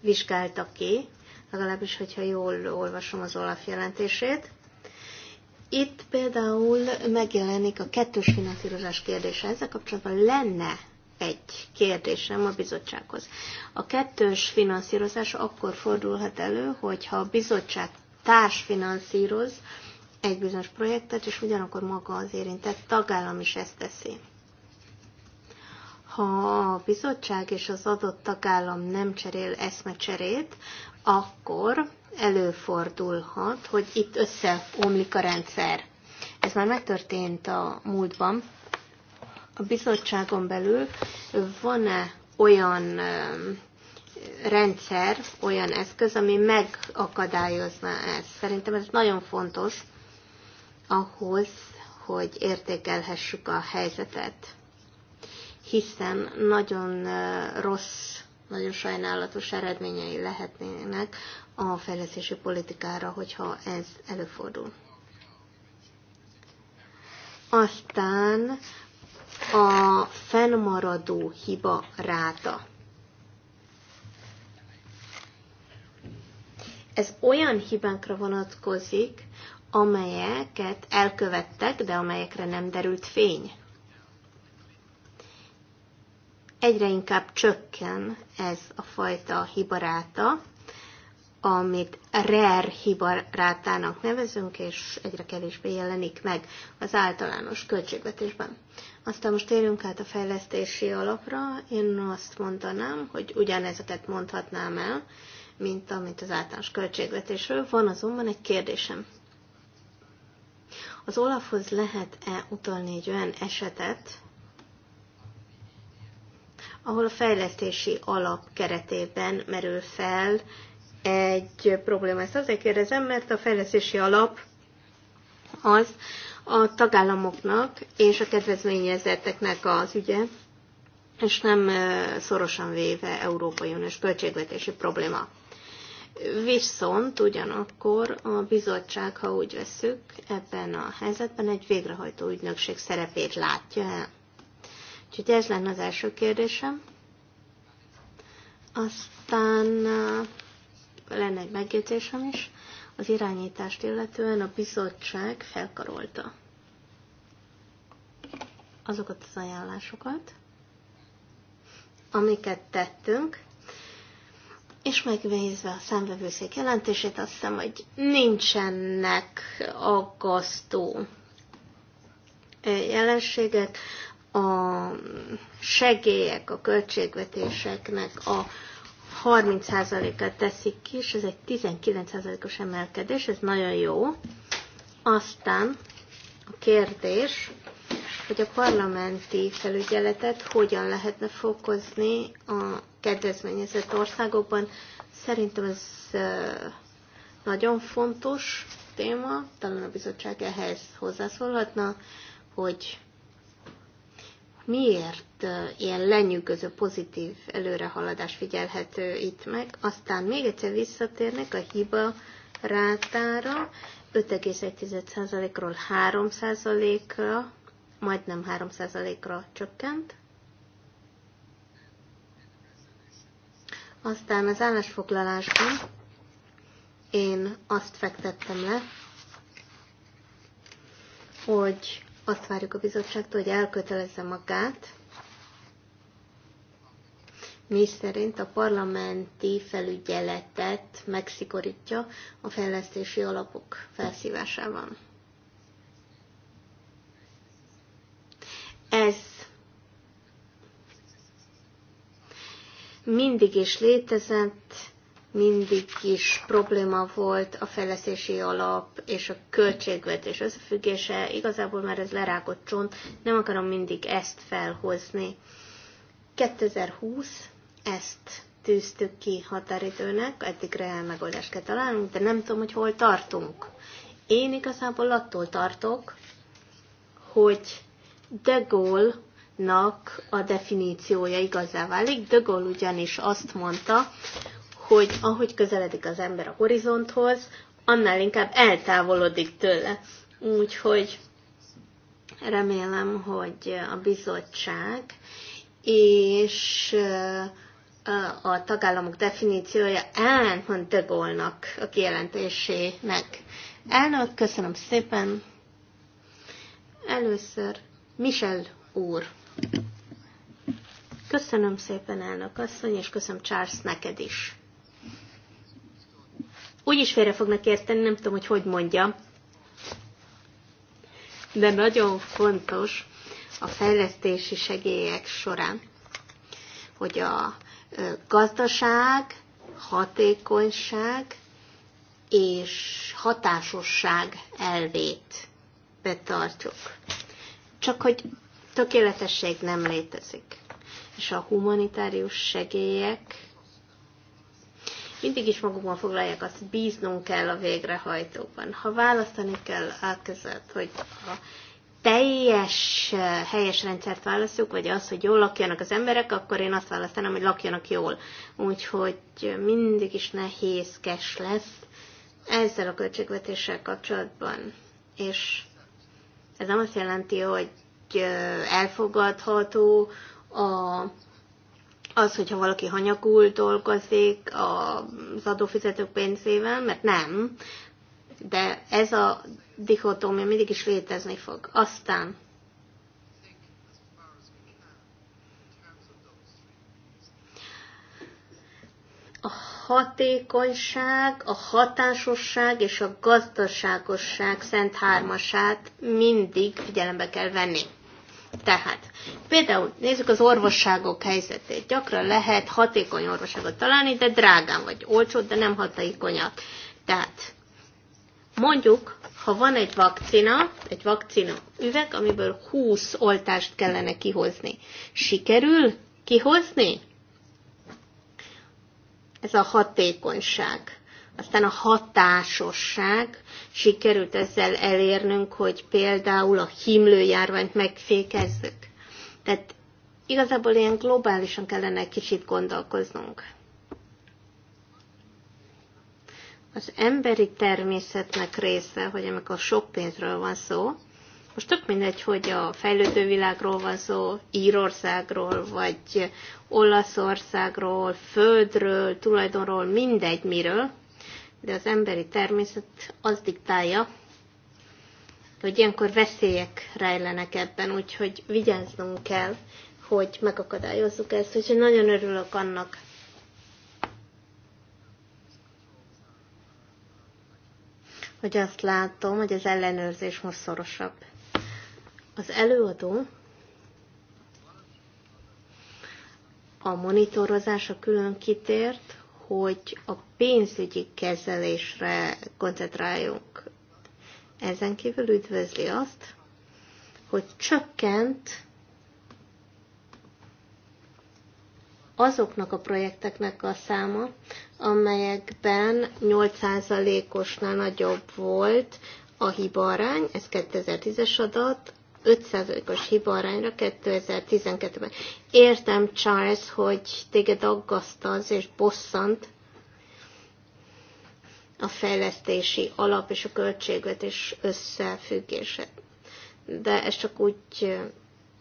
Speaker 1: vizsgáltak ki, legalábbis, hogyha jól olvasom az Olaf jelentését, itt például megjelenik a kettős finanszírozás kérdése. Ezzel kapcsolatban lenne egy kérdésem a bizottsághoz. A kettős finanszírozás akkor fordulhat elő, hogyha a bizottság társfinanszíroz egy bizonyos projektet, és ugyanakkor maga az érintett tagállam is ezt teszi. Ha a bizottság és az adott tagállam nem cserél eszmecserét, akkor előfordulhat, hogy itt összeomlik a rendszer. Ez már megtörtént a múltban. A bizottságon belül van-e olyan rendszer, olyan eszköz, ami megakadályozna ezt. Szerintem ez nagyon fontos ahhoz, hogy értékelhessük a helyzetet, hiszen nagyon rossz nagyon sajnálatos eredményei lehetnének a fejlesztési politikára, hogyha ez előfordul. Aztán a fennmaradó hiba ráta. Ez olyan hibánkra vonatkozik, amelyeket elkövettek, de amelyekre nem derült fény egyre inkább csökken ez a fajta hibaráta, amit rare hibarátának nevezünk, és egyre kevésbé jelenik meg az általános költségvetésben. Aztán most térjünk át a fejlesztési alapra. Én azt mondanám, hogy ugyanezeket mondhatnám el, mint amit az általános költségvetésről. Van azonban egy kérdésem. Az Olafhoz lehet-e utalni egy olyan esetet, ahol a fejlesztési alap keretében merül fel egy probléma. Ezt azért kérdezem, mert a fejlesztési alap az a tagállamoknak és a kedvezményezetteknek az ügye, és nem szorosan véve Európai Uniós költségvetési probléma. Viszont ugyanakkor a bizottság, ha úgy veszük, ebben a helyzetben egy végrehajtó ügynökség szerepét látja el. Úgyhogy ez lenne az első kérdésem. Aztán uh, lenne egy megjegyzésem is. Az irányítást illetően a bizottság felkarolta azokat az ajánlásokat, amiket tettünk, és megnézve a számvevőszék jelentését, azt hiszem, hogy nincsenek aggasztó jelenséget a segélyek, a költségvetéseknek a 30%-át teszik ki, és ez egy 19%-os emelkedés, ez nagyon jó. Aztán a kérdés, hogy a parlamenti felügyeletet hogyan lehetne fokozni a kedvezményezett országokban. Szerintem ez nagyon fontos téma, talán a bizottság ehhez hozzászólhatna, hogy miért ilyen lenyűgöző pozitív előrehaladás figyelhető itt meg. Aztán még egyszer visszatérnek a hiba rátára, 5,1%-ról 3%-ra, majdnem 3%-ra csökkent. Aztán az állásfoglalásban én azt fektettem le, hogy azt várjuk a bizottságtól, hogy elkötelezze magát, mi szerint a parlamenti felügyeletet megszigorítja a fejlesztési alapok felszívásában. Ez mindig is létezett, mindig is probléma volt a fejlesztési alap és a költségvetés összefüggése. Igazából már ez lerágott csont, nem akarom mindig ezt felhozni. 2020 ezt tűztük ki határidőnek, eddig reál megoldást kell találnunk, de nem tudom, hogy hol tartunk. Én igazából attól tartok, hogy de Gaulle nak a definíciója igazá válik. De Gaulle ugyanis azt mondta, hogy ahogy közeledik az ember a horizonthoz, annál inkább eltávolodik tőle. Úgyhogy remélem, hogy a bizottság és a tagállamok definíciója ellentmond de a kijelentésének. Elnök, köszönöm szépen. Először Michel úr. Köszönöm szépen, elnök asszony, és köszönöm Charles neked is is félre fognak érteni, nem tudom, hogy hogy mondjam, de nagyon fontos a fejlesztési segélyek során, hogy a gazdaság, hatékonyság és hatásosság elvét betartjuk. Csak hogy tökéletesség nem létezik. És a humanitárius segélyek mindig is magukban foglalják azt, bíznunk kell a végrehajtókban. Ha választani kell a hogy a teljes eh, helyes rendszert választjuk, vagy az, hogy jól lakjanak az emberek, akkor én azt választanám, hogy lakjanak jól. Úgyhogy mindig is nehézkes lesz ezzel a költségvetéssel kapcsolatban. És ez nem azt jelenti, hogy eh, elfogadható a az, hogyha valaki hanyagul dolgozik az adófizetők pénzével, mert nem, de ez a dichotómia mindig is létezni fog. Aztán a hatékonyság, a hatásosság és a gazdaságosság szent hármasát mindig figyelembe kell venni. Tehát például nézzük az orvosságok helyzetét. Gyakran lehet hatékony orvosságot találni, de drágán vagy olcsó, de nem hatékonyak. Tehát mondjuk, ha van egy vakcina, egy vakcina üveg, amiből 20 oltást kellene kihozni. Sikerül kihozni? Ez a hatékonyság. Aztán a hatásosság, sikerült ezzel elérnünk, hogy például a himlőjárványt megfékezzük. Tehát igazából ilyen globálisan kellene egy kicsit gondolkoznunk. Az emberi természetnek része, hogy amikor sok pénzről van szó, most tök mindegy, hogy a fejlődő világról van szó, Írországról, vagy Olaszországról, földről, tulajdonról, mindegy miről, de az emberi természet az diktálja, hogy ilyenkor veszélyek rejlenek ebben, úgyhogy vigyáznunk kell, hogy megakadályozzuk ezt. Úgyhogy nagyon örülök annak, hogy azt látom, hogy az ellenőrzés most szorosabb. Az előadó a a külön kitért, hogy a pénzügyi kezelésre koncentráljunk. Ezen kívül üdvözli azt, hogy csökkent azoknak a projekteknek a száma, amelyekben 8%-osnál nagyobb volt a hibarány, ez 2010-es adat, 5%-os arányra 2012-ben. Értem, Charles, hogy téged aggaszt az és bosszant a fejlesztési alap és a költségvetés összefüggése. De ezt csak úgy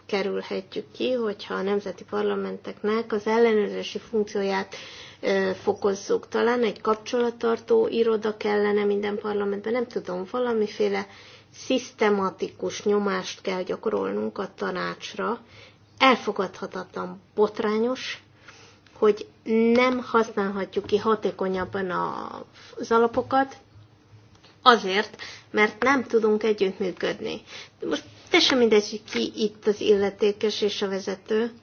Speaker 1: kerülhetjük ki, hogyha a nemzeti parlamenteknek az ellenőrzési funkcióját fokozzuk. Talán egy kapcsolattartó iroda kellene minden parlamentben, nem tudom, valamiféle szisztematikus nyomást kell gyakorolnunk a tanácsra. Elfogadhatatlan botrányos, hogy nem használhatjuk ki hatékonyabban az alapokat, azért, mert nem tudunk együttműködni. De most teljesen mindegy, hogy ki itt az illetékes és a vezető,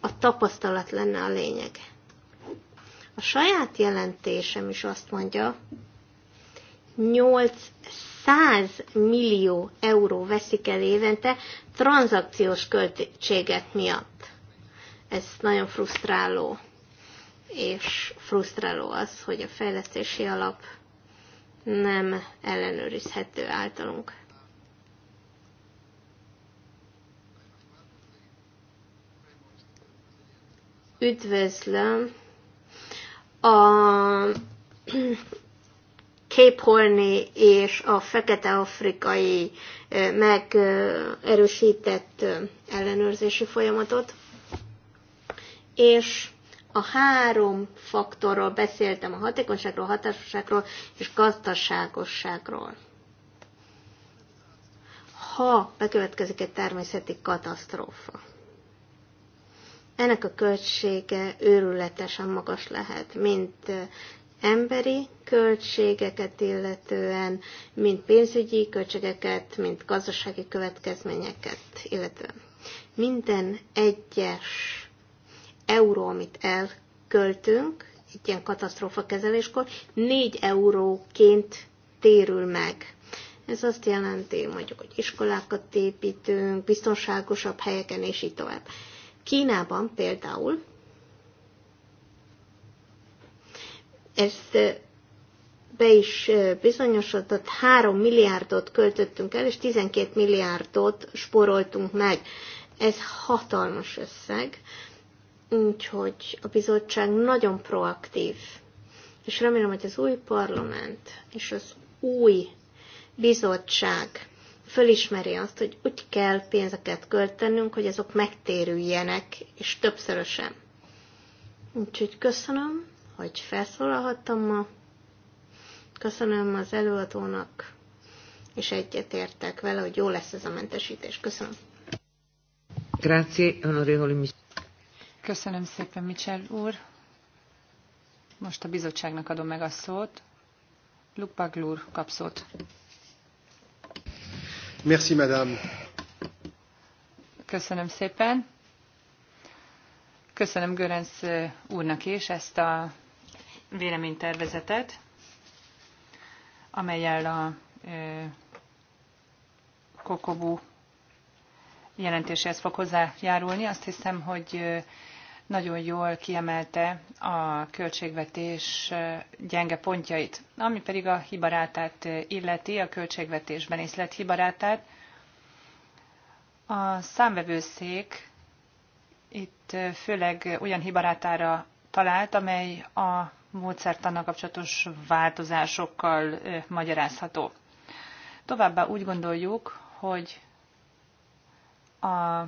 Speaker 1: a tapasztalat lenne a lényeg. A saját jelentésem is azt mondja, 8 100 millió euró veszik el évente tranzakciós költségek miatt. Ez nagyon frusztráló. És frusztráló az, hogy a fejlesztési alap nem ellenőrizhető általunk. Üdvözlöm a Képholni és a fekete-afrikai megerősített ellenőrzési folyamatot. És a három faktorról beszéltem, a hatékonyságról, hatásosságról és gazdaságosságról. Ha bekövetkezik egy természeti katasztrófa, ennek a költsége őrületesen magas lehet, mint emberi költségeket illetően, mint pénzügyi költségeket, mint gazdasági következményeket illetően. Minden egyes euró, amit elköltünk egy ilyen katasztrófa kezeléskor, négy euróként térül meg. Ez azt jelenti, mondjuk, hogy iskolákat építünk, biztonságosabb helyeken, és így tovább. Kínában például ezt be is bizonyosodott, 3 milliárdot költöttünk el, és 12 milliárdot spóroltunk meg. Ez hatalmas összeg, úgyhogy a bizottság nagyon proaktív. És remélem, hogy az új parlament és az új bizottság fölismeri azt, hogy úgy kell pénzeket költenünk, hogy azok megtérüljenek, és többszörösen. Úgyhogy köszönöm hogy felszólalhattam ma. Köszönöm az előadónak, és egyetértek vele, hogy jó lesz ez a mentesítés.
Speaker 3: Köszönöm. Grazie, Köszönöm szépen, Michel úr. Most a bizottságnak adom meg a szót. Luc Baglur kap szót.
Speaker 1: Merci, madame.
Speaker 3: Köszönöm szépen. Köszönöm Görenc eh, úrnak is ezt a véleménytervezetet, amelyel a Kokobu jelentéséhez fog hozzájárulni. Azt hiszem, hogy nagyon jól kiemelte a költségvetés gyenge pontjait, ami pedig a hibarátát illeti, a költségvetésben lett hibarátát. A számvevőszék itt főleg olyan hibarátára talált, amely a módszertannal kapcsolatos változásokkal magyarázható. Továbbá úgy gondoljuk, hogy a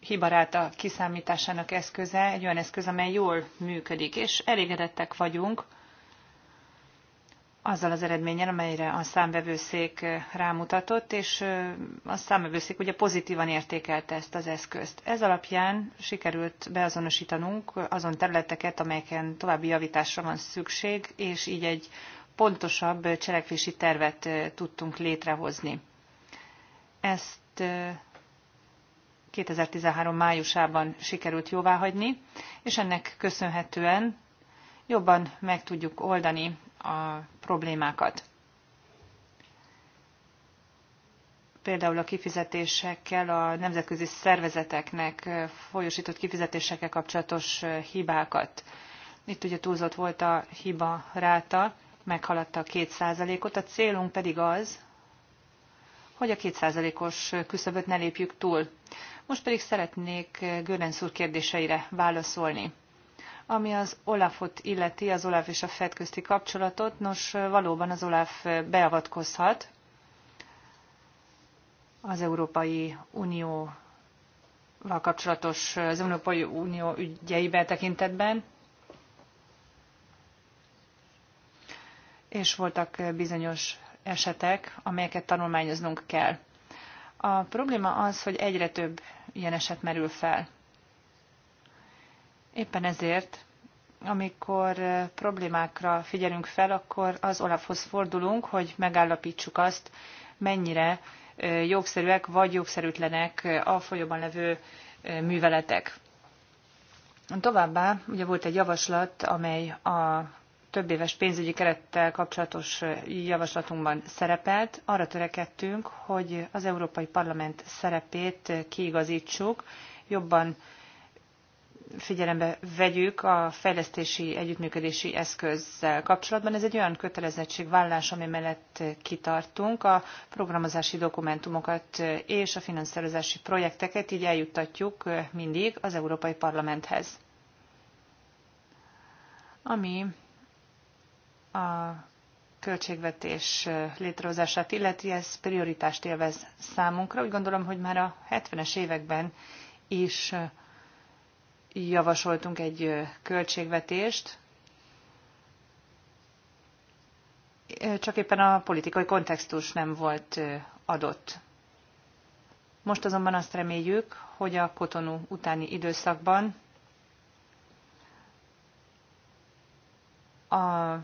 Speaker 3: hibaráta kiszámításának eszköze egy olyan eszköz, amely jól működik, és elégedettek vagyunk azzal az eredménnyel, amelyre a számvevőszék eh, rámutatott, és eh, a számvevőszék ugye pozitívan értékelte ezt az eszközt. Ez alapján sikerült beazonosítanunk azon területeket, amelyeken további javításra van szükség, és így egy pontosabb cselekvési tervet eh, tudtunk létrehozni. Ezt 2013 májusában sikerült jóváhagyni, és ennek köszönhetően jobban meg tudjuk oldani a problémákat. Például a kifizetésekkel, a nemzetközi szervezeteknek folyosított kifizetésekkel kapcsolatos hibákat. Itt ugye túlzott volt a hiba ráta, meghaladta a 2%-ot, a célunk pedig az, hogy a 2%-os küszöböt ne lépjük túl. Most pedig szeretnék Görenc úr kérdéseire válaszolni. Ami az Olafot illeti, az Olaf és a Fed közti kapcsolatot, nos, valóban az Olaf beavatkozhat az Európai Unió kapcsolatos az Európai Unió ügyeibe tekintetben, és voltak bizonyos esetek, amelyeket tanulmányoznunk kell. A probléma az, hogy egyre több ilyen eset merül fel. Éppen ezért, amikor problémákra figyelünk fel, akkor az Olafhoz fordulunk, hogy megállapítsuk azt, mennyire jogszerűek vagy jogszerűtlenek a folyóban levő műveletek. Továbbá ugye volt egy javaslat, amely a több éves pénzügyi kerettel kapcsolatos javaslatunkban szerepelt. Arra törekedtünk, hogy az Európai Parlament szerepét kiigazítsuk, jobban figyelembe vegyük a fejlesztési együttműködési eszközzel kapcsolatban. Ez egy olyan kötelezettségvállás, ami mellett kitartunk a programozási dokumentumokat és a finanszírozási projekteket, így eljuttatjuk mindig az Európai Parlamenthez. Ami a költségvetés létrehozását illeti, ez prioritást élvez számunkra. Úgy gondolom, hogy már a 70-es években is javasoltunk egy költségvetést, csak éppen a politikai kontextus nem volt adott. Most azonban azt reméljük, hogy a kotonú utáni időszakban a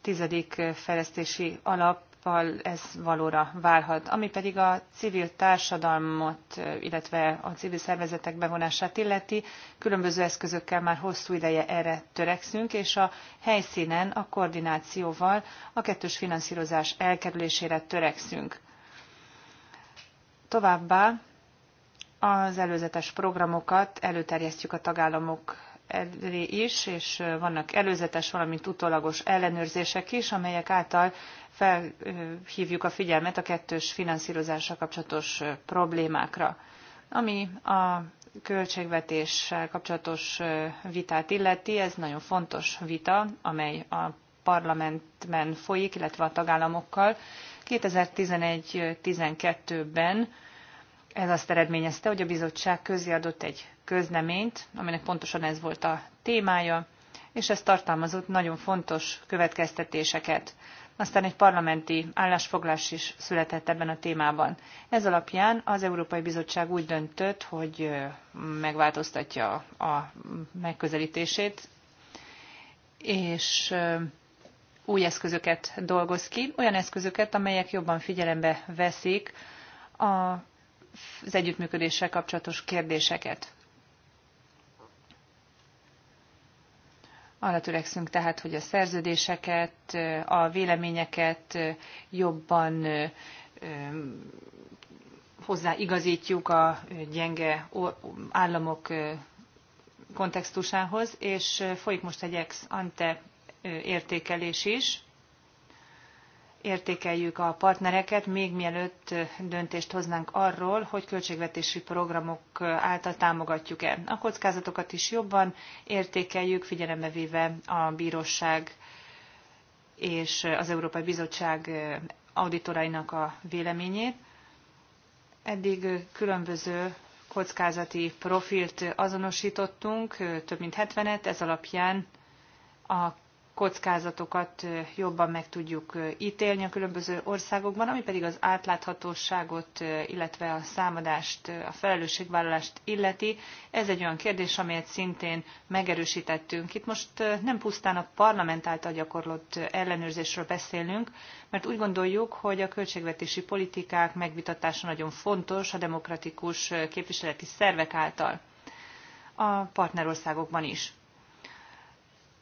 Speaker 3: tizedik fejlesztési alap hónappal ez valóra válhat. Ami pedig a civil társadalmat, illetve a civil szervezetek bevonását illeti, különböző eszközökkel már hosszú ideje erre törekszünk, és a helyszínen a koordinációval a kettős finanszírozás elkerülésére törekszünk. Továbbá az előzetes programokat előterjesztjük a tagállamok elé is, és vannak előzetes, valamint utólagos ellenőrzések is, amelyek által felhívjuk a figyelmet a kettős finanszírozásra kapcsolatos problémákra. Ami a költségvetéssel kapcsolatos vitát illeti, ez nagyon fontos vita, amely a parlamentben folyik, illetve a tagállamokkal. 2011-12-ben ez azt eredményezte, hogy a bizottság közéadott egy közleményt, aminek pontosan ez volt a témája, és ez tartalmazott nagyon fontos következtetéseket aztán egy parlamenti állásfoglás is született ebben a témában. Ez alapján az Európai Bizottság úgy döntött, hogy megváltoztatja a megközelítését, és új eszközöket dolgoz ki, olyan eszközöket, amelyek jobban figyelembe veszik az együttműködéssel kapcsolatos kérdéseket. Arra törekszünk tehát, hogy a szerződéseket, a véleményeket jobban hozzáigazítjuk a gyenge államok kontextusához, és folyik most egy ex ante értékelés is, értékeljük a partnereket, még mielőtt döntést hoznánk arról, hogy költségvetési programok által támogatjuk-e. A kockázatokat is jobban értékeljük, figyelembe véve a bíróság és az Európai Bizottság auditorainak a véleményét. Eddig különböző kockázati profilt azonosítottunk, több mint 70-et, ez alapján a kockázatokat jobban meg tudjuk ítélni a különböző országokban, ami pedig az átláthatóságot, illetve a számadást, a felelősségvállalást illeti. Ez egy olyan kérdés, amelyet szintén megerősítettünk. Itt most nem pusztán a parlament által gyakorlott ellenőrzésről beszélünk, mert úgy gondoljuk, hogy a költségvetési politikák megvitatása nagyon fontos a demokratikus képviseleti szervek által a partnerországokban is.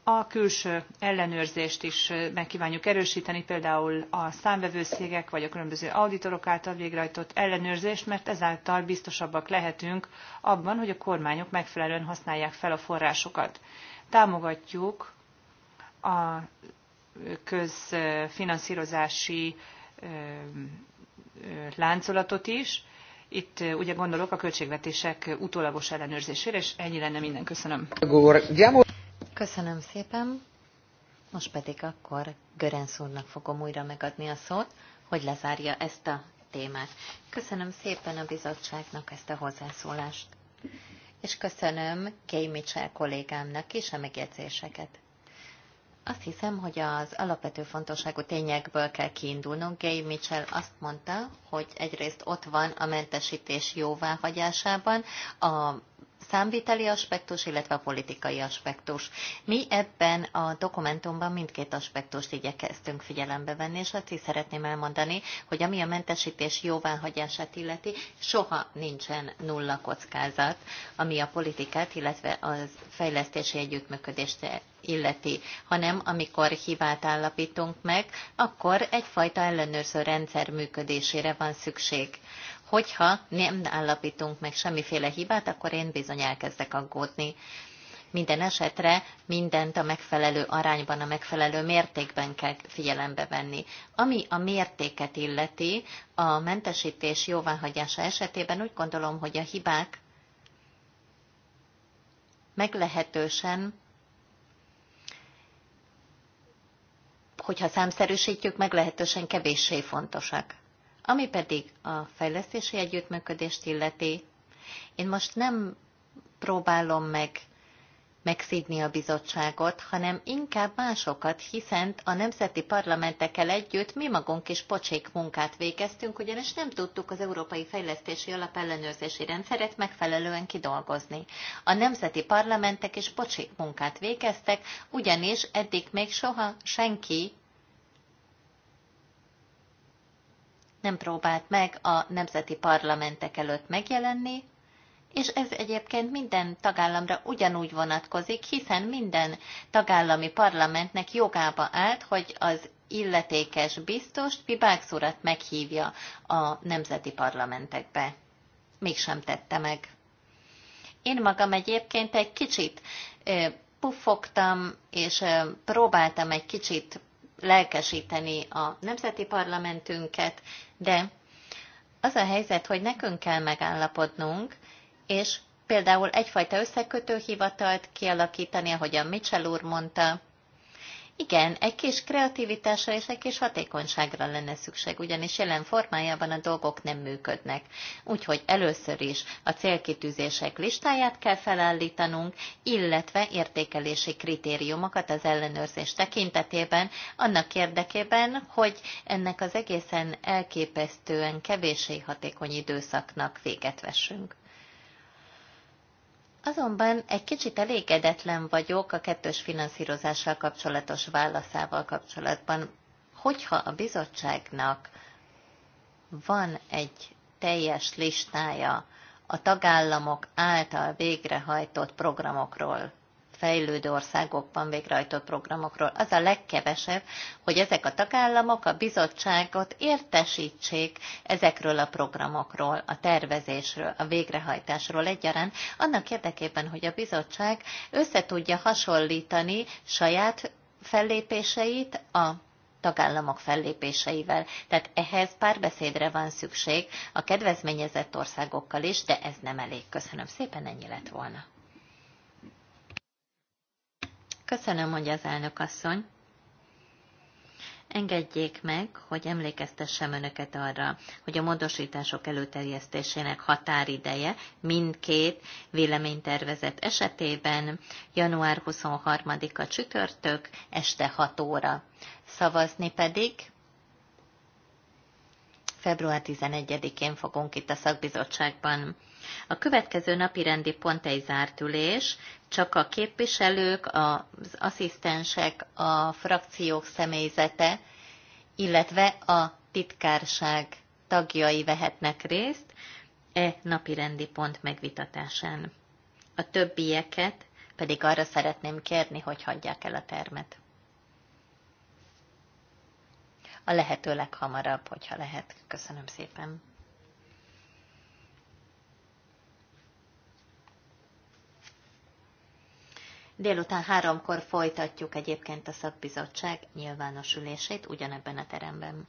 Speaker 3: A külső ellenőrzést is meg kívánjuk erősíteni, például a számvevőszégek vagy a különböző auditorok által végrehajtott ellenőrzést, mert ezáltal biztosabbak lehetünk abban, hogy a kormányok megfelelően használják fel a forrásokat. Támogatjuk a közfinanszírozási láncolatot is. Itt ugye gondolok a költségvetések utólagos ellenőrzésére, és ennyi lenne minden. Köszönöm.
Speaker 2: Köszönöm szépen. Most pedig akkor Görensz úrnak fogom újra megadni a szót, hogy lezárja ezt a témát. Köszönöm szépen a bizottságnak ezt a hozzászólást. És köszönöm Kay Mitchell kollégámnak is a megjegyzéseket. Azt hiszem, hogy az alapvető fontosságú tényekből kell kiindulnunk. Gay Mitchell azt mondta, hogy egyrészt ott van a mentesítés jóváhagyásában, a számviteli aspektus, illetve a politikai aspektus. Mi ebben a dokumentumban mindkét aspektust igyekeztünk figyelembe venni, és azt is szeretném elmondani, hogy ami a mentesítés jóváhagyását illeti, soha nincsen nulla kockázat, ami a politikát, illetve a fejlesztési együttműködést illeti, hanem amikor hibát állapítunk meg, akkor egyfajta ellenőrző rendszer működésére van szükség hogyha nem állapítunk meg semmiféle hibát, akkor én bizony elkezdek aggódni. Minden esetre mindent a megfelelő arányban, a megfelelő mértékben kell figyelembe venni. Ami a mértéket illeti, a mentesítés jóváhagyása esetében úgy gondolom, hogy a hibák meglehetősen hogyha számszerűsítjük, meglehetősen kevéssé fontosak. Ami pedig a fejlesztési együttműködést illeti, én most nem próbálom meg megszídni a bizottságot, hanem inkább másokat, hiszen a nemzeti parlamentekkel együtt mi magunk is pocsék munkát végeztünk, ugyanis nem tudtuk az Európai Fejlesztési ellenőrzési Rendszeret megfelelően kidolgozni. A nemzeti parlamentek is pocsék munkát végeztek, ugyanis eddig még soha senki nem próbált meg a nemzeti parlamentek előtt megjelenni, és ez egyébként minden tagállamra ugyanúgy vonatkozik, hiszen minden tagállami parlamentnek jogába állt, hogy az illetékes biztost Pibáksz urat meghívja a nemzeti parlamentekbe. Mégsem tette meg. Én magam egyébként egy kicsit puffogtam, és próbáltam egy kicsit lelkesíteni a nemzeti parlamentünket, de az a helyzet, hogy nekünk kell megállapodnunk, és például egyfajta összekötőhivatalt kialakítani, ahogy a Mitchell úr mondta, igen, egy kis kreativitásra és egy kis hatékonyságra lenne szükség, ugyanis jelen formájában a dolgok nem működnek. Úgyhogy először is a célkitűzések listáját kell felállítanunk, illetve értékelési kritériumokat az ellenőrzés tekintetében, annak érdekében, hogy ennek az egészen elképesztően kevéssé hatékony időszaknak véget vessünk. Azonban egy kicsit elégedetlen vagyok a kettős finanszírozással kapcsolatos válaszával kapcsolatban. Hogyha a bizottságnak van egy teljes listája a tagállamok által végrehajtott programokról, fejlődő országokban végrehajtott programokról. Az a legkevesebb, hogy ezek a tagállamok a bizottságot értesítsék ezekről a programokról, a tervezésről, a végrehajtásról egyaránt, annak érdekében, hogy a bizottság összetudja hasonlítani saját fellépéseit a tagállamok fellépéseivel. Tehát ehhez párbeszédre van szükség a kedvezményezett országokkal is, de ez nem elég. Köszönöm szépen, ennyi lett volna. Köszönöm, hogy az elnök asszony. Engedjék meg, hogy emlékeztessem Önöket arra, hogy a módosítások előterjesztésének határideje mindkét véleménytervezet esetében január 23-a csütörtök este 6 óra. Szavazni pedig február 11-én fogunk itt a szakbizottságban. A következő napi rendi pont egy zárt ülés, csak a képviselők, az asszisztensek, a frakciók személyzete, illetve a titkárság tagjai vehetnek részt e napi rendi pont megvitatásán. A többieket pedig arra szeretném kérni, hogy hagyják el a termet. A lehető leghamarabb, hogyha lehet. Köszönöm szépen. Délután háromkor folytatjuk egyébként a szakbizottság nyilvános ülését ugyanebben
Speaker 3: a teremben.